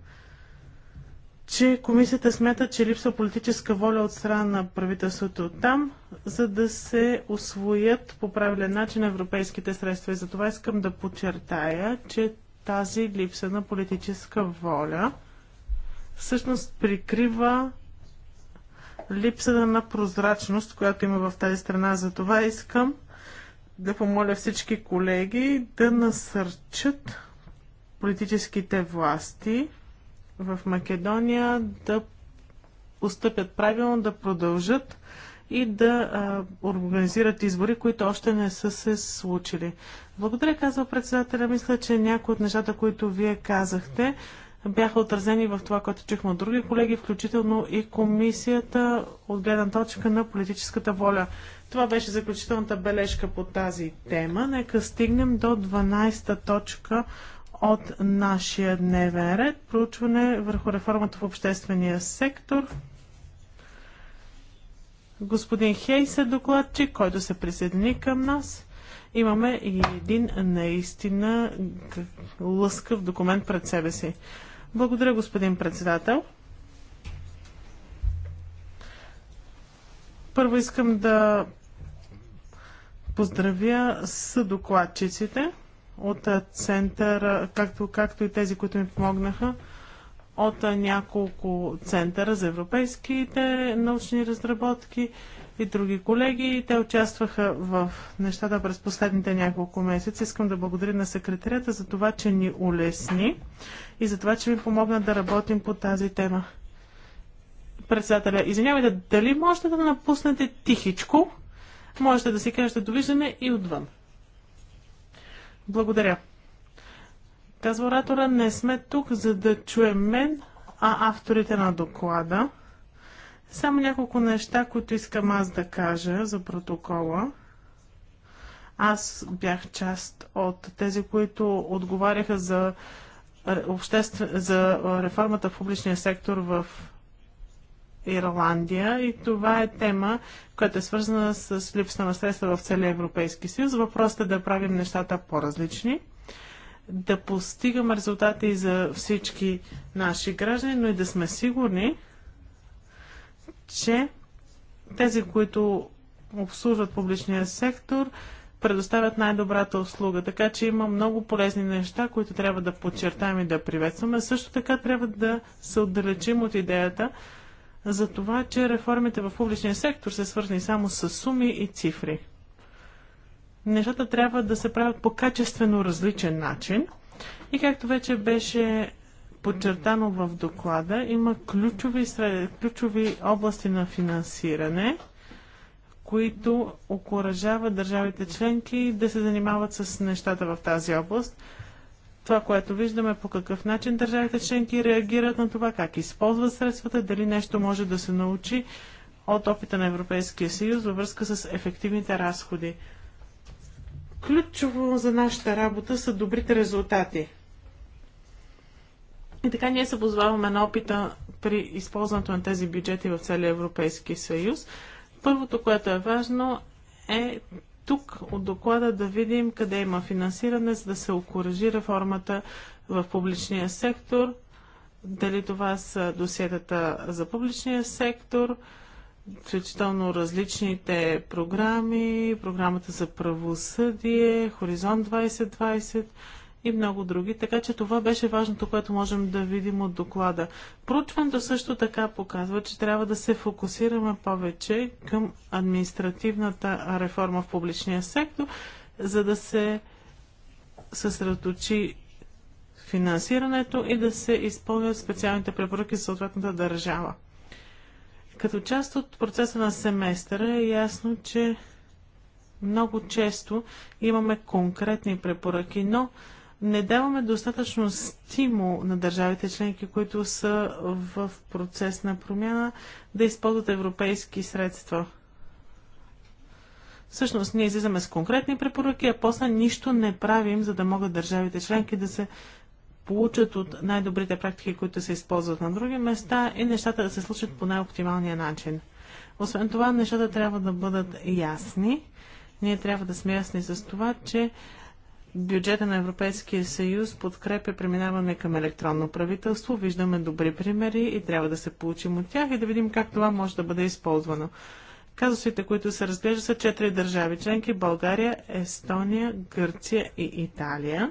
C: че комисията смята, че липсва политическа воля от страна на правителството там, за да се освоят по правилен начин европейските средства. И затова искам да подчертая, че тази липса на политическа воля всъщност прикрива липсата на прозрачност, която има в тази страна. Затова искам да помоля всички колеги да насърчат политическите власти в Македония да постъпят правилно, да продължат и да а, организират избори, които още не са се случили. Благодаря, казва председателя. Мисля, че някои от нещата, които вие казахте, бяха отразени в това, което чухме от други колеги, включително и комисията от гледна точка на политическата воля. Това беше заключителната бележка по тази тема. Нека стигнем до 12-та точка от нашия дневен ред. Проучване върху реформата в обществения сектор. Господин Хейс е докладчик, който се присъедини към нас. Имаме и един наистина лъскав документ пред себе си. Благодаря, господин председател. Първо искам да поздравя с докладчиците от центъра, както, както и тези, които ми помогнаха, от няколко центъра за европейските научни разработки и други колеги. Те участваха в нещата през последните няколко месеца. Искам да благодаря на секретарята за това, че ни улесни и за това, че ми помогна да работим по тази тема. Председателя, извинявайте, дали можете да напуснете тихичко? Можете да си кажете довиждане и отвън. Благодаря. Казва оратора, не сме тук, за да чуем мен, а авторите на доклада. Само няколко неща, които искам аз да кажа за протокола. Аз бях част от тези, които отговаряха за, е, обществ... за е, реформата в публичния сектор в Ирландия и това е тема, която е свързана с липса на средства в целия Европейски съюз. Въпросът е да правим нещата по-различни, да постигаме резултати и за всички наши граждани, но и да сме сигурни, че тези, които обслужват публичния сектор, предоставят най-добрата услуга. Така че има много полезни неща, които трябва да подчертаем и да приветстваме. Също така трябва да се отдалечим от идеята, за това, че реформите в публичния сектор са свързани само с суми и цифри. Нещата трябва да се правят по качествено различен начин и както вече беше подчертано в доклада, има ключови, ключови области на финансиране, които окоръжават държавите членки да се занимават с нещата в тази област – това, което виждаме, по какъв начин държавите членки реагират на това, как използват средствата, дали нещо може да се научи от опита на Европейския съюз във връзка с ефективните разходи. Ключово за нашата работа са добрите резултати. И така ние се позваваме на опита при използването на тези бюджети в целия Европейски съюз. Първото, което е важно, е тук от доклада да видим къде има финансиране, за да се окоръжи реформата в публичния сектор, дали това са досиетата за публичния сектор, включително различните програми, програмата за правосъдие, Хоризонт 2020, и много други. Така че това беше важното, което можем да видим от доклада. Проучването също така показва, че трябва да се фокусираме повече към административната реформа в публичния сектор, за да се съсредоточи финансирането и да се изпълнят специалните препоръки за съответната държава. Като част от процеса на семестъра е ясно, че много често имаме конкретни препоръки, но не даваме достатъчно стимул на държавите членки, които са в процес на промяна, да използват европейски средства. Всъщност, ние излизаме с конкретни препоръки, а после нищо не правим, за да могат държавите членки да се получат от най-добрите практики, които се използват на други места и нещата да се случат по най-оптималния начин. Освен това, нещата трябва да бъдат ясни. Ние трябва да сме ясни с това, че бюджета на Европейския съюз подкрепя преминаване към електронно правителство. Виждаме добри примери и трябва да се получим от тях и да видим как това може да бъде използвано. Казусите, които се разглежда, са четири държави членки – България, Естония, Гърция и Италия.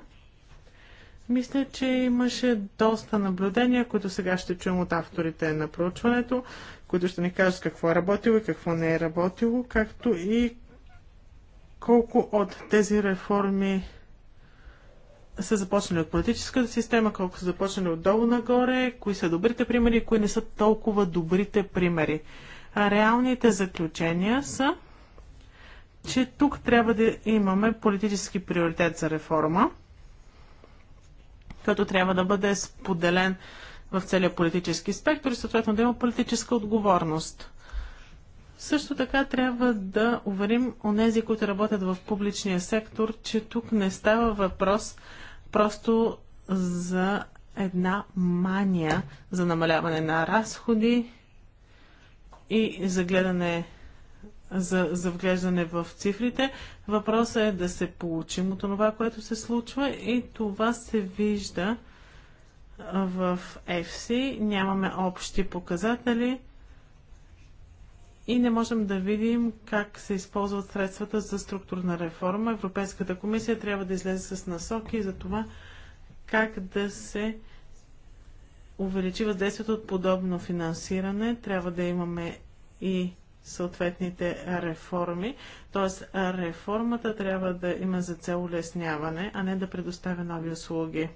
C: Мисля, че имаше доста наблюдения, които сега ще чуем от авторите на проучването, които ще ни кажат какво е работило и какво не е работило, както и колко от тези реформи са започнали от политическата система, колко са започнали отдолу нагоре, кои са добрите примери и кои не са толкова добрите примери. А реалните заключения са, че тук трябва да имаме политически приоритет за реформа, като трябва да бъде споделен в целия политически спектър и съответно да има политическа отговорност. Също така трябва да уверим онези, които работят в публичния сектор, че тук не става въпрос просто за една мания за намаляване на разходи и за гледане за, за вглеждане в цифрите. Въпросът е да се получим от това, което се случва и това се вижда в FC. Нямаме общи показатели, и не можем да видим как се използват средствата за структурна реформа. Европейската комисия трябва да излезе с насоки за това как да се увеличи въздействието от подобно финансиране. Трябва да имаме и съответните реформи. Тоест, реформата трябва да има за цел улесняване, а не да предоставя нови услуги.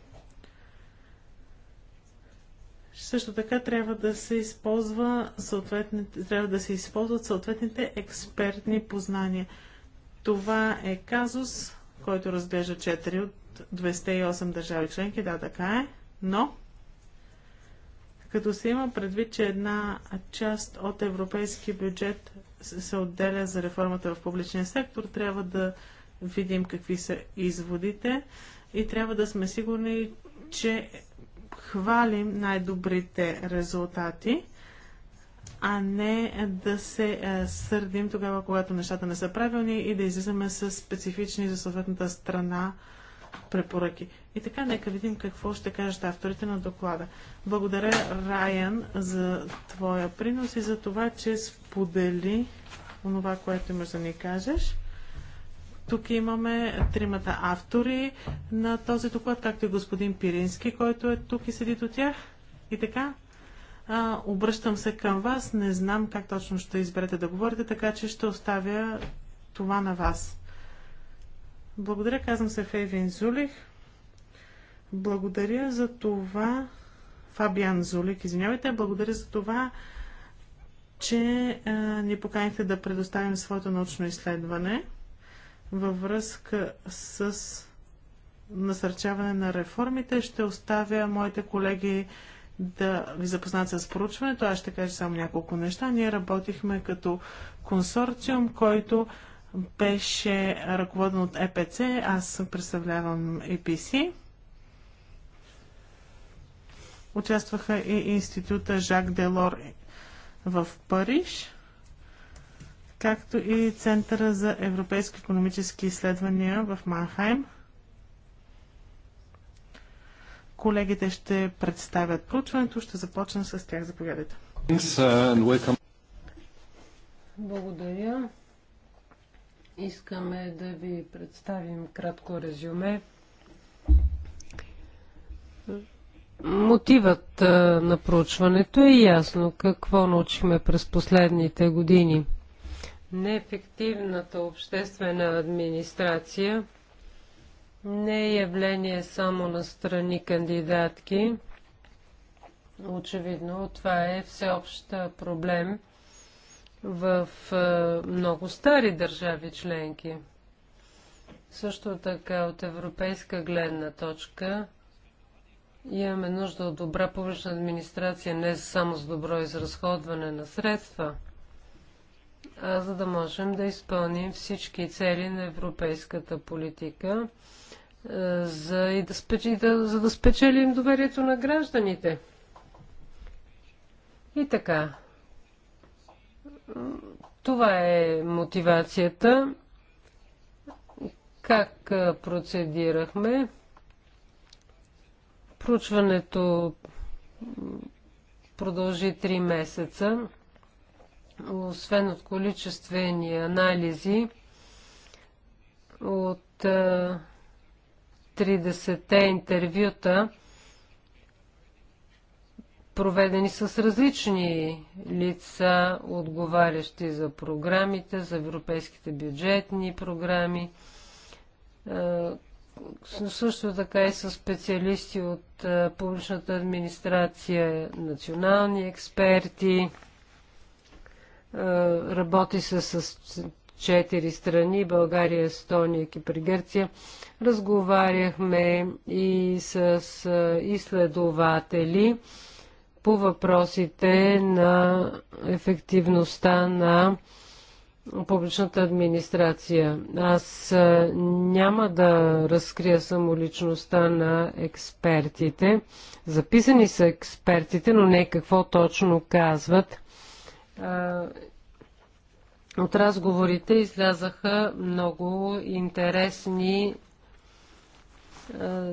C: Също така трябва да се използва трябва да се използват съответните експертни познания. Това е казус, който разглежда 4 от 208 държави членки. Да, така е, но като се има предвид, че една част от европейски бюджет се отделя за реформата в публичния сектор, трябва да видим какви са изводите и трябва да сме сигурни, че хвалим най-добрите резултати, а не да се е, сърдим тогава, когато нещата не са правилни и да излизаме с специфични за съответната страна препоръки. И така, нека видим какво ще кажат авторите на доклада. Благодаря, Райан, за твоя принос и за това, че сподели онова, което имаш да ни кажеш. Тук имаме тримата автори на този доклад, както и господин Пирински, който е тук и седи до тях. И така, а, обръщам се към вас. Не знам как точно ще изберете да говорите, така че ще оставя това на вас. Благодаря, казвам се Фейвин Зулих. Благодаря за това, Фабиан Зулик, извинявайте, благодаря за това, че а, ни поканихте да предоставим своето научно изследване във връзка с насърчаване на реформите. Ще оставя моите колеги да ви запознат с проучването. Аз ще кажа само няколко неща. Ние работихме като консорциум, който беше ръководен от ЕПЦ. Аз представлявам EPC. Е Участваха и института Жак Делор в Париж както и Центъра за европейски економически изследвания в Манхайм. Колегите ще представят проучването. Ще започна с тях. Заповядайте.
B: Uh,
C: Благодаря. Искаме да
B: ви представим кратко резюме. Мотивът на проучването е ясно какво научихме през последните години – Неефективната обществена администрация не е явление само на страни кандидатки. Очевидно, това е всеобщ проблем в много стари държави членки. Също така от европейска гледна точка имаме нужда от добра публична администрация, не само с добро изразходване на средства – за да можем да изпълним всички цели на европейската политика, за, и да, и да, за да спечелим доверието на гражданите. И така. Това е мотивацията. Как процедирахме? Проучването продължи 3 месеца освен от количествени анализи, от 30-те интервюта, проведени с различни лица, отговарящи за програмите, за европейските бюджетни програми, също така и с специалисти от публичната администрация, национални експерти, е, работи се с четири страни България, Естония, Кипър, Гърция. Разговаряхме и с е, изследователи по въпросите на ефективността на публичната администрация. Аз е, няма да разкрия самоличността на експертите. Записани са експертите, но не какво точно казват – от разговорите излязаха много интересни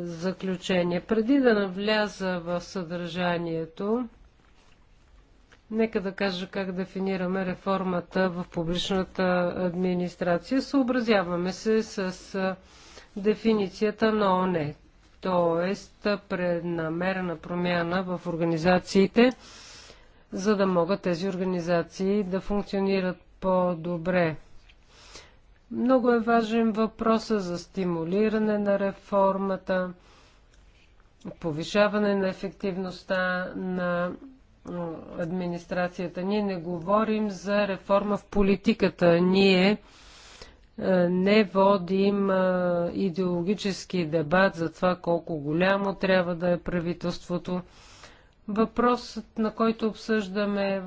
B: заключения. Преди да навляза в съдържанието, нека да кажа как дефинираме реформата в публичната администрация. Съобразяваме се с дефиницията на ОНЕ, т.е. преднамерена промяна в организациите, за да могат тези организации да функционират по-добре. Много е важен въпроса за стимулиране на реформата, повишаване на ефективността на администрацията. Ние не говорим за реформа в политиката. Ние е, не водим е, идеологически дебат за това колко голямо трябва да е правителството. Въпросът, на който обсъждаме,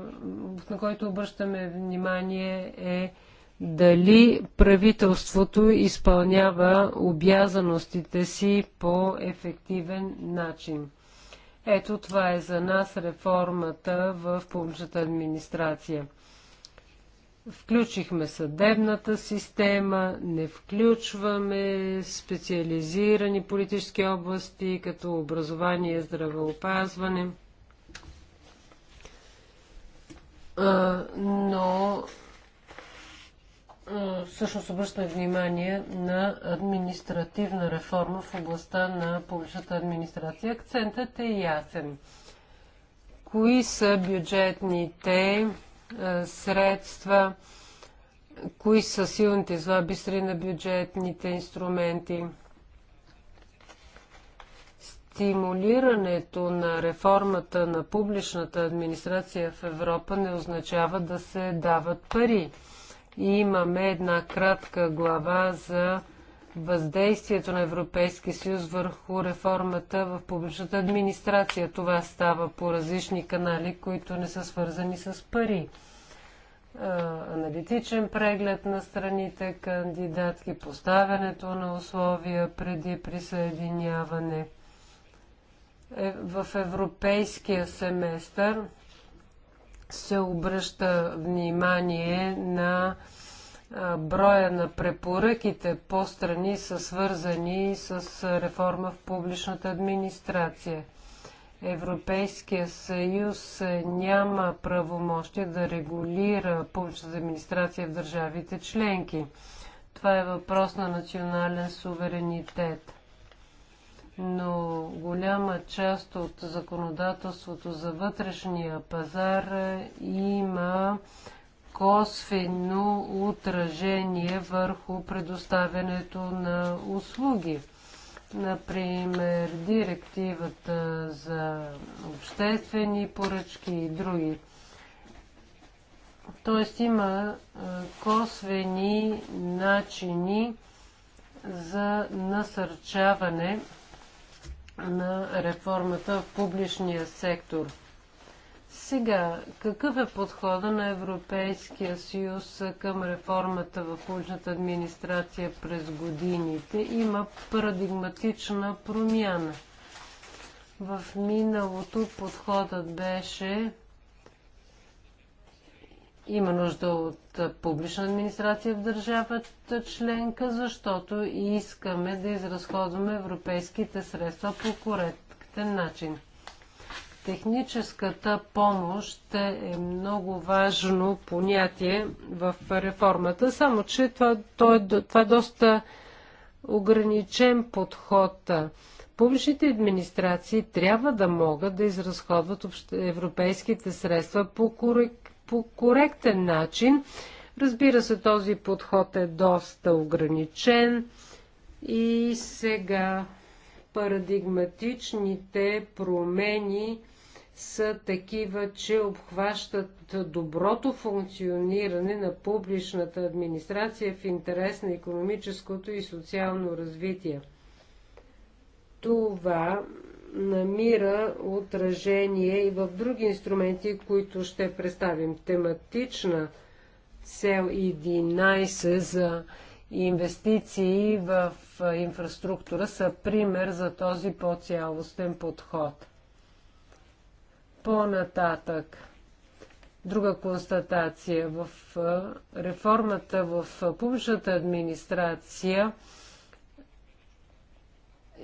B: на който обръщаме внимание е дали правителството изпълнява обязаностите си по ефективен начин. Ето това е за нас реформата в публичната администрация. Включихме съдебната система, не включваме специализирани политически области, като образование, и здравеопазване – но всъщност обръщаме внимание на административна реформа в областта на публичната администрация. Акцентът е ясен. Кои са бюджетните средства, кои са силните злоби на бюджетните инструменти – стимулирането на реформата на публичната администрация в Европа не означава да се дават пари. И имаме една кратка глава за въздействието на Европейския съюз върху реформата в публичната администрация. Това става по различни канали, които не са свързани с пари. Аналитичен преглед на страните кандидатки, поставянето на условия преди присъединяване – е, в европейския семестър се обръща внимание на броя на препоръките по страни са свързани с реформа в публичната администрация. Европейския съюз няма правомощие да регулира публичната администрация в държавите членки. Това е въпрос на национален суверенитет но голяма част от законодателството за вътрешния пазар има косвено отражение върху предоставянето на услуги. Например, директивата за обществени поръчки и други. Тоест има косвени начини за насърчаване на реформата в публичния сектор. Сега, какъв е подхода на Европейския съюз към реформата в публичната администрация през годините? Има парадигматична промяна. В миналото подходът беше има нужда от публична администрация в държавата членка, защото искаме да изразходваме европейските средства по коректен начин. Техническата помощ е много важно понятие в реформата, само че това, то е, това е доста ограничен подход. Публичните администрации трябва да могат да изразходват европейските средства по коректен по коректен начин. Разбира се, този подход е доста ограничен и сега парадигматичните промени са такива, че обхващат доброто функциониране на публичната администрация в интерес на економическото и социално развитие. Това намира отражение и в други инструменти, които ще представим. Тематична цел 11 за инвестиции в инфраструктура са пример за този по-цялостен подход. По-нататък. Друга констатация в реформата в публичната администрация –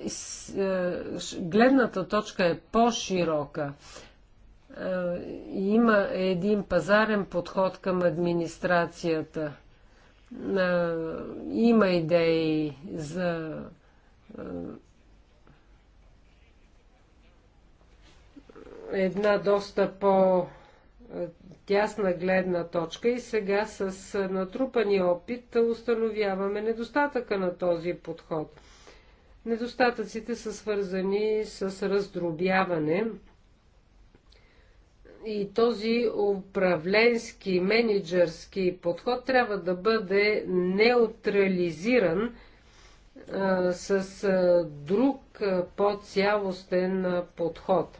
B: е, гледната точка е по-широка. Е, има един пазарен подход към администрацията. Е, има идеи за една доста по- тясна гледна точка и сега с натрупани опит установяваме недостатъка на този подход. Недостатъците са свързани с раздробяване и този управленски, менеджерски подход трябва да бъде неутрализиран а, с а, друг по-цялостен подход.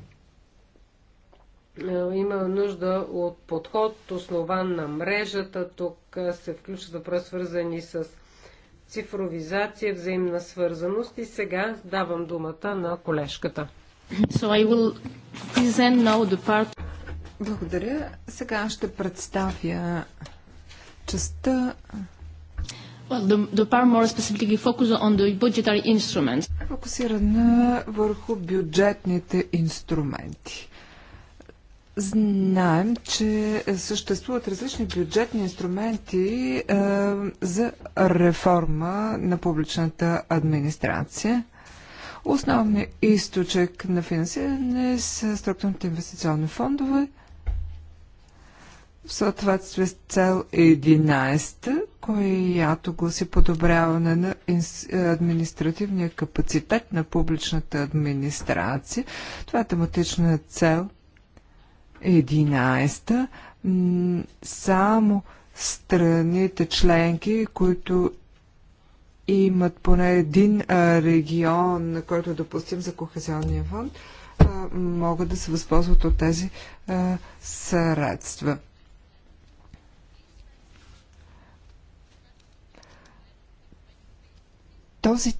B: има нужда от подход, основан на мрежата. Тук се включват въпроси, свързани с цифровизация, взаимна свързаност и сега давам думата на колежката. So
A: I will present now the part... Благодаря. Сега ще представя
B: частта Well, the, the part more specifically focuses on the budgetary instruments.
A: Фокусирана върху бюджетните инструменти. Знаем, че съществуват различни бюджетни инструменти е, за реформа на публичната администрация. Основният източник на финансиране са структурните инвестиционни фондове в съответствие с цел 11, която гласи подобряване на административния капацитет на публичната администрация. Това е тематична цел – 11 само страните членки, които имат поне един регион, на който е допустим за кохезионния фонд, могат да се възползват от тези средства. Този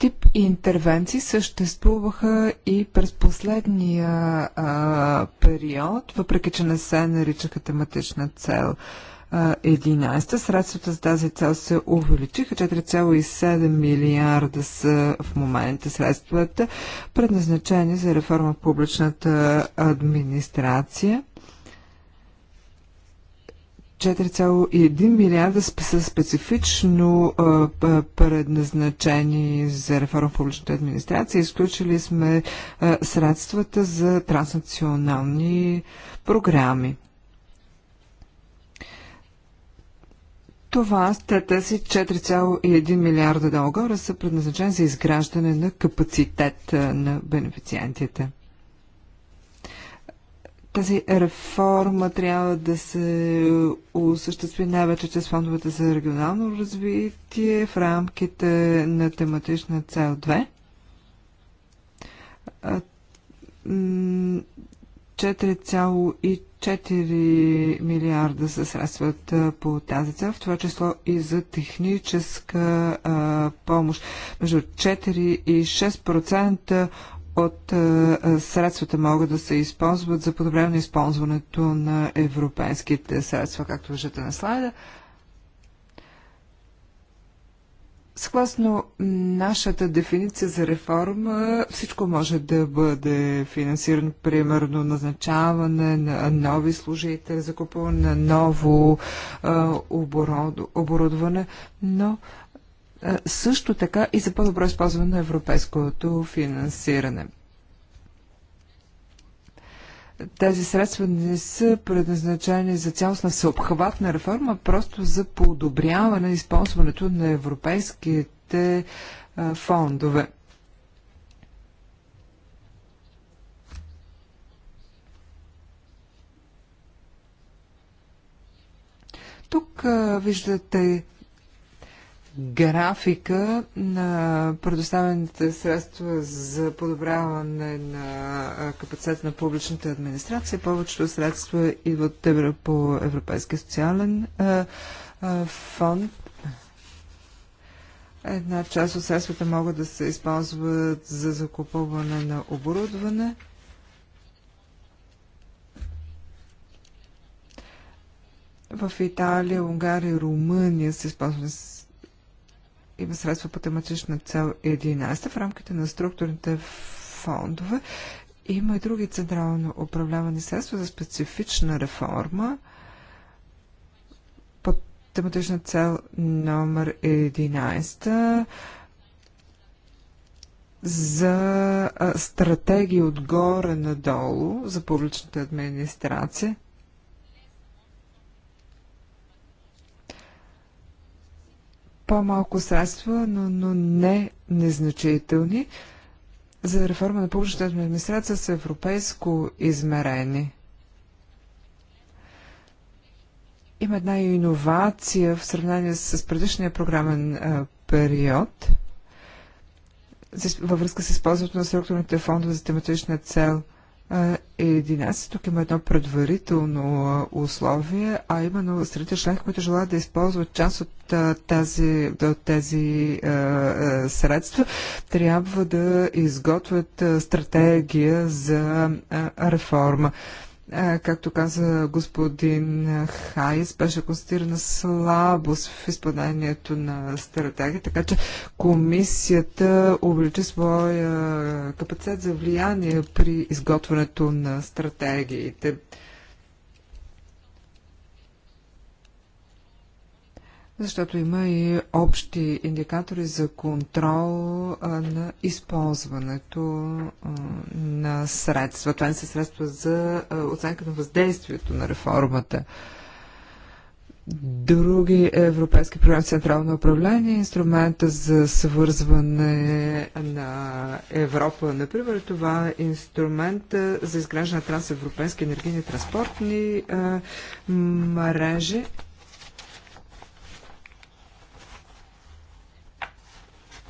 A: тип интервенции съществуваха и през последния а, период, въпреки че не се наричаха тематична цел. 11. Средствата за тази цел се увеличиха. 4,7 милиарда са в момента средствата, предназначени за реформа в публичната администрация. 4,1 милиарда са специфично предназначени за реформа в публичната администрация. Изключили сме средствата за транснационални програми. Това сте тези 4,1 милиарда долара са предназначени за изграждане на капацитет на бенефициентите тази реформа трябва да се осъществи най-вече чрез фондовете за регионално развитие в рамките на тематична цел 2. 4,4 милиарда са средстват по тази цел, в това число и за техническа помощ. Между 4 и 6% от е, е, средствата могат да се използват за подобряване използването на европейските средства, както виждате на слайда. Съгласно нашата дефиниция за реформа, всичко може да бъде финансирано, примерно назначаване на нови служители, закупване на ново е, оборудване, но също така и за по-добро използване на европейското финансиране. Тези средства не са предназначени за цялостна съобхватна реформа, просто за подобряване на използването на европейските фондове. Тук виждате графика на предоставените средства за подобряване на капацитета на публичната администрация. Повечето средства идват по Европейския социален фонд. Една част от средствата могат да се използват за закупуване на оборудване. В Италия, Унгария, Румъния се използват и средства по тематична цел 11 в рамките на структурните фондове. Има и други централно управлявани средства за специфична реформа по тематична цел номер 11 за стратегии отгоре надолу за публичната администрация. по-малко средства, но, но не незначителни за реформа на публичната администрация с европейско измерение. Има една иновация в сравнение с предишния програмен а, период във връзка с използването на структурните фондове за тематична цел – 11. Тук има едно предварително условие, а именно страните членки, които желаят да използват част от тази, от тези средства, трябва да изготвят стратегия за реформа. Както каза господин Хайс, беше констатирана слабост в изпълнението на стратегия, така че комисията увеличи своя капацитет за влияние при изготвянето на стратегиите. защото има и общи индикатори за контрол а, на използването а, на средства. Това не са средства за а, оценка на въздействието на реформата. Други европейски програми Централно управление, инструмента за свързване на Европа, например, това е инструмент за изграждане на трансевропейски енергийни транспортни мрежи.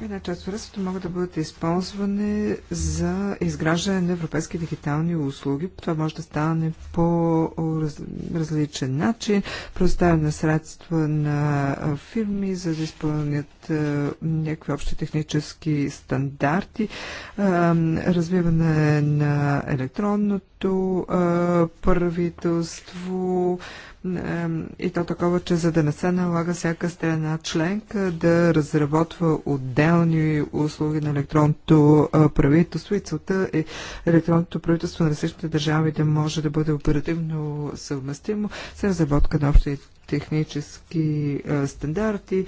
A: Иначе средствата могат да бъдат използвани за изграждане на европейски дигитални услуги. Това може да стане по раз, различен начин. Предоставяне на средства на фирми, за да изпълнят а, някакви общи технически стандарти. А, развиване на електронното а, правителство. А, и то такова, че за да не се налага всяка страна членка да разработва отделни услуги на електронното правителство и целта е електронното правителство на различните държави да може да бъде оперативно съвместимо с разработка на общи технически стандарти,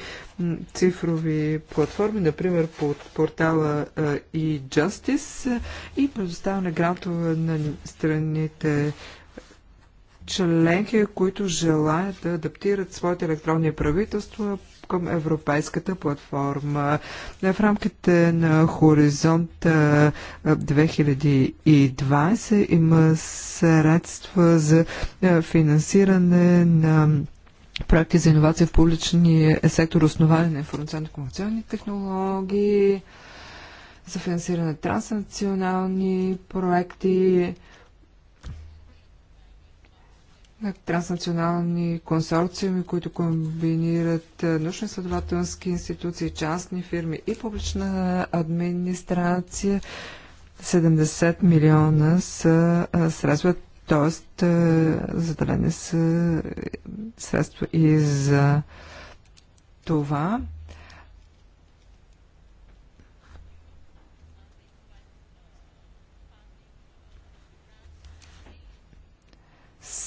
A: цифрови платформи, например под портала e-Justice и предоставяне грантове на страните членки, които желаят да адаптират своите електронни правителства към европейската платформа. В рамките на Хоризонт 2020 има средства за финансиране на проекти за иновация в публичния сектор, основани на информационно-комуникационни технологии, за финансиране на транснационални проекти, транснационални консорциуми, които комбинират научно-изследователски институции, частни фирми и публична администрация. 70 милиона са средства, т.е. заделени са средства и за това.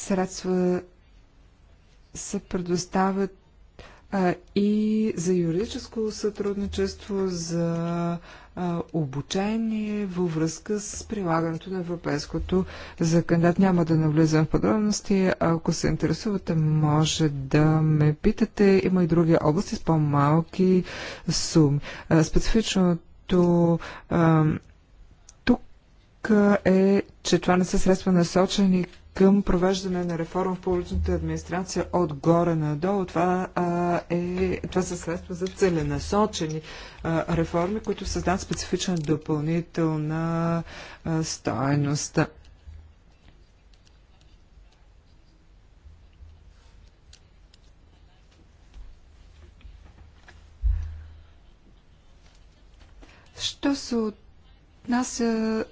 A: средства се предоставят а, и за юридическо сътрудничество, за а, обучение във връзка с прилагането на европейското за кандидат. Няма да навлизам в подробности. Ако се интересувате, може да ме питате. Има и други области с по-малки суми. специфичното а, тук е, че това не са средства насочени към провеждане на реформа в публичната администрация отгоре надолу. Това, а, е, това са средства за целенасочени а, реформи, които създават специфична допълнителна стоеност. Що се отнася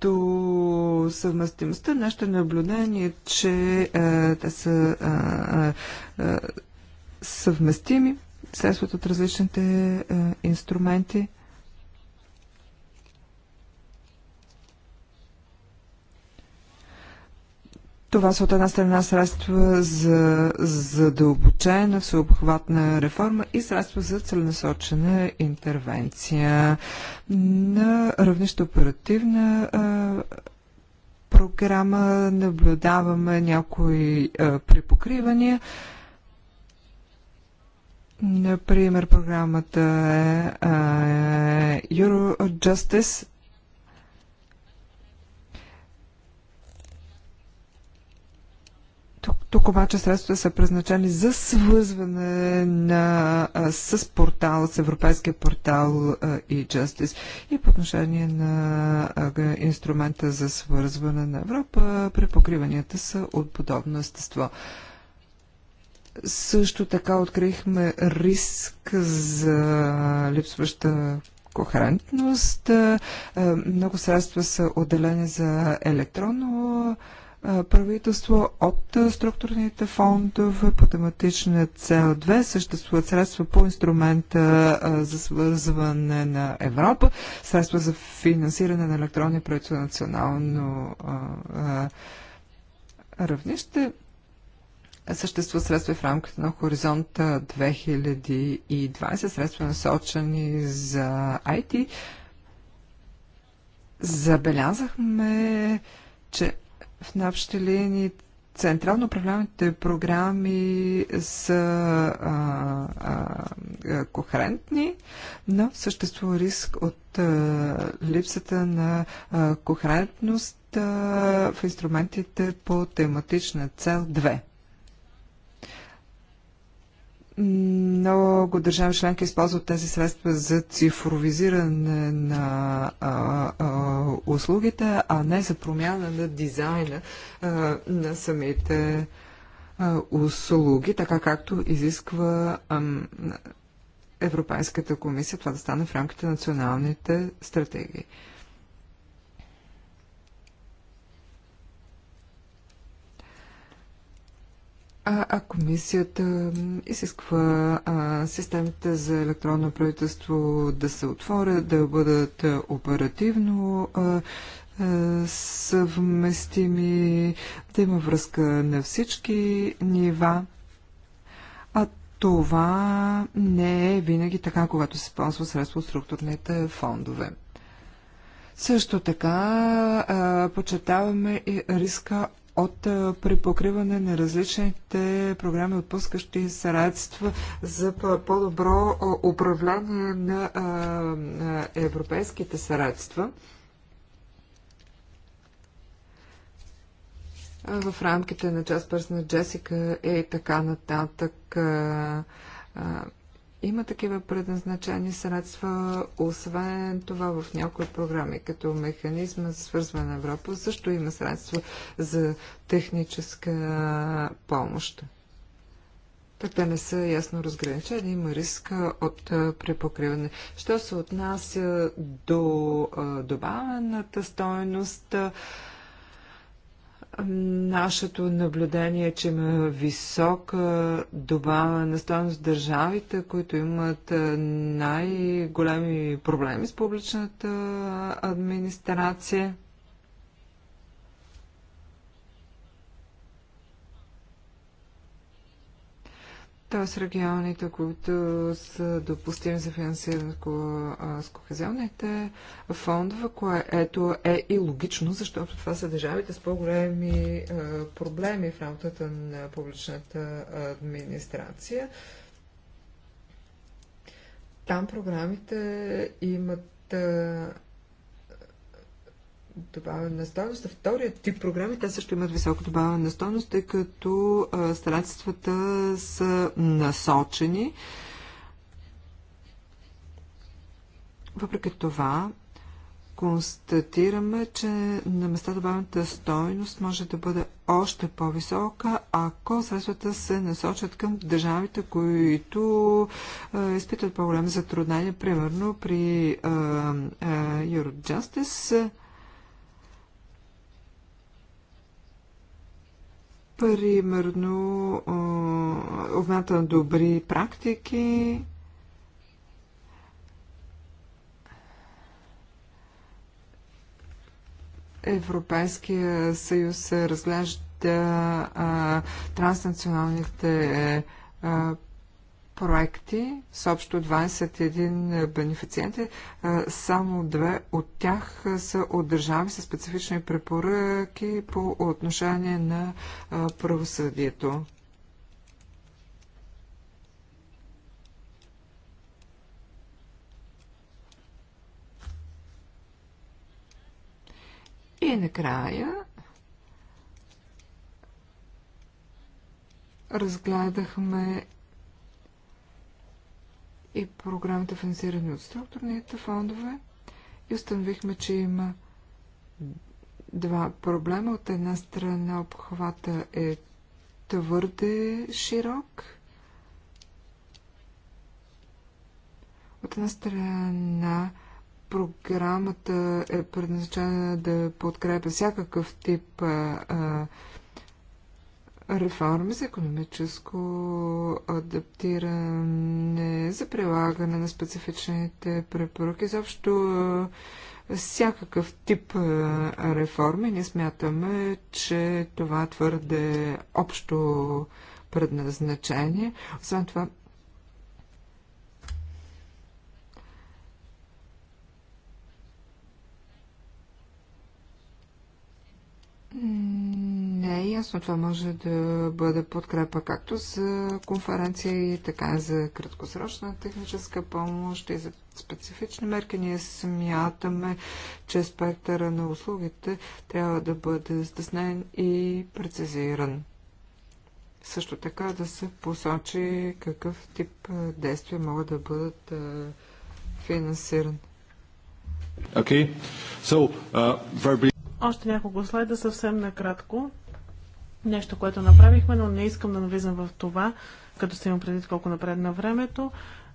A: до съвместимостта нашето наблюдение, че а, те са а, а, съвместими средствата от различните а, инструменти. Това са от една страна средства за задълбочена, всеобхватна реформа и средства за целенасочена интервенция на равнище оперативна програма наблюдаваме някои а, припокривания. Например, програмата е, Euro Justice Тук обаче средствата са предназначени за свързване на, а, с портал, с европейския портал и e Justice. И по отношение на а, инструмента за свързване на Европа, покриванията са от подобно естество. Също така открихме риск за липсваща кохерентност. Много средства са отделени за електронно правителство от структурните фондове по тематична цел 2. Съществуват средства по инструмента за свързване на Европа, средства за финансиране на електронни проекти на национално равнище. Съществуват средства в рамките на Хоризонта 2020, средства насочени за IT. Забелязахме, че в нашите линии централно управляваните програми са а, а, кохерентни, но съществува риск от а, липсата на а, кохерентност а, в инструментите по тематична цел 2. Много държави членки използват тези средства за цифровизиране на а, а, услугите, а не за промяна на дизайна а, на самите а, услуги, така както изисква а, Европейската комисия това да стане в рамките на националните стратегии. А, А, а комисията изисква а, системите за електронно правителство да се отворят, да бъдат оперативно а, а, съвместими, да има връзка на всички нива. А това не е винаги така, когато се ползва средство от структурните фондове. Също така а, почетаваме и риска от припокриване на различните програми, отпускащи средства за по-добро управление на европейските средства. в рамките на Jaspers на Джесика и така нататък има такива предназначени средства, освен това в някои програми, като механизма за свързване на Европа, също има средства за техническа помощ. Така не са ясно разграничени, има риск от препокриване. Що се отнася до добавената стоеност. Нашето наблюдение е, че има висока добавена стоеност държавите, които имат най-големи проблеми с публичната администрация. Тоест регионите, които са допустими за финансиране с кохезионните фондове, което е и логично, защото това са държавите с по-големи проблеми в работата на публичната администрация. Там програмите имат добавена стойност. А вторият тип програми, те също имат високо добавена стойност, тъй като а, средствата са насочени. Въпреки това, констатираме, че на места добавената стойност може да бъде още по-висока, ако средствата се насочат към държавите, които е, изпитват по-големи затруднения, примерно при е, е, Eurojustice примерно обмяната на добри практики, Европейския съюз разглежда а, транснационалните а, проекти с общо 21 е, бенефициенти. Е, само две от тях е, са от държави с специфични препоръки по отношение на правосъдието. И накрая разгледахме и програмите финансирани от структурните фондове и установихме, че има два проблема. От една страна обхвата е твърде широк. От една страна програмата е предназначена да подкрепя всякакъв тип а, а, реформи за економическо адаптиране, за прилагане на специфичните препоръки, заобщо всякакъв тип реформи. Ние смятаме, че това е твърде общо предназначение. Освен това, м- не е ясно. Това може да бъде подкрепа както за конференция и така и за краткосрочна техническа помощ и за специфични мерки. Ние смятаме, че спектъра на услугите трябва да бъде стеснен и прецизиран. Също така да се посочи какъв тип действия
C: могат да бъдат финансирани.
A: Okay. So, uh, very...
C: Още няколко слайда съвсем накратко нещо, което направихме, но не искам да навлизам в това, като сте имам предвид колко напред на времето.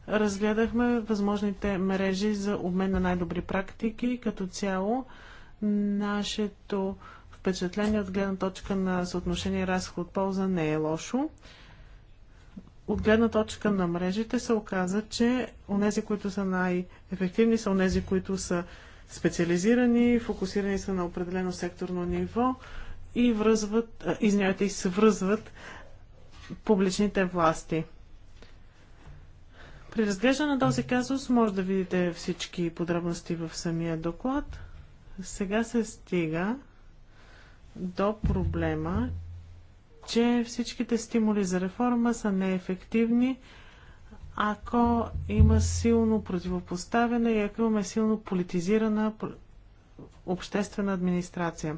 C: Разгледахме възможните мрежи за обмен на най-добри практики. Като цяло, нашето впечатление от гледна точка на съотношение разход-полза не е лошо. От гледна точка на мрежите се оказа, че онези, които са най-ефективни, са онези, които са специализирани, фокусирани са на определено секторно ниво и връзват, извинявайте, и се връзват публичните власти. При разглеждане на този казус може да видите всички подробности в самия доклад. Сега се стига до проблема, че всичките стимули за реформа са неефективни, ако има силно противопоставяне и ако имаме силно политизирана обществена администрация.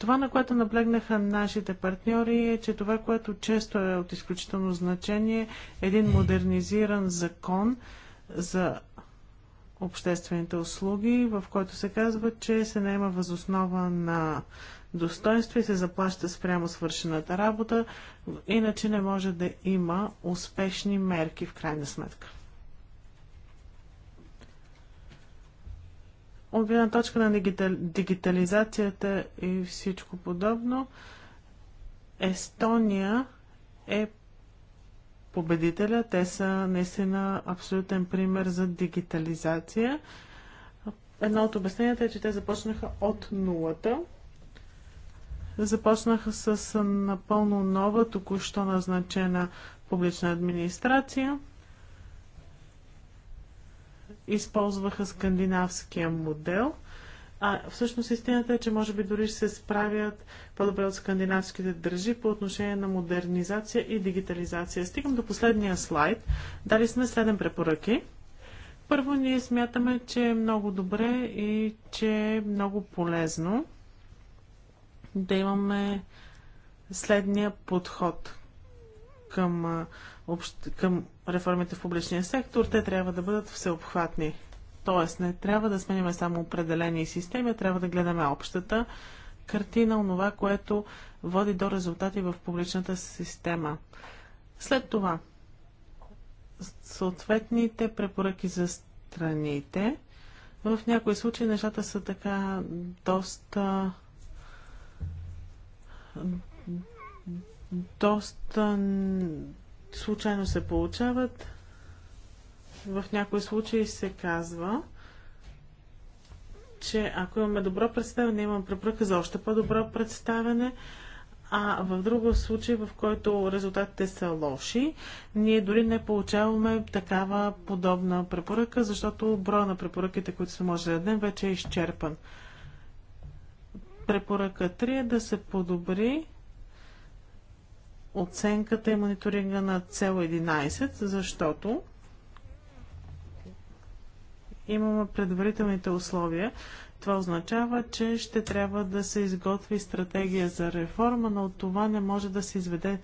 C: Това, на което наблегнаха нашите партньори е, че това, което често е от изключително значение, е един модернизиран закон за обществените услуги, в който се казва, че се наема възоснова на достоинство и се заплаща спрямо свършената работа, иначе не може да има успешни мерки в крайна сметка. От гледна точка на дигитализацията и всичко подобно, Естония е победителя. Те са наистина абсолютен пример за дигитализация. Едно от обясненията е, че те започнаха от нулата. Започнаха с напълно нова, току-що назначена публична администрация използваха скандинавския модел. А всъщност истината е, че може би дори ще се справят по-добре от скандинавските държи по отношение на модернизация и дигитализация. Стигам до последния слайд. Дали сме 7 препоръки. Първо, ние смятаме, че е много добре и че е много полезно да имаме следния подход към, общ... към реформите в публичния сектор, те трябва да бъдат всеобхватни. Тоест, не трябва да сменяме само определени системи, трябва да гледаме общата картина, онова, което води до резултати в публичната система. След това, съответните препоръки за страните. В някои случаи нещата са така доста доста случайно се получават. В някои случаи се казва, че ако имаме добро представяне, имаме препръка за още по-добро представяне, а в друго случай, в който резултатите са лоши, ние дори не получаваме такава подобна препоръка, защото броя на препоръките, които се може да дадем, вече е изчерпан. Препоръка 3 е да се подобри оценката и мониторинга на цел 11, защото имаме предварителните условия. Това означава, че ще трябва да се изготви стратегия за реформа, но от това не може да се изведе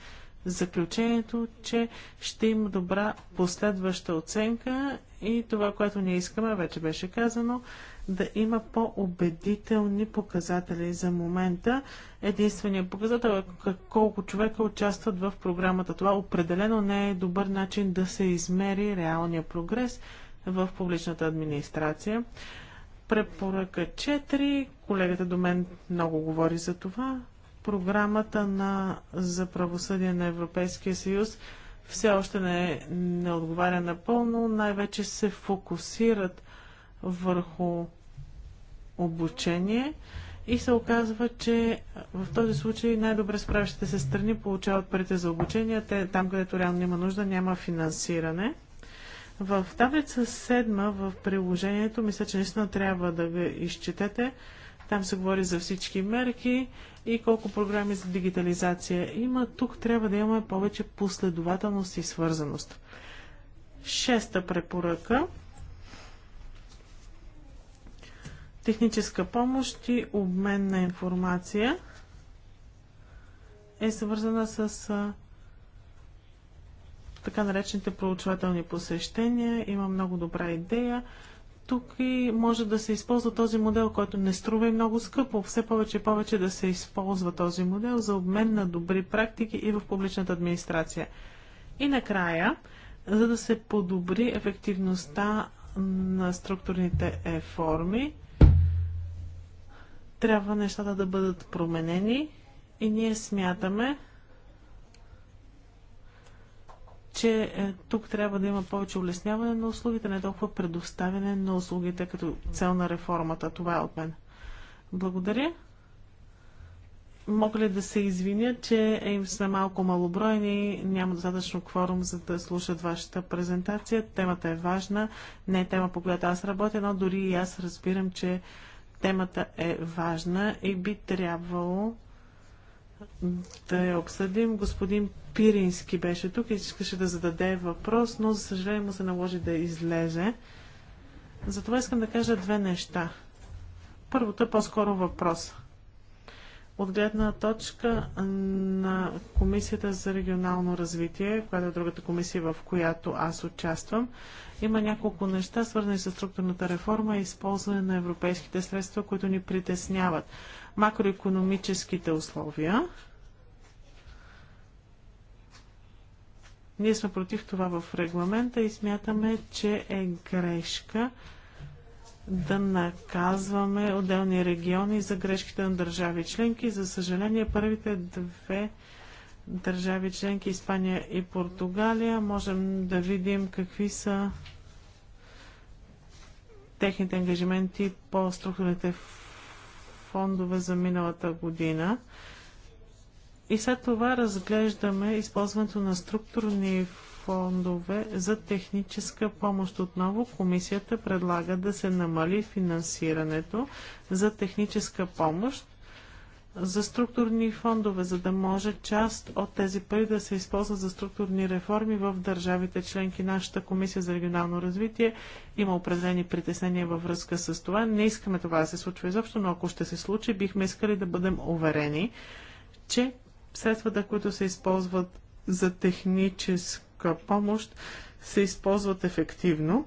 C: заключението, че ще има добра последваща оценка и това, което ние искаме, вече беше казано, да има по-убедителни показатели за момента. Единственият показател е колко човека участват в програмата. Това определено не е добър начин да се измери реалния прогрес в публичната администрация. Препоръка 4. Колегата до мен много говори за това. Програмата на, за правосъдие на Европейския съюз все още не, е- не отговаря напълно. Най-вече се фокусират върху обучение и се оказва, че в този случай най-добре справящите се страни получават парите за обучение, те там, където реално има нужда, няма финансиране. В таблица 7 в приложението, мисля, че наистина трябва да ви изчетете. Там се говори за всички мерки и колко програми за дигитализация има. Тук трябва да имаме повече последователност и свързаност. Шеста препоръка техническа помощ и обмен на информация е свързана с а, така наречените проучвателни посещения. Има много добра идея. Тук и може да се използва този модел, който не струва и много скъпо. Все повече и повече да се използва този модел за обмен на добри практики и в публичната администрация. И накрая, за да се подобри ефективността на структурните реформи, трябва нещата да бъдат променени и ние смятаме, че е, тук трябва да има повече улесняване на услугите, не толкова предоставяне на услугите като цел на реформата. Това е от мен. Благодаря. Мога ли да се извиня, че им сме малко малобройни, няма достатъчно кворум, за да слушат вашата презентация. Темата е важна, не е тема, по която аз работя, но дори и аз разбирам, че Темата е важна и би трябвало да я обсъдим. Господин Пирински беше тук и искаше да зададе въпрос, но за съжаление му се наложи да излезе. Затова искам да кажа две неща. Първото е по-скоро въпрос от гледна точка на Комисията за регионално развитие, която е другата комисия, в която аз участвам, има няколко неща, свързани с структурната реформа и използване на европейските средства, които ни притесняват. Макроекономическите условия. Ние сме против това в регламента и смятаме, че е грешка да наказваме отделни региони за грешките на държави членки. За съжаление, първите две държави членки Испания и Португалия можем да видим какви са техните ангажименти по структурните фондове за миналата година. И след това разглеждаме използването на структурни фондове фондове за техническа помощ. Отново комисията предлага да се намали финансирането за техническа помощ за структурни фондове, за да може част от тези пари да се използват за структурни реформи в държавите членки. Нашата комисия за регионално развитие има определени притеснения във връзка с това. Не искаме това да се случва изобщо, но ако ще се случи, бихме искали да бъдем уверени, че средствата, които се използват за техническа помощ се използват ефективно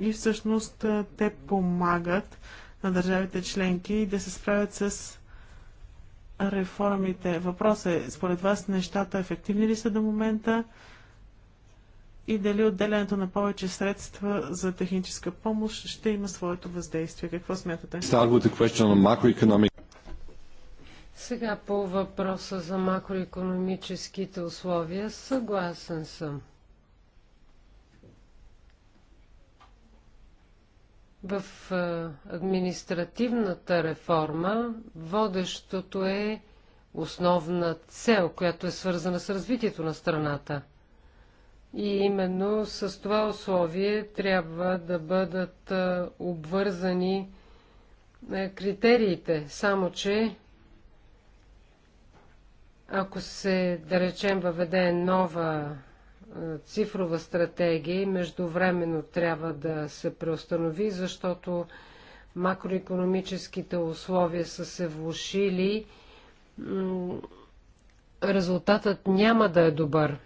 C: и всъщност те помагат на държавите членки да се справят с реформите. Въпросът е, според вас нещата ефективни ли са до момента и дали отделянето на повече средства за техническа помощ ще има своето въздействие? Какво смятате? Сега по въпроса за
B: макроекономическите условия съгласен съм. В административната реформа водещото е основна цел, която е свързана с развитието на страната. И именно с това условие трябва да бъдат обвързани е, критериите, само че ако се, да речем, въведе нова цифрова стратегия и междувременно трябва да се преустанови, защото макроекономическите условия са се влушили, резултатът няма да е добър.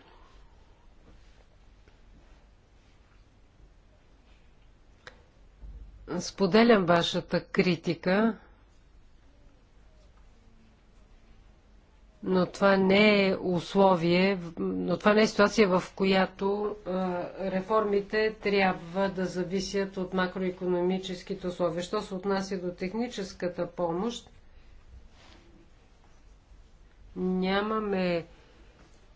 B: Споделям вашата критика но това не е условие, но това не е ситуация, в която реформите трябва да зависят от макроекономическите условия. Що се отнася до техническата помощ, нямаме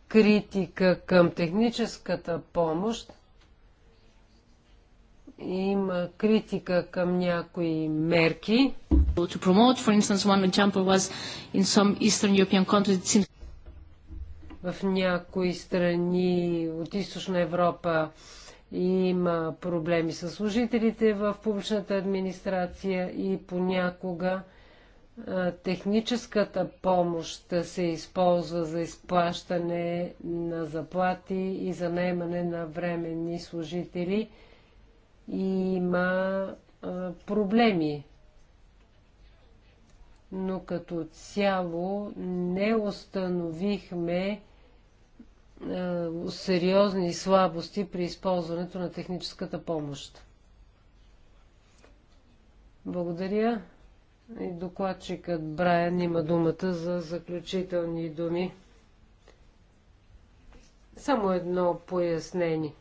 B: критика към техническата помощ, има критика към някои мерки. To promote, for instance, one example was in some Eastern European countries it seems... В някои страни от Източна Европа има проблеми с служителите в публичната администрация и понякога техническата помощ се използва за изплащане на заплати и за наемане на временни служители – има а, проблеми. Но като цяло не установихме а, сериозни слабости при използването на техническата помощ. Благодаря. И докладчикът Брайан има думата за заключителни думи. Само едно пояснение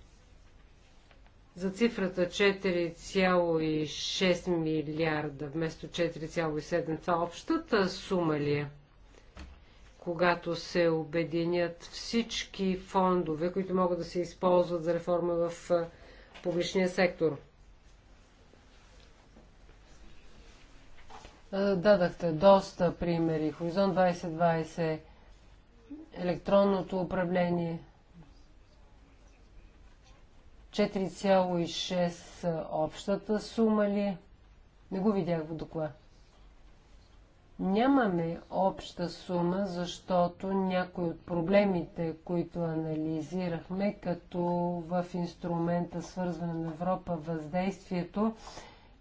B: за цифрата 4,6 милиарда вместо 4,7. Това общата сума ли е? Когато се обединят всички фондове, които могат да се използват за реформа в публичния сектор. Дадахте доста примери. Хоризонт 2020, електронното управление – 4,6 общата сума ли? Не го видях в доклад. Нямаме обща сума, защото някои от проблемите, които анализирахме, като в инструмента свързване на Европа, въздействието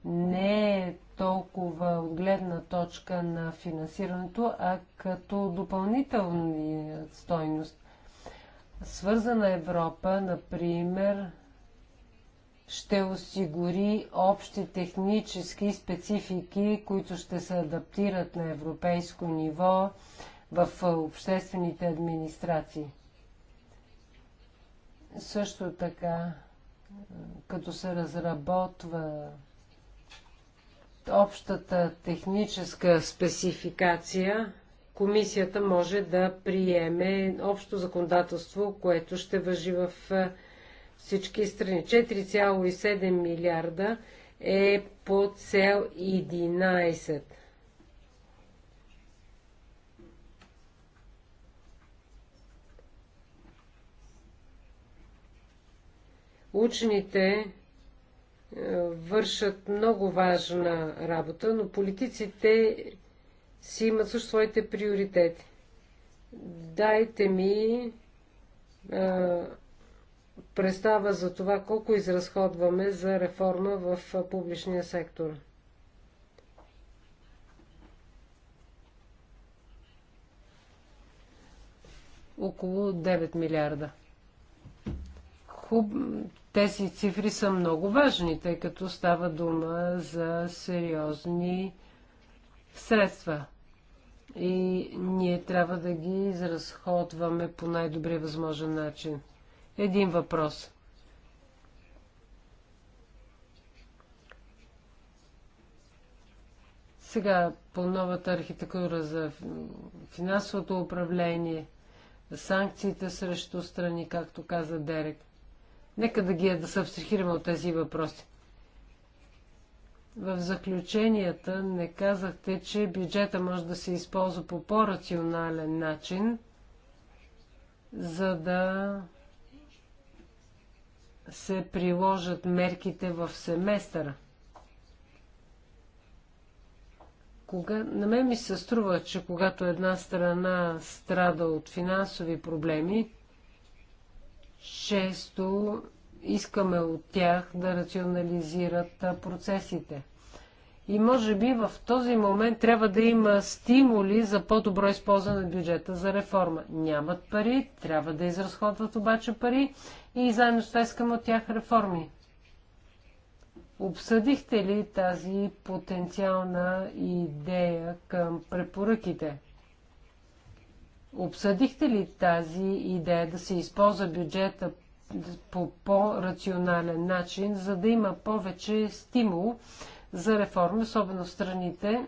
B: не е толкова от гледна точка на финансирането, а като допълнителна стойност. Свързана Европа, например, ще осигури общи технически специфики, които ще се адаптират на европейско ниво в обществените администрации. Също така, като се разработва общата техническа спецификация, комисията може да приеме общо законодателство, което ще въжи в всички страни. 4,7 милиарда е по цел 11. Учените е, вършат много важна работа, но политиците си имат също своите приоритети. Дайте ми а, е, представа за това колко изразходваме за реформа в публичния сектор. Около 9 милиарда. Хуб... Тези цифри са много важни, тъй като става дума за сериозни средства. И ние трябва да ги изразходваме по най-добрия възможен начин един въпрос. Сега по новата архитектура за финансовото управление, санкциите срещу страни, както каза Дерек. Нека да ги е да се абстрахираме от тези въпроси. В заключенията не казахте, че бюджета може да се използва по по-рационален начин, за да се приложат мерките в семестъра. Кога... На мен ми се струва, че когато една страна страда от финансови проблеми, често искаме от тях да рационализират процесите. И може би в този момент трябва да има стимули за по-добро използване на бюджета за реформа. Нямат пари, трябва да изразходват обаче пари и заедно с това от тях реформи. Обсъдихте ли тази потенциална идея към препоръките? Обсъдихте ли тази идея да се използва бюджета по по-рационален начин, за да има повече стимул за реформи, особено в страните,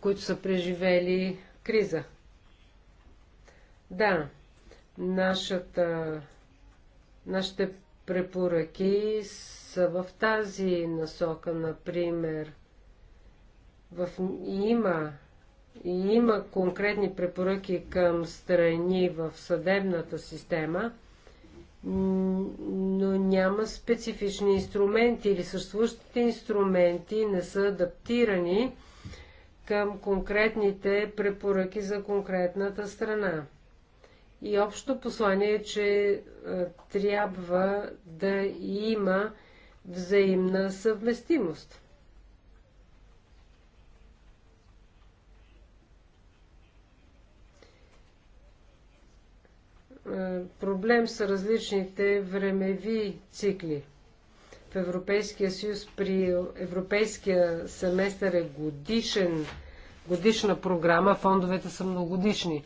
B: които са преживели криза. Да, нашата, нашите препоръки са в тази насока, например, в, има, има конкретни препоръки към страни в съдебната система – но няма специфични инструменти или съществуващите инструменти не са адаптирани към конкретните препоръки за конкретната страна. И общо послание е, че трябва да има взаимна съвместимост. Е, проблем са различните времеви цикли. В Европейския съюз при Европейския семестър е годишен, годишна програма, фондовете са многогодишни.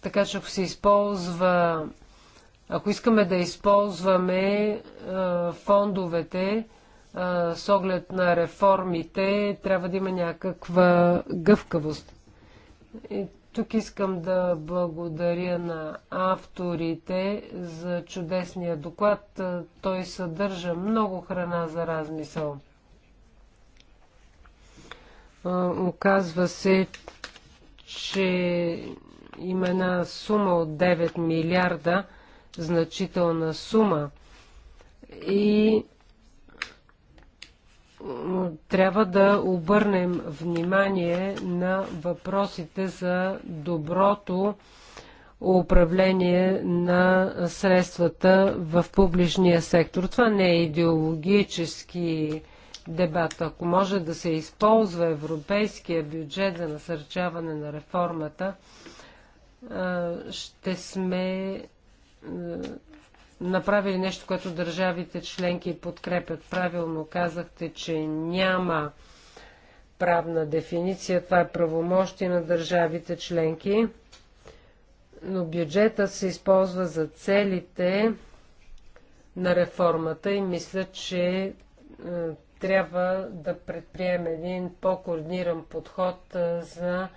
B: Така че ако се използва, ако искаме да използваме а, е, фондовете а, е, с оглед на реформите, трябва да има някаква гъвкавост. И тук искам да благодаря на авторите за чудесния доклад. Той съдържа много храна за размисъл. Оказва се, че има една сума от 9 милиарда, значителна сума. И трябва да обърнем внимание на въпросите за доброто управление на средствата в публичния сектор. Това не е идеологически дебат. Ако може да се използва европейския бюджет за насърчаване на реформата, ще сме направили нещо, което държавите членки подкрепят. Правилно казахте, че няма правна дефиниция. Това е правомощие на държавите членки. Но бюджета се използва за целите на реформата и мисля, че е, трябва да предприеме един по-координиран подход е, за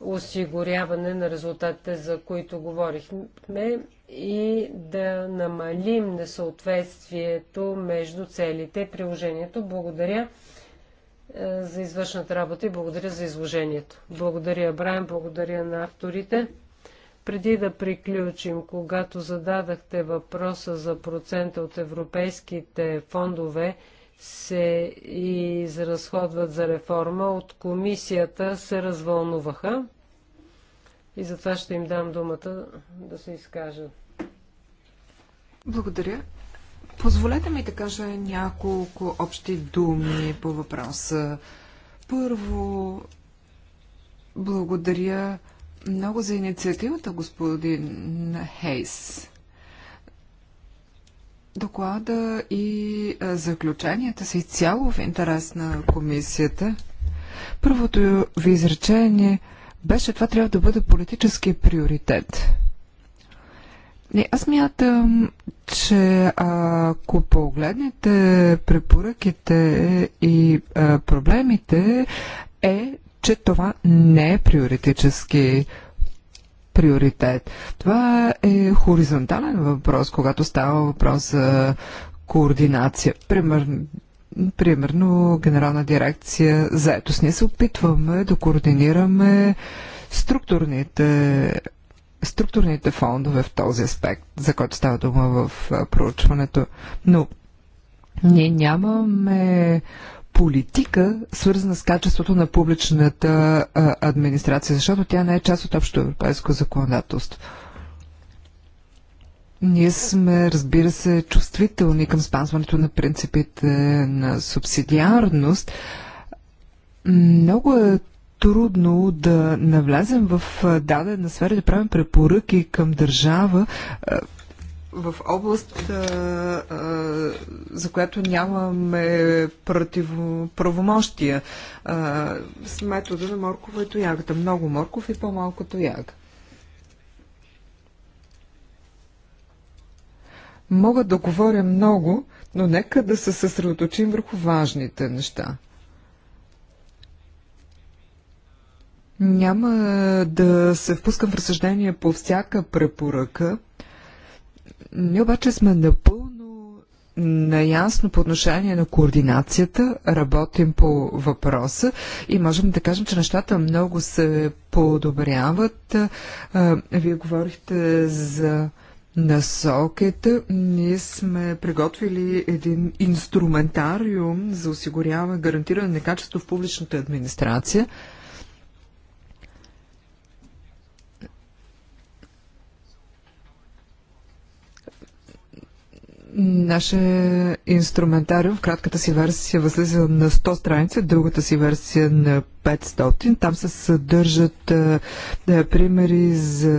B: осигуряване на резултатите, за които говорихме и да намалим несъответствието между целите и приложението. Благодаря е, за извършната работа и благодаря за изложението. Благодаря, Брайан, благодаря на авторите. Преди да приключим, когато зададахте въпроса за процента от европейските фондове, се изразходват за реформа, от комисията се развълнуваха. И затова ще им дам думата да се изкажат. Благодаря.
A: Позволете ми да кажа няколко общи думи по въпроса. Първо, благодаря много за инициативата, господин Хейс. Доклада и заключенията са изцяло в интерес на комисията. Първото ви изречение – беше това трябва да бъде политически приоритет. Не, аз мятам, че ако погледнете препоръките и а, проблемите, е, че това не е приоритически приоритет. Това е хоризонтален въпрос, когато става въпрос за координация. Примерно, примерно Генерална дирекция заетост. Ние се опитваме да координираме структурните, структурните фондове в този аспект, за който става дума в проучването. Но ние нямаме политика, свързана с качеството на публичната администрация, защото тя не е част от общо европейско законодателство. Ние сме, разбира се, чувствителни към спазването на принципите на субсидиарност. Много е трудно да навлезем в дадена сфера, да правим препоръки към държава в област, за която нямаме противоправомощия с метода на моркова и тоягата. Много морков и по-малко тояга. Мога да говоря много, но нека да се съсредоточим върху важните неща. Няма да се впускам в разсъждение по всяка препоръка. Ние обаче сме напълно наясно по отношение на координацията, работим по въпроса и можем да кажем, че нещата много се подобряват. Вие говорихте за насоките, ние сме приготвили един инструментариум за осигуряване, гарантиране на качество в публичната администрация. Наше инструментариум в кратката си версия възлиза на 100 страници, другата си версия на 500. Там се съдържат а, е, е, примери за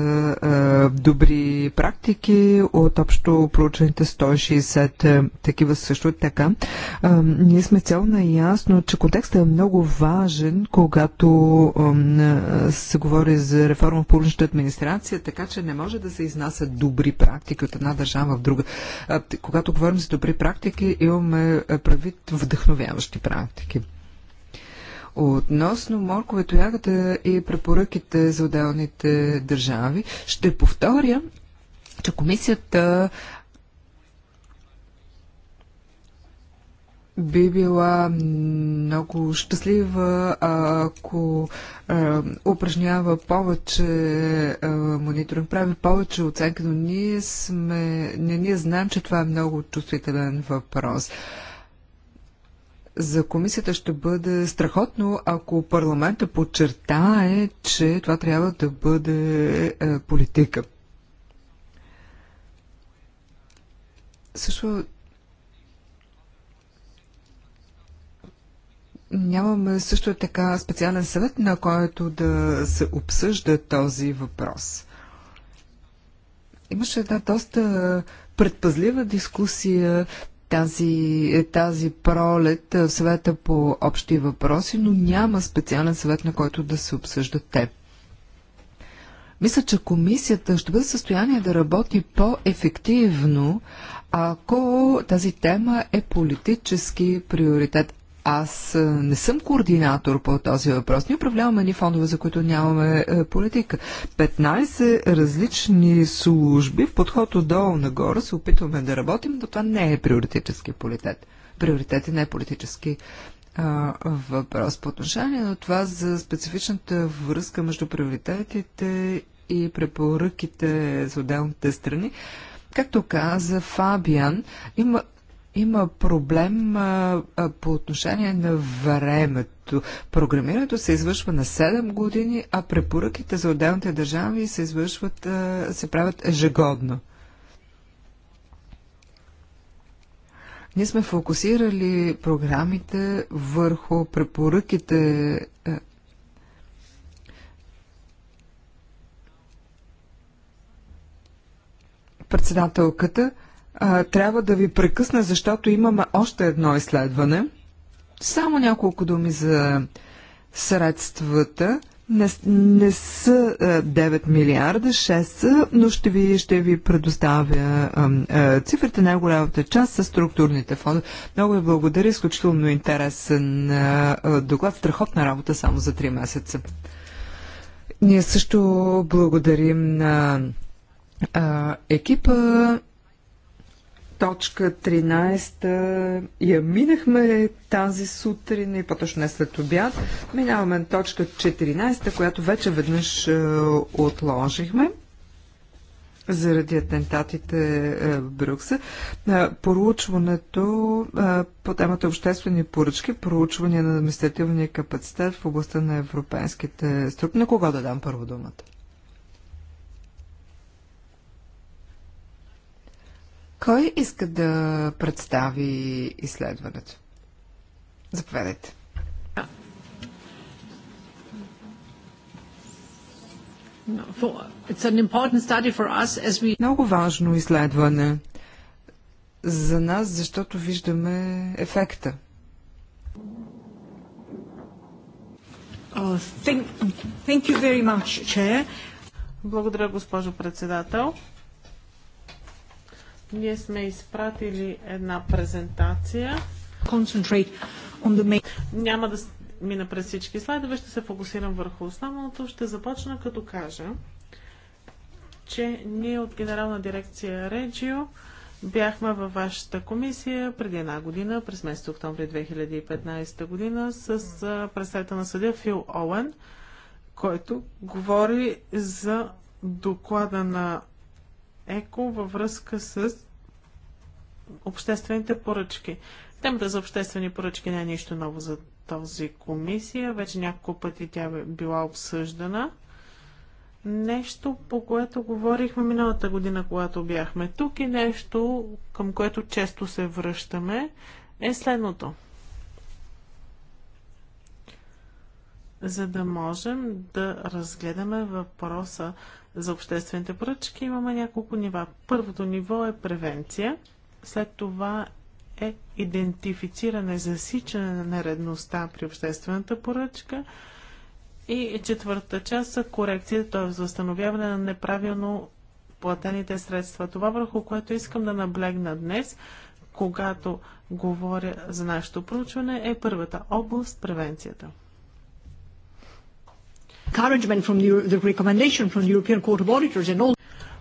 A: а, е, добри практики от общо проучените 160 такива също така. А, ние сме цяло наясно, че контекстът е много важен, когато а, се говори за реформа в публичната администрация, така че не може да се изнасят добри практики от една държава в друга. А, когато говорим за добри практики, имаме правит вдъхновяващи практики. Относно моркова тоягата и препоръките за отделните държави, ще повторя, че комисията би била много щастлива, ако е, упражнява повече е, мониторинг, прави повече оценка, но ние сме, не ние знаем, че това е много чувствителен въпрос за комисията ще бъде страхотно, ако парламента подчертае, че това трябва да бъде е, политика. Също нямаме също така специален съвет, на който да се обсъжда този въпрос. Имаше една доста предпазлива дискусия тази, тази пролет в съвета по общи въпроси, но няма специален съвет, на който да се обсъждат те. Мисля, че комисията ще бъде в състояние да работи по-ефективно, ако тази тема е политически приоритет. Аз не съм координатор по този въпрос. Ние управляваме ни фондове, за които нямаме политика. 15 различни служби в подход отдолу нагоре се опитваме да работим, но това не е приоритетски политет. Приоритет е не е политически въпрос. По отношение на това за специфичната връзка между приоритетите и препоръките за отделните страни, както каза Фабиан, има има проблем а, а, по отношение на времето. Програмирането се извършва на 7 години, а препоръките за отделните държави се извършват, а, се правят ежегодно. Ние сме фокусирали програмите върху препоръките председателката – а, трябва да ви прекъсна, защото имаме още едно изследване. Само няколко думи за средствата. Не, не са 9 е, милиарда, 6 са, но ще ви, ще ви предоставя а, а, е, цифрите. Най-голямата част са структурните фонда. Много ви благодаря. Изключително интересен а, е, доклад. Страхотна работа само за 3 месеца. Ние също благодарим на екипа точка 13 я минахме тази сутрин и по-точно не след обяд. Минаваме на точка 14, която вече веднъж е, отложихме заради атентатите е, в Брюкса, е, Поручването по темата обществени поръчки, проучване на административния капацитет в областта на европейските структури. На кого да дам първо думата? Кой иска да представи изследването? Заповядайте. Много важно изследване за нас, защото виждаме ефекта.
C: Oh, Благодаря, госпожо председател. Ние сме изпратили една презентация. The... Няма да мина през всички слайдове, ще се фокусирам върху основното. Ще започна като кажа, че ние от Генерална дирекция Реджио бяхме във вашата комисия преди една година, през месец октомври 2015 година, с председател на съдя Фил Оуен, който говори за доклада на ЕКО във връзка с обществените поръчки. Темата за обществени поръчки не е нищо ново за този комисия. Вече няколко пъти тя е била обсъждана. Нещо, по което говорихме миналата година, когато бяхме тук и нещо, към което често се връщаме, е следното. За да можем да разгледаме въпроса за обществените поръчки имаме няколко нива. Първото ниво е превенция, след това е идентифициране, засичане на нередността при обществената поръчка и четвърта част са корекции, т.е. възстановяване на неправилно платените средства. Това върху което искам да наблегна днес, когато говоря за нашето проучване, е първата област – превенцията encouragement from the, the recommendation from the European Court of Auditors and all.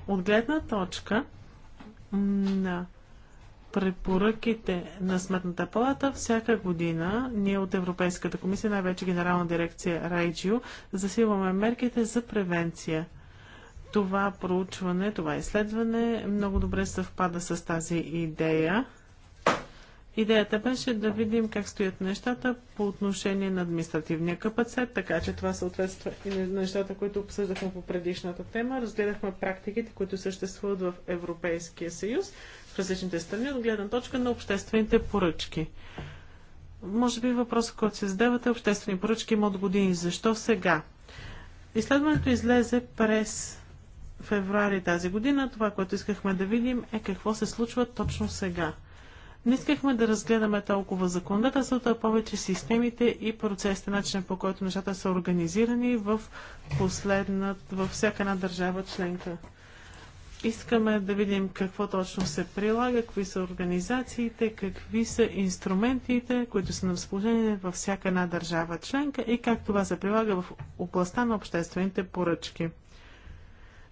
C: От гледна точка на препоръките на Сметната палата всяка година ние от Европейската комисия, най-вече Генерална дирекция Райджио, засилваме мерките за превенция. Това проучване, това изследване много добре съвпада с тази идея. Идеята беше да видим как стоят нещата по отношение на административния капацитет, така че това съответства и на нещата, които обсъждахме по предишната тема. Разгледахме практиките, които съществуват в Европейския съюз в различните страни от гледна точка на обществените поръчки. Може би въпросът, който се задавате, обществени поръчки има от години. Защо сега? Изследването излезе през феврари тази година. Това, което искахме да видим е какво се случва точно сега. Не искахме да разгледаме толкова законодателството, а повече системите и процесите, начинът по който нещата са организирани в последна, във всяка една държава членка. Искаме да видим какво точно се прилага, какви са организациите, какви са инструментите, които са на разположение във всяка една държава членка и как това се прилага в областта на обществените поръчки.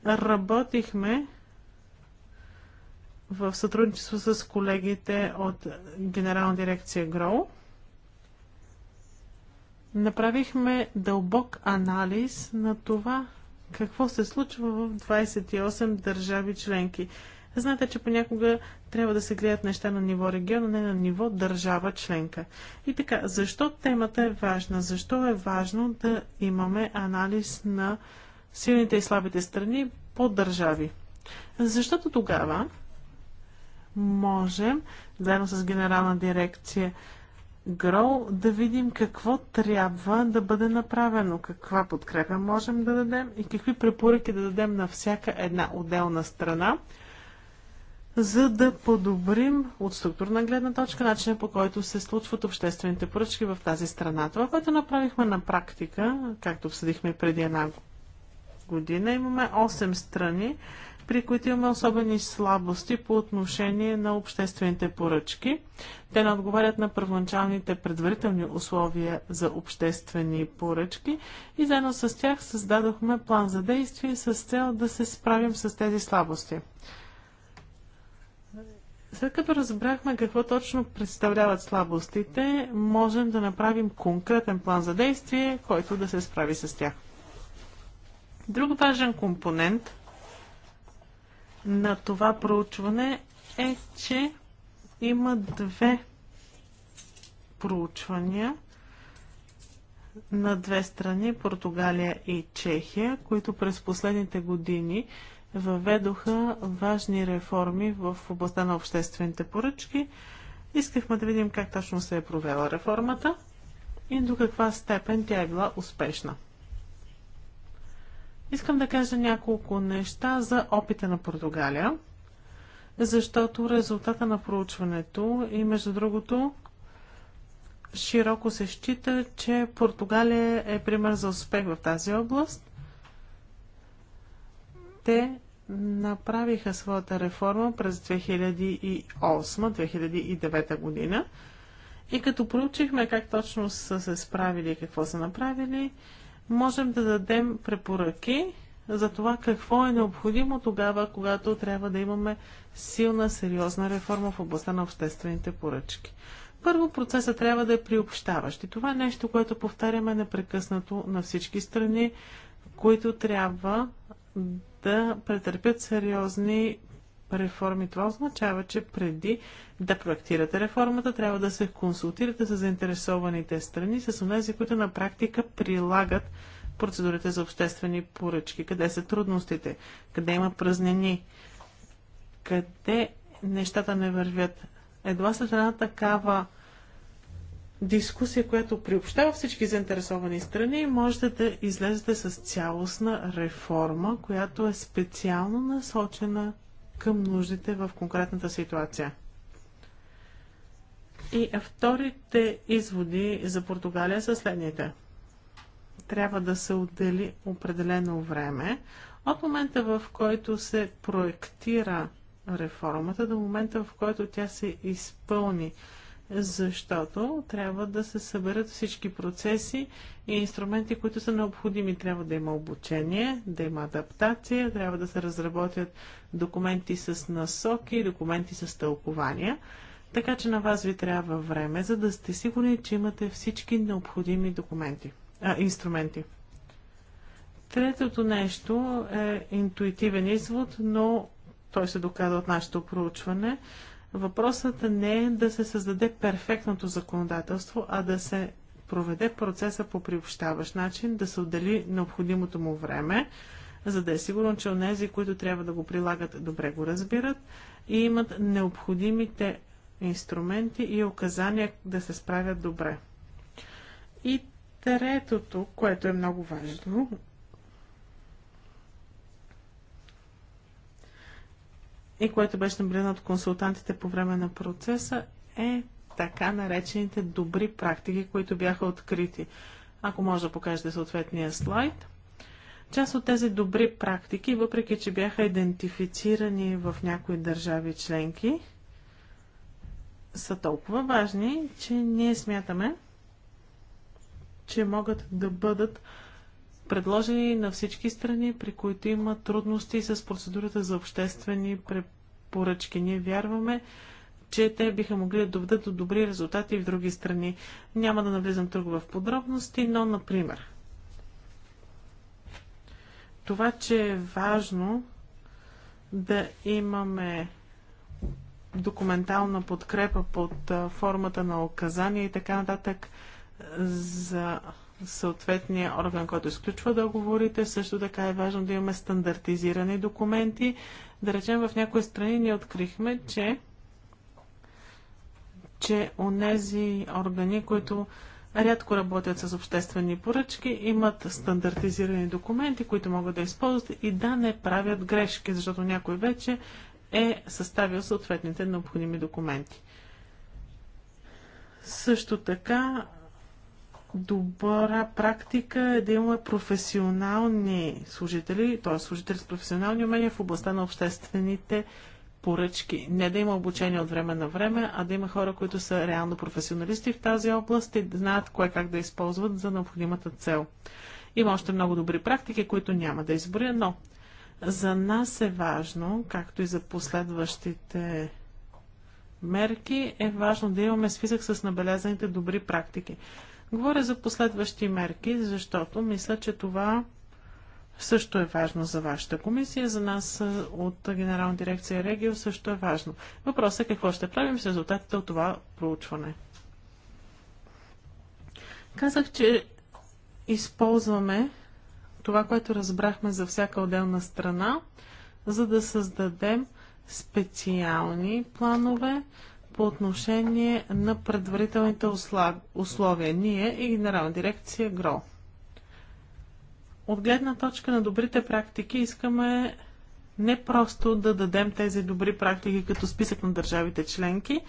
C: Работихме в сътрудничество с колегите от Генерална дирекция ГРОУ. Направихме дълбок анализ на това какво се случва в 28 държави членки. Знаете, че понякога трябва да се гледат неща на ниво регион, а не на ниво държава членка. И така, защо темата е важна? Защо е важно да имаме анализ на силните и слабите страни по държави? Защото тогава можем, заедно с генерална дирекция Гроу, да видим какво трябва да бъде направено, каква подкрепа можем да дадем и какви препоръки да дадем на всяка една отделна страна, за да подобрим от структурна гледна точка начина по който се случват обществените поръчки в тази страна. Това, което направихме на практика, както обсъдихме преди една година, имаме 8 страни, при които имаме особени слабости по отношение на обществените поръчки. Те не отговарят на първоначалните предварителни условия за обществени поръчки и заедно с тях създадохме план за действие с цел да се справим с тези слабости. След като разбрахме какво точно представляват слабостите, можем да направим конкретен план за действие, който да се справи с тях. Друг важен компонент – на това проучване е, че има две проучвания на две страни, Португалия и Чехия, които през последните години въведоха важни реформи в областта на обществените поръчки. Искахме да видим как точно се е провела реформата и до каква степен тя е била успешна. Искам да кажа няколко неща за опита на Португалия, защото резултата на проучването и между другото широко се счита, че Португалия е пример за успех в тази област. Те направиха своята реформа през 2008-2009 година. И като проучихме как точно са се справили и какво са направили, можем да дадем препоръки за това какво е необходимо тогава, когато трябва да имаме силна, сериозна реформа в областта на обществените поръчки. Първо, процесът трябва да е приобщаващ. И това е нещо, което повтаряме непрекъснато на всички страни, които трябва да претърпят сериозни реформи. Това означава, че преди да проектирате реформата, трябва да се консултирате с заинтересованите страни, с тези, които на практика прилагат процедурите за обществени поръчки, къде са трудностите, къде има празнини, къде нещата не вървят. Едва след една такава дискусия, която приобщава всички заинтересовани страни, можете да излезете с цялостна реформа, която е специално насочена към нуждите в конкретната ситуация. И вторите изводи за Португалия са следните. Трябва да се отдели определено време от момента, в който се проектира реформата до момента, в който тя се изпълни защото трябва да се съберат всички процеси и инструменти, които са необходими. Трябва да има обучение, да има адаптация, трябва да се разработят документи с насоки, документи с тълкования. Така че на вас ви трябва време, за да сте сигурни, че имате всички необходими документи, а, инструменти. Третото нещо е интуитивен извод, но той се доказа от нашето проучване. Въпросът не е да се създаде перфектното законодателство, а да се проведе процеса по приобщаващ начин, да се отдели необходимото му време, за да е сигурно, че онези, които трябва да го прилагат, добре го разбират и имат необходимите инструменти и указания да се справят добре. И третото, което е много важно, и което беше наблюдено от консултантите по време на процеса е така наречените добри практики, които бяха открити. Ако може да покажете съответния слайд. Част от тези добри практики, въпреки че бяха идентифицирани в някои държави членки, са толкова важни, че ние смятаме, че могат да бъдат предложени на всички страни, при които има трудности с процедурата за обществени препоръчки, Ние вярваме, че те биха могли да доведат до добри резултати в други страни. Няма да навлизам тук в подробности, но, например, това, че е важно да имаме документална подкрепа под формата на указания и така нататък за съответния орган, който изключва договорите. Също така е важно да имаме стандартизирани документи. Да речем, в някои страни ние открихме, че че онези органи, които рядко работят с обществени поръчки, имат стандартизирани документи, които могат да използват и да не правят грешки, защото някой вече е съставил съответните необходими документи. Също така добра практика е да имаме професионални служители, т.е. служители с професионални умения в областта на обществените поръчки. Не да има обучение от време на време, а да има хора, които са реално професионалисти в тази област и да знаят кое как да използват за необходимата цел. Има още много добри практики, които няма да изборя, но за нас е важно, както и за последващите мерки, е важно да имаме списък с набелязаните добри практики. Говоря за последващи мерки, защото мисля, че това също е важно за вашата комисия, за нас е, от Генерална дирекция Регио също е важно. Въпросът е какво ще правим с резултатите от това проучване. Казах, че използваме това, което разбрахме за всяка отделна страна, за да създадем специални планове, по отношение на предварителните условия. Ние и Генерална дирекция ГРО. От гледна точка на добрите практики искаме не просто да дадем тези добри практики като списък на държавите членки.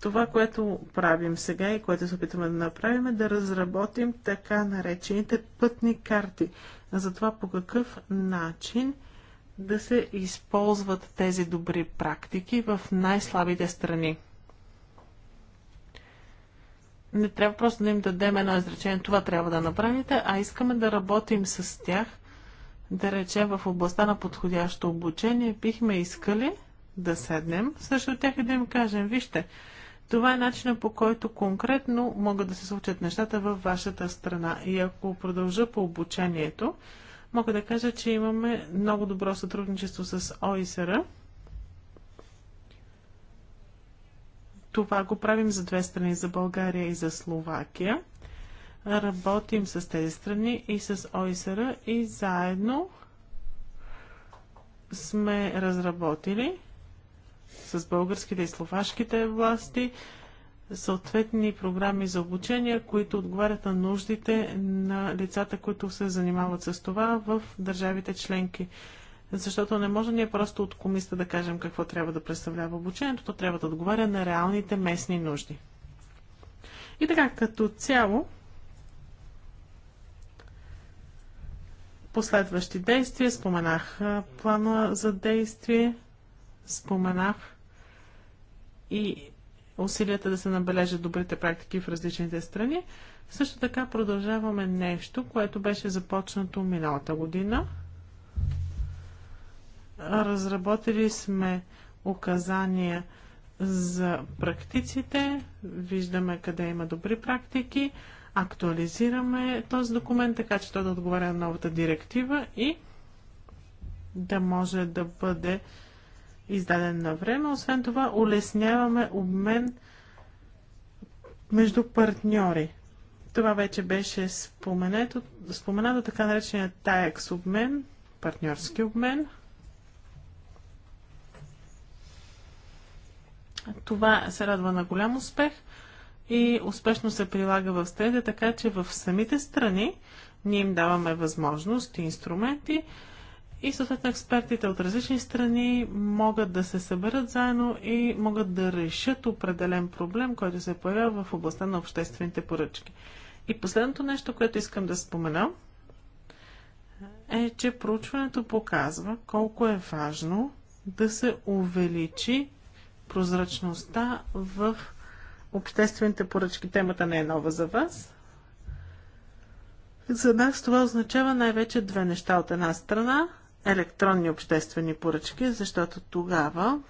C: Това, което правим сега и което се опитваме да направим е да разработим така наречените пътни карти. За това по какъв начин да се използват тези добри практики в най-слабите страни не трябва просто да им дадем едно изречение, това трябва да направите, а искаме да работим с тях, да речем в областта на подходящо обучение, бихме искали да седнем също тях и да им кажем, вижте, това е начинът по който конкретно могат да се случат нещата във вашата страна. И ако продължа по обучението, мога да кажа, че имаме много добро сътрудничество с ОИСР. Това го правим за две страни, за България и за Словакия. Работим с тези страни и с ОИСР и заедно сме разработили с българските и словашките власти съответни програми за обучение, които отговарят на нуждите на лицата, които се занимават с това в държавите членки защото не може ние просто от комисията да кажем какво трябва да представлява обучението, то трябва да отговаря на реалните местни нужди. И така, като цяло, последващи действия, споменах плана за действие, споменах и усилията да се набележат добрите практики в различните страни. Също така продължаваме нещо, което беше започнато миналата година – Разработили сме указания за практиците, виждаме къде има добри практики, актуализираме този документ, така че той да отговаря на новата директива и да може да бъде издаден на време. Освен това, улесняваме обмен между партньори. Това вече беше споменато, споменато така наречения TAEX обмен, партньорски обмен – Това се радва на голям успех и успешно се прилага в страните, така че в самите страни ние им даваме възможности, инструменти и съответно експертите от различни страни могат да се съберат заедно и могат да решат определен проблем, който се появява в областта на обществените поръчки. И последното нещо, което искам да спомена, е, че проучването показва колко е важно да се увеличи прозрачността в обществените поръчки. Темата не е нова за вас. За нас това означава най-вече две неща. От една страна електронни обществени поръчки, защото тогава,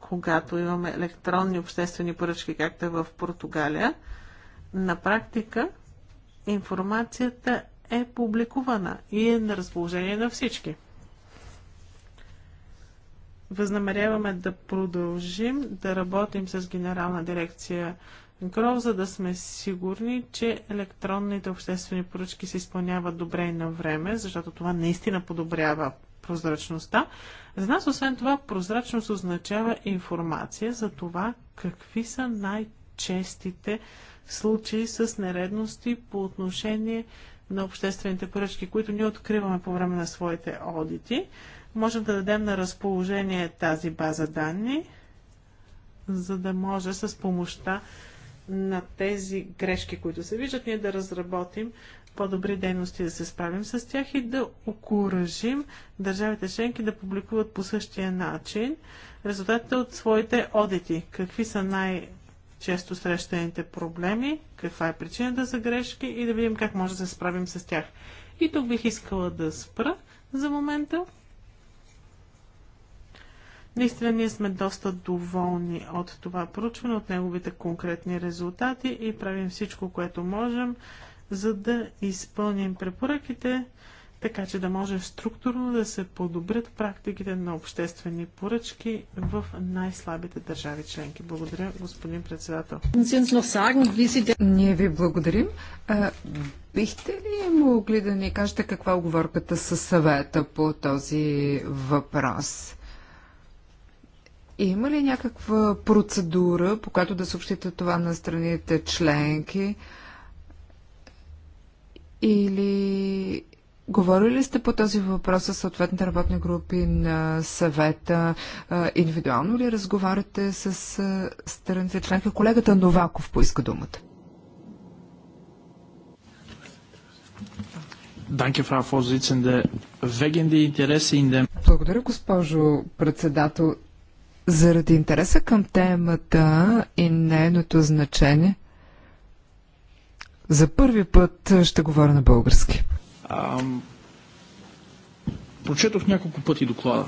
C: когато имаме електронни обществени поръчки, както е в Португалия, на практика информацията е публикувана и е на разположение на всички. Възнамеряваме да продължим да работим с Генерална дирекция ГРОВ, за да сме сигурни, че електронните обществени поръчки се изпълняват добре и на време, защото това наистина подобрява прозрачността. За нас, освен това, прозрачност означава информация за това какви са най-честите случаи с нередности по отношение на обществените поръчки, които ние откриваме по време на своите одити можем да дадем на разположение тази база данни, за да може с помощта на тези грешки, които се виждат, ние да разработим по-добри дейности, да се справим с тях и да окоръжим държавите членки да публикуват по същия начин резултатите от своите одити. Какви са най- често срещаните проблеми, каква е причината за грешки и да видим как може да се справим с тях. И тук бих искала да спра за момента. Наистина ние сме доста доволни от това проучване, от неговите конкретни резултати и правим всичко, което можем, за да изпълним препоръките, така че да може структурно да се подобрят практиките на обществени поръчки в най-слабите държави членки. Благодаря, господин председател.
B: Ние ви благодарим.
A: бихте ли могли да ни кажете каква е оговорката със съвета по този въпрос? Има ли някаква процедура, по която да съобщите това на страните членки? Или говорили сте по този въпрос с съответните работни групи на съвета? Индивидуално ли разговаряте с страните членки? Колегата Новаков поиска думата. Благодаря, госпожо председател. Заради интереса към темата и нейното значение, за първи път ще говоря на български.
D: Ам... Прочетох няколко пъти доклада.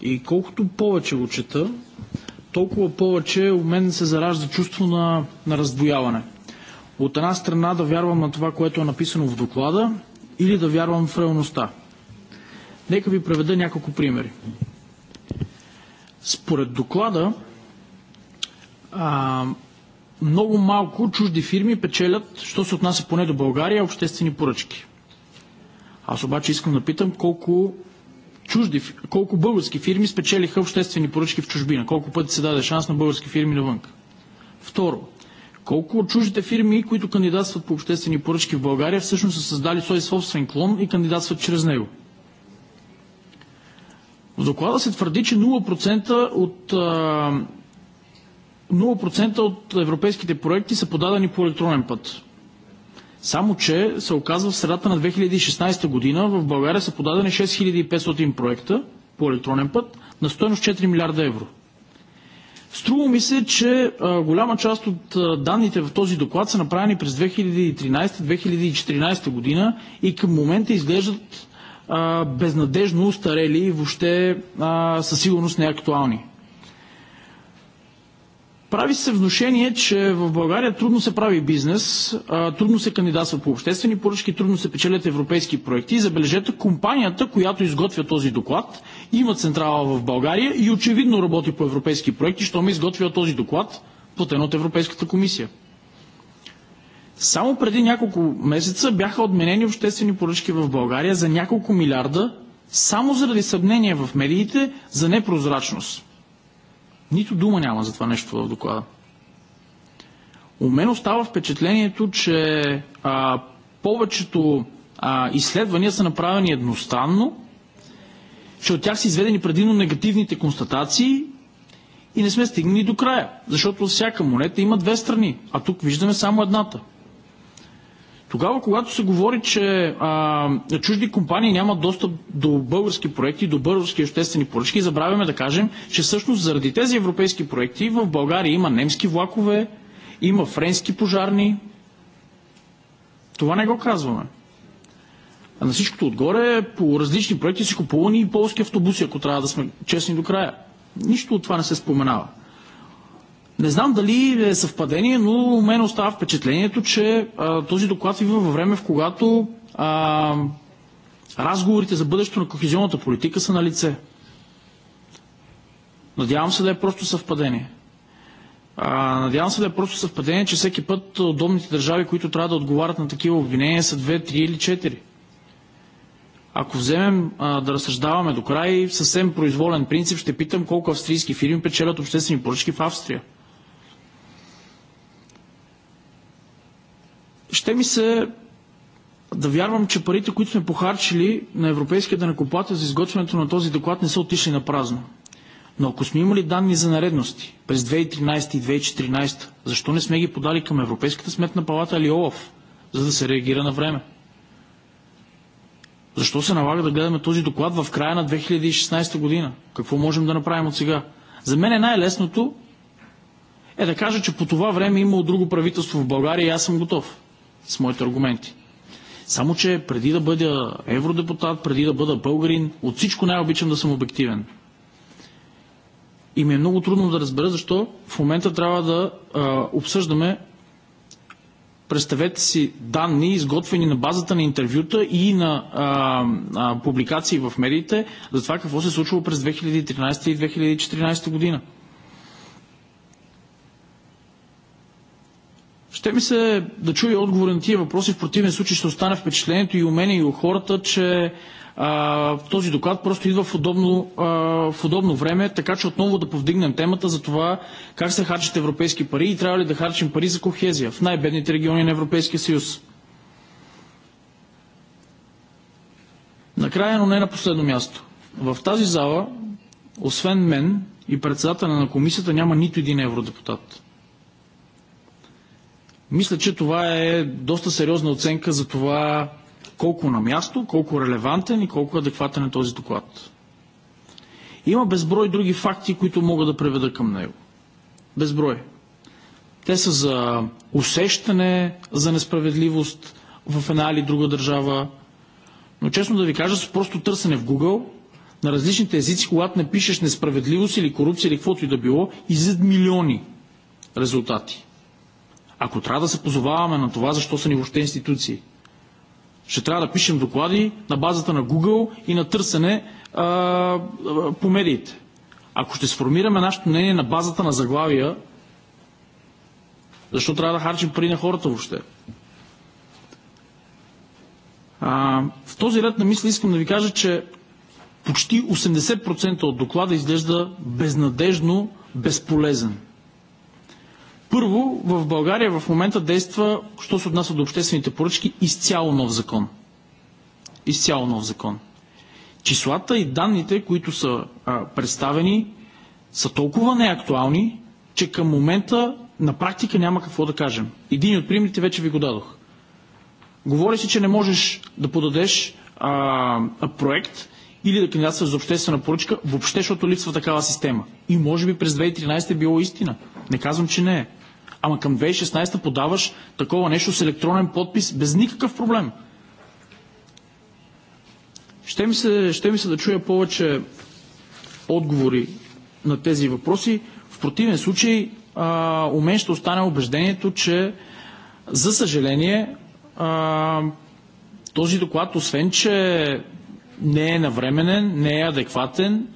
D: И колкото повече го чета, толкова повече у мен се заражда чувство на, на раздвояване. От една страна да вярвам на това, което е написано в доклада, или да вярвам в реалността. Нека ви преведа няколко примери. Според доклада, а, много малко чужди фирми печелят, що се отнася поне до България, обществени поръчки. Аз обаче искам да питам колко, чужди, колко български фирми спечелиха обществени поръчки в чужбина, колко пъти се даде шанс на български фирми навън. Второ, колко от чуждите фирми, които кандидатстват по обществени поръчки в България, всъщност са създали свой собствен клон и кандидатстват чрез него? В доклада се твърди, че 0% от, 0% от европейските проекти са подадени по електронен път. Само, че се оказва в средата на 2016 година в България са подадени 6500 проекта по електронен път на стоеност 4 милиарда евро. Струва ми се, че а, голяма част от а, данните в този доклад са направени през 2013-2014 година и към момента изглеждат а, безнадежно устарели и въобще а, със сигурност неактуални. Прави се внушение, че в България трудно се прави бизнес, трудно се кандидатства по обществени поръчки, трудно се печелят европейски проекти. И забележете, компанията, която изготвя този доклад, има централа в България и очевидно работи по европейски проекти, щом изготвя този доклад, платен от Европейската комисия. Само преди няколко месеца бяха отменени обществени поръчки в България за няколко милиарда, само заради съмнение в медиите за непрозрачност. Нито дума няма за това нещо в доклада. У мен остава впечатлението, че а, повечето а, изследвания са направени едностранно, че от тях са изведени предимно негативните констатации и не сме стигнали до края, защото всяка монета има две страни, а тук виждаме само едната – тогава, когато се говори, че а, чужди компании нямат достъп до български проекти, до български обществени поръчки, забравяме да кажем, че всъщност заради тези европейски проекти в България има немски влакове, има френски пожарни. Това не го казваме. А на всичкото отгоре, по различни проекти си купувани и полски автобуси, ако трябва да сме честни до края. Нищо от това не се споменава. Не знам дали е съвпадение, но у мен остава впечатлението, че а, този доклад идва във време, в когато а, разговорите за бъдещето на кохезионната политика са на лице. Надявам се да е просто съвпадение. А, надявам се да е просто съвпадение, че всеки път удобните държави, които трябва да отговарят на такива обвинения, са две, три или четири. Ако вземем а, да разсъждаваме до край, съвсем произволен принцип, ще питам колко австрийски фирми печелят обществени поръчки в Австрия. ще ми се да вярвам, че парите, които сме похарчили на европейския денекоплата за изготвянето на този доклад не са отишли на празно. Но ако сме имали данни за наредности през 2013 и 2014, защо не сме ги подали към Европейската сметна палата или ОЛАФ, за да се реагира на време? Защо се налага да гледаме този доклад в края на 2016 година? Какво можем да направим от сега? За мен е най-лесното е да кажа, че по това време е имало друго правителство в България и аз съм готов с моите аргументи. Само, че преди да бъда евродепутат, преди да бъда българин, от всичко най-обичам да съм обективен. И ми е много трудно да разбера защо в момента трябва да а, обсъждаме представете си данни, изготвени на базата на интервюта и на а, а, публикации в медиите за това какво се е случва през 2013 и 2014 година. Ще ми се да чуя отговори на тия въпроси. В противен случай ще остане впечатлението и у мен и у хората, че а, този доклад просто идва в удобно, а, в удобно време, така че отново да повдигнем темата за това как се харчат европейски пари и трябва ли да харчим пари за кохезия в най-бедните региони на Европейския съюз. Накрая, но не на последно място. В тази зала, освен мен и председателя на комисията, няма нито един евродепутат. Мисля, че това е доста сериозна оценка за това колко на място, колко релевантен и колко адекватен е този доклад. Има безброй други факти, които мога да преведа към него. Безброй. Те са за усещане за несправедливост в една или друга държава. Но честно да ви кажа, с просто търсене в Google на различните езици, когато напишеш несправедливост или корупция или каквото и да било, излизат милиони резултати. Ако трябва да се позоваваме на това, защо са ни въобще институции? Ще трябва да пишем доклади на базата на Google и на търсене а, а, по медиите. Ако ще сформираме нашето мнение на базата на заглавия, защо трябва да харчим пари на хората въобще? А, в този ред на мисли искам да ви кажа, че почти 80% от доклада изглежда безнадежно безполезен. Първо, в България в момента действа, що се отнася до обществените поръчки, изцяло нов закон. Изцяло нов закон. Числата и данните, които са а, представени, са толкова неактуални, че към момента на практика няма какво да кажем. Един от примерите вече ви го дадох. Говори се, че не можеш да подадеш а, а, проект или да кандидатстваш за обществена поръчка, въобще, защото липсва такава система. И може би през 2013 е било истина. Не казвам, че не е. Ама към 2016 подаваш такова нещо с електронен подпис без никакъв проблем. Ще ми се, ще ми се да чуя повече отговори на тези въпроси. В противен случай а, у мен ще остане убеждението, че за съжаление а, този доклад, освен че не е навременен, не е адекватен,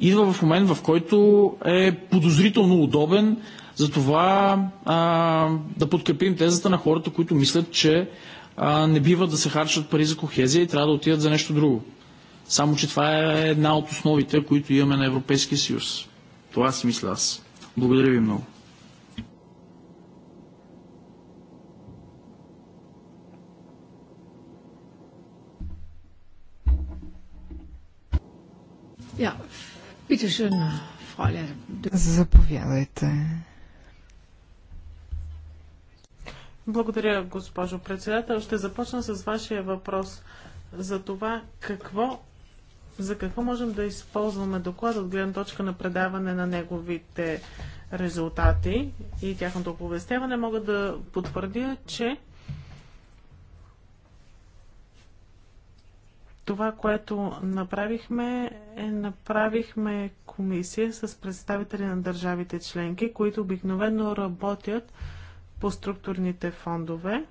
D: идва в момент, в който е подозрително удобен затова а, да подкрепим тезата на хората, които мислят, че а, не бива да се харчат пари за кохезия и трябва да отидат за нещо друго. Само, че това е една от основите, които имаме на Европейския съюз. Това си мисля аз. Благодаря ви много.
C: Ja, bitteschön,
B: Fräulein.
A: Заповядайте.
C: Благодаря, госпожо председател. Ще започна с вашия въпрос за това какво, за какво можем да използваме доклад от гледна точка на предаване на неговите резултати и тяхното оповестяване. Мога да потвърдя, че това, което направихме, е направихме комисия с представители на държавите членки, които обикновено работят по структурните фондове.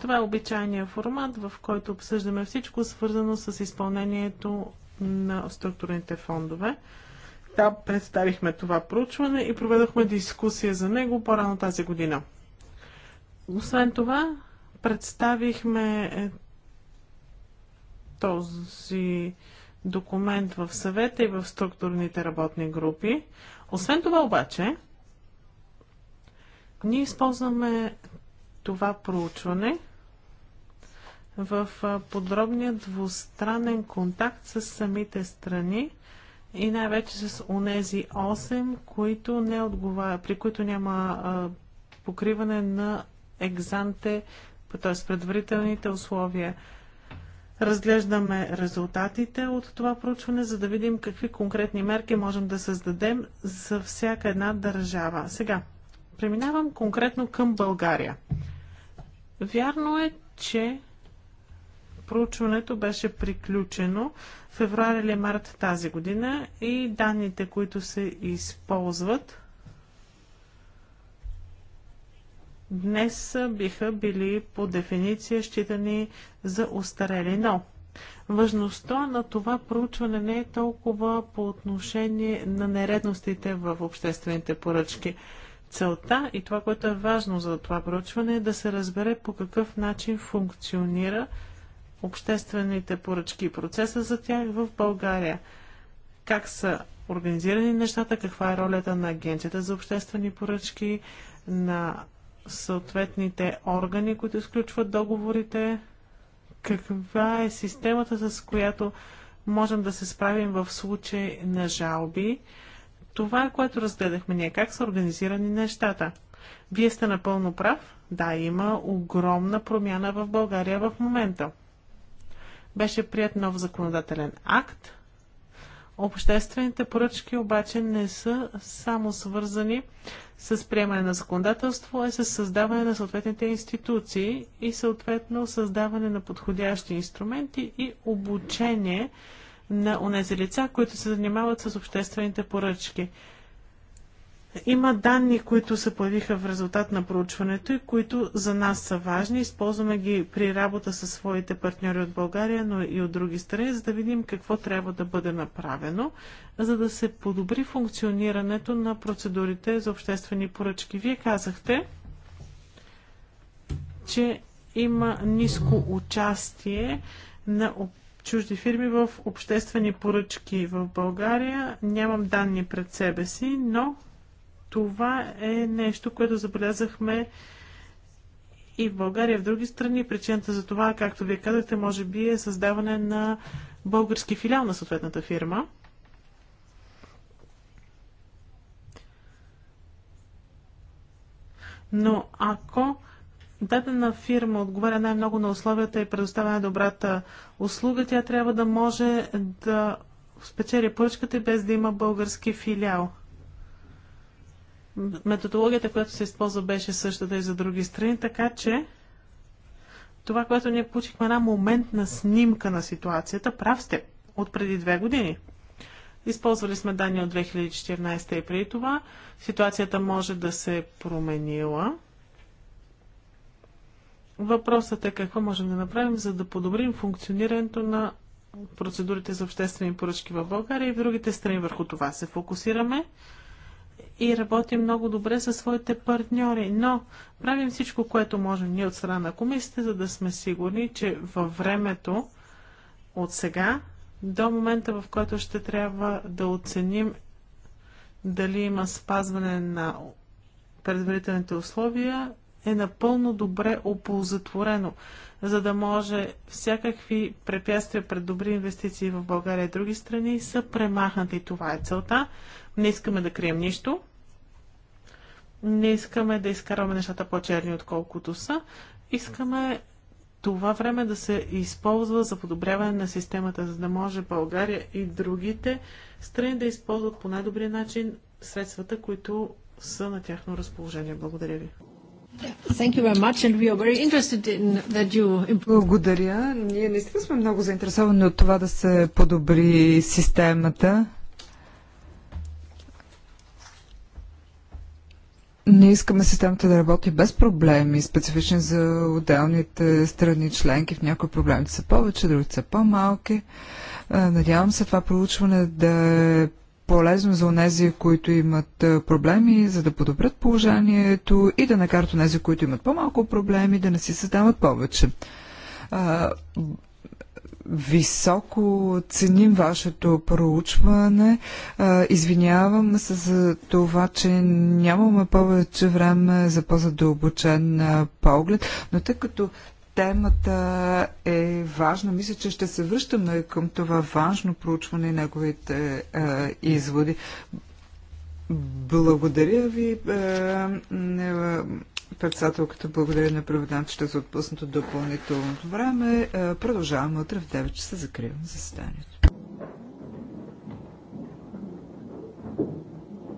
C: Това е обичайният формат, в който обсъждаме всичко свързано с изпълнението на структурните фондове. да, представихме това проучване и проведохме дискусия за него по-рано тази година. Освен това, представихме е, този документ в съвета и в структурните работни групи. Освен това обаче, ние използваме това проучване в подробния двустранен контакт с самите страни и най-вече с онези 8, които не отговаря, при които няма покриване на екзанте, т.е. предварителните условия. Разглеждаме резултатите от това проучване, за да видим какви конкретни мерки можем да създадем за всяка една държава. Сега, Преминавам конкретно към България. Вярно е, че проучването беше приключено в февруари или март тази година и данните, които се използват днес биха били по дефиниция считани за устарели. Но Важността на това проучване не е толкова по отношение на нередностите в обществените поръчки. Целта и това, което е важно за това проучване е да се разбере по какъв начин функционира обществените поръчки и процеса за тях в България. Как са организирани нещата, каква е ролята на Агенцията за обществени поръчки, на съответните органи, които изключват договорите, каква е системата, с която можем да се справим в случай на жалби, това е което разгледахме ние, как са организирани нещата. Вие сте напълно прав. Да, има огромна промяна в България в момента. Беше прият нов законодателен акт. Обществените поръчки обаче не са само свързани с приемане на законодателство, а с създаване на съответните институции и съответно създаване на подходящи инструменти и обучение на онези лица, които се занимават с обществените поръчки. Има данни, които се появиха в резултат на проучването и които за нас са важни. Използваме ги при работа със своите партньори от България, но и от други страни, за да видим какво трябва да бъде направено, за да се подобри функционирането на процедурите за обществени поръчки. Вие казахте, че има ниско участие на чужди фирми в обществени поръчки в България. Нямам данни пред себе си, но това е нещо, което забелязахме и в България, и в други страни. Причината за това, както вие казахте, може би е създаване на български филиал на съответната фирма. Но ако дадена фирма отговаря най-много на условията и предоставя най-добрата услуга, тя трябва да може да спечели поръчката без да има български филиал. Методологията, която се използва, беше същата и за други страни, така че това, което ние получихме, е една моментна снимка на ситуацията. Прав сте, от преди две години. Използвали сме данни от 2014 и преди това. Ситуацията може да се е променила. Въпросът е какво можем да направим, за да подобрим функционирането на процедурите за обществени поръчки в България и в другите страни. Върху това се фокусираме и работим много добре със своите партньори, но правим всичко, което можем ние от страна на комисията, за да сме сигурни, че във времето от сега до момента, в който ще трябва да оценим дали има спазване на предварителните условия, е напълно добре оползотворено, за да може всякакви препятствия пред добри инвестиции в България и други страни са премахнати. Това е целта. Не искаме да крием нищо. Не искаме да изкарваме нещата по-черни, отколкото са. Искаме това време да се използва за подобряване на системата, за да може България и другите страни да използват по най-добрия начин средствата, които са на тяхно разположение. Благодаря ви.
A: You... Благодаря. Ние наистина сме много заинтересовани от това да се подобри системата. Не искаме системата да работи без проблеми, специфични за отделните страни членки. В някои проблемите са повече, други са по-малки. Е, надявам се това проучване да е полезно за онези, които имат проблеми, за да подобрят положението и да накарат онези, които имат по-малко проблеми, да не си създават повече. А, високо ценим вашето проучване. А, извинявам се за това, че нямаме повече време за по-задълбочен поглед, но тъй като Темата е важна. Мисля, че ще се връщаме нали, към това важно проучване и неговите е, изводи. Благодаря ви, е, е, председателката, благодаря на преводачите за отпуснато допълнителното време. Е, продължаваме утре в 9 часа. Закривам заседанието.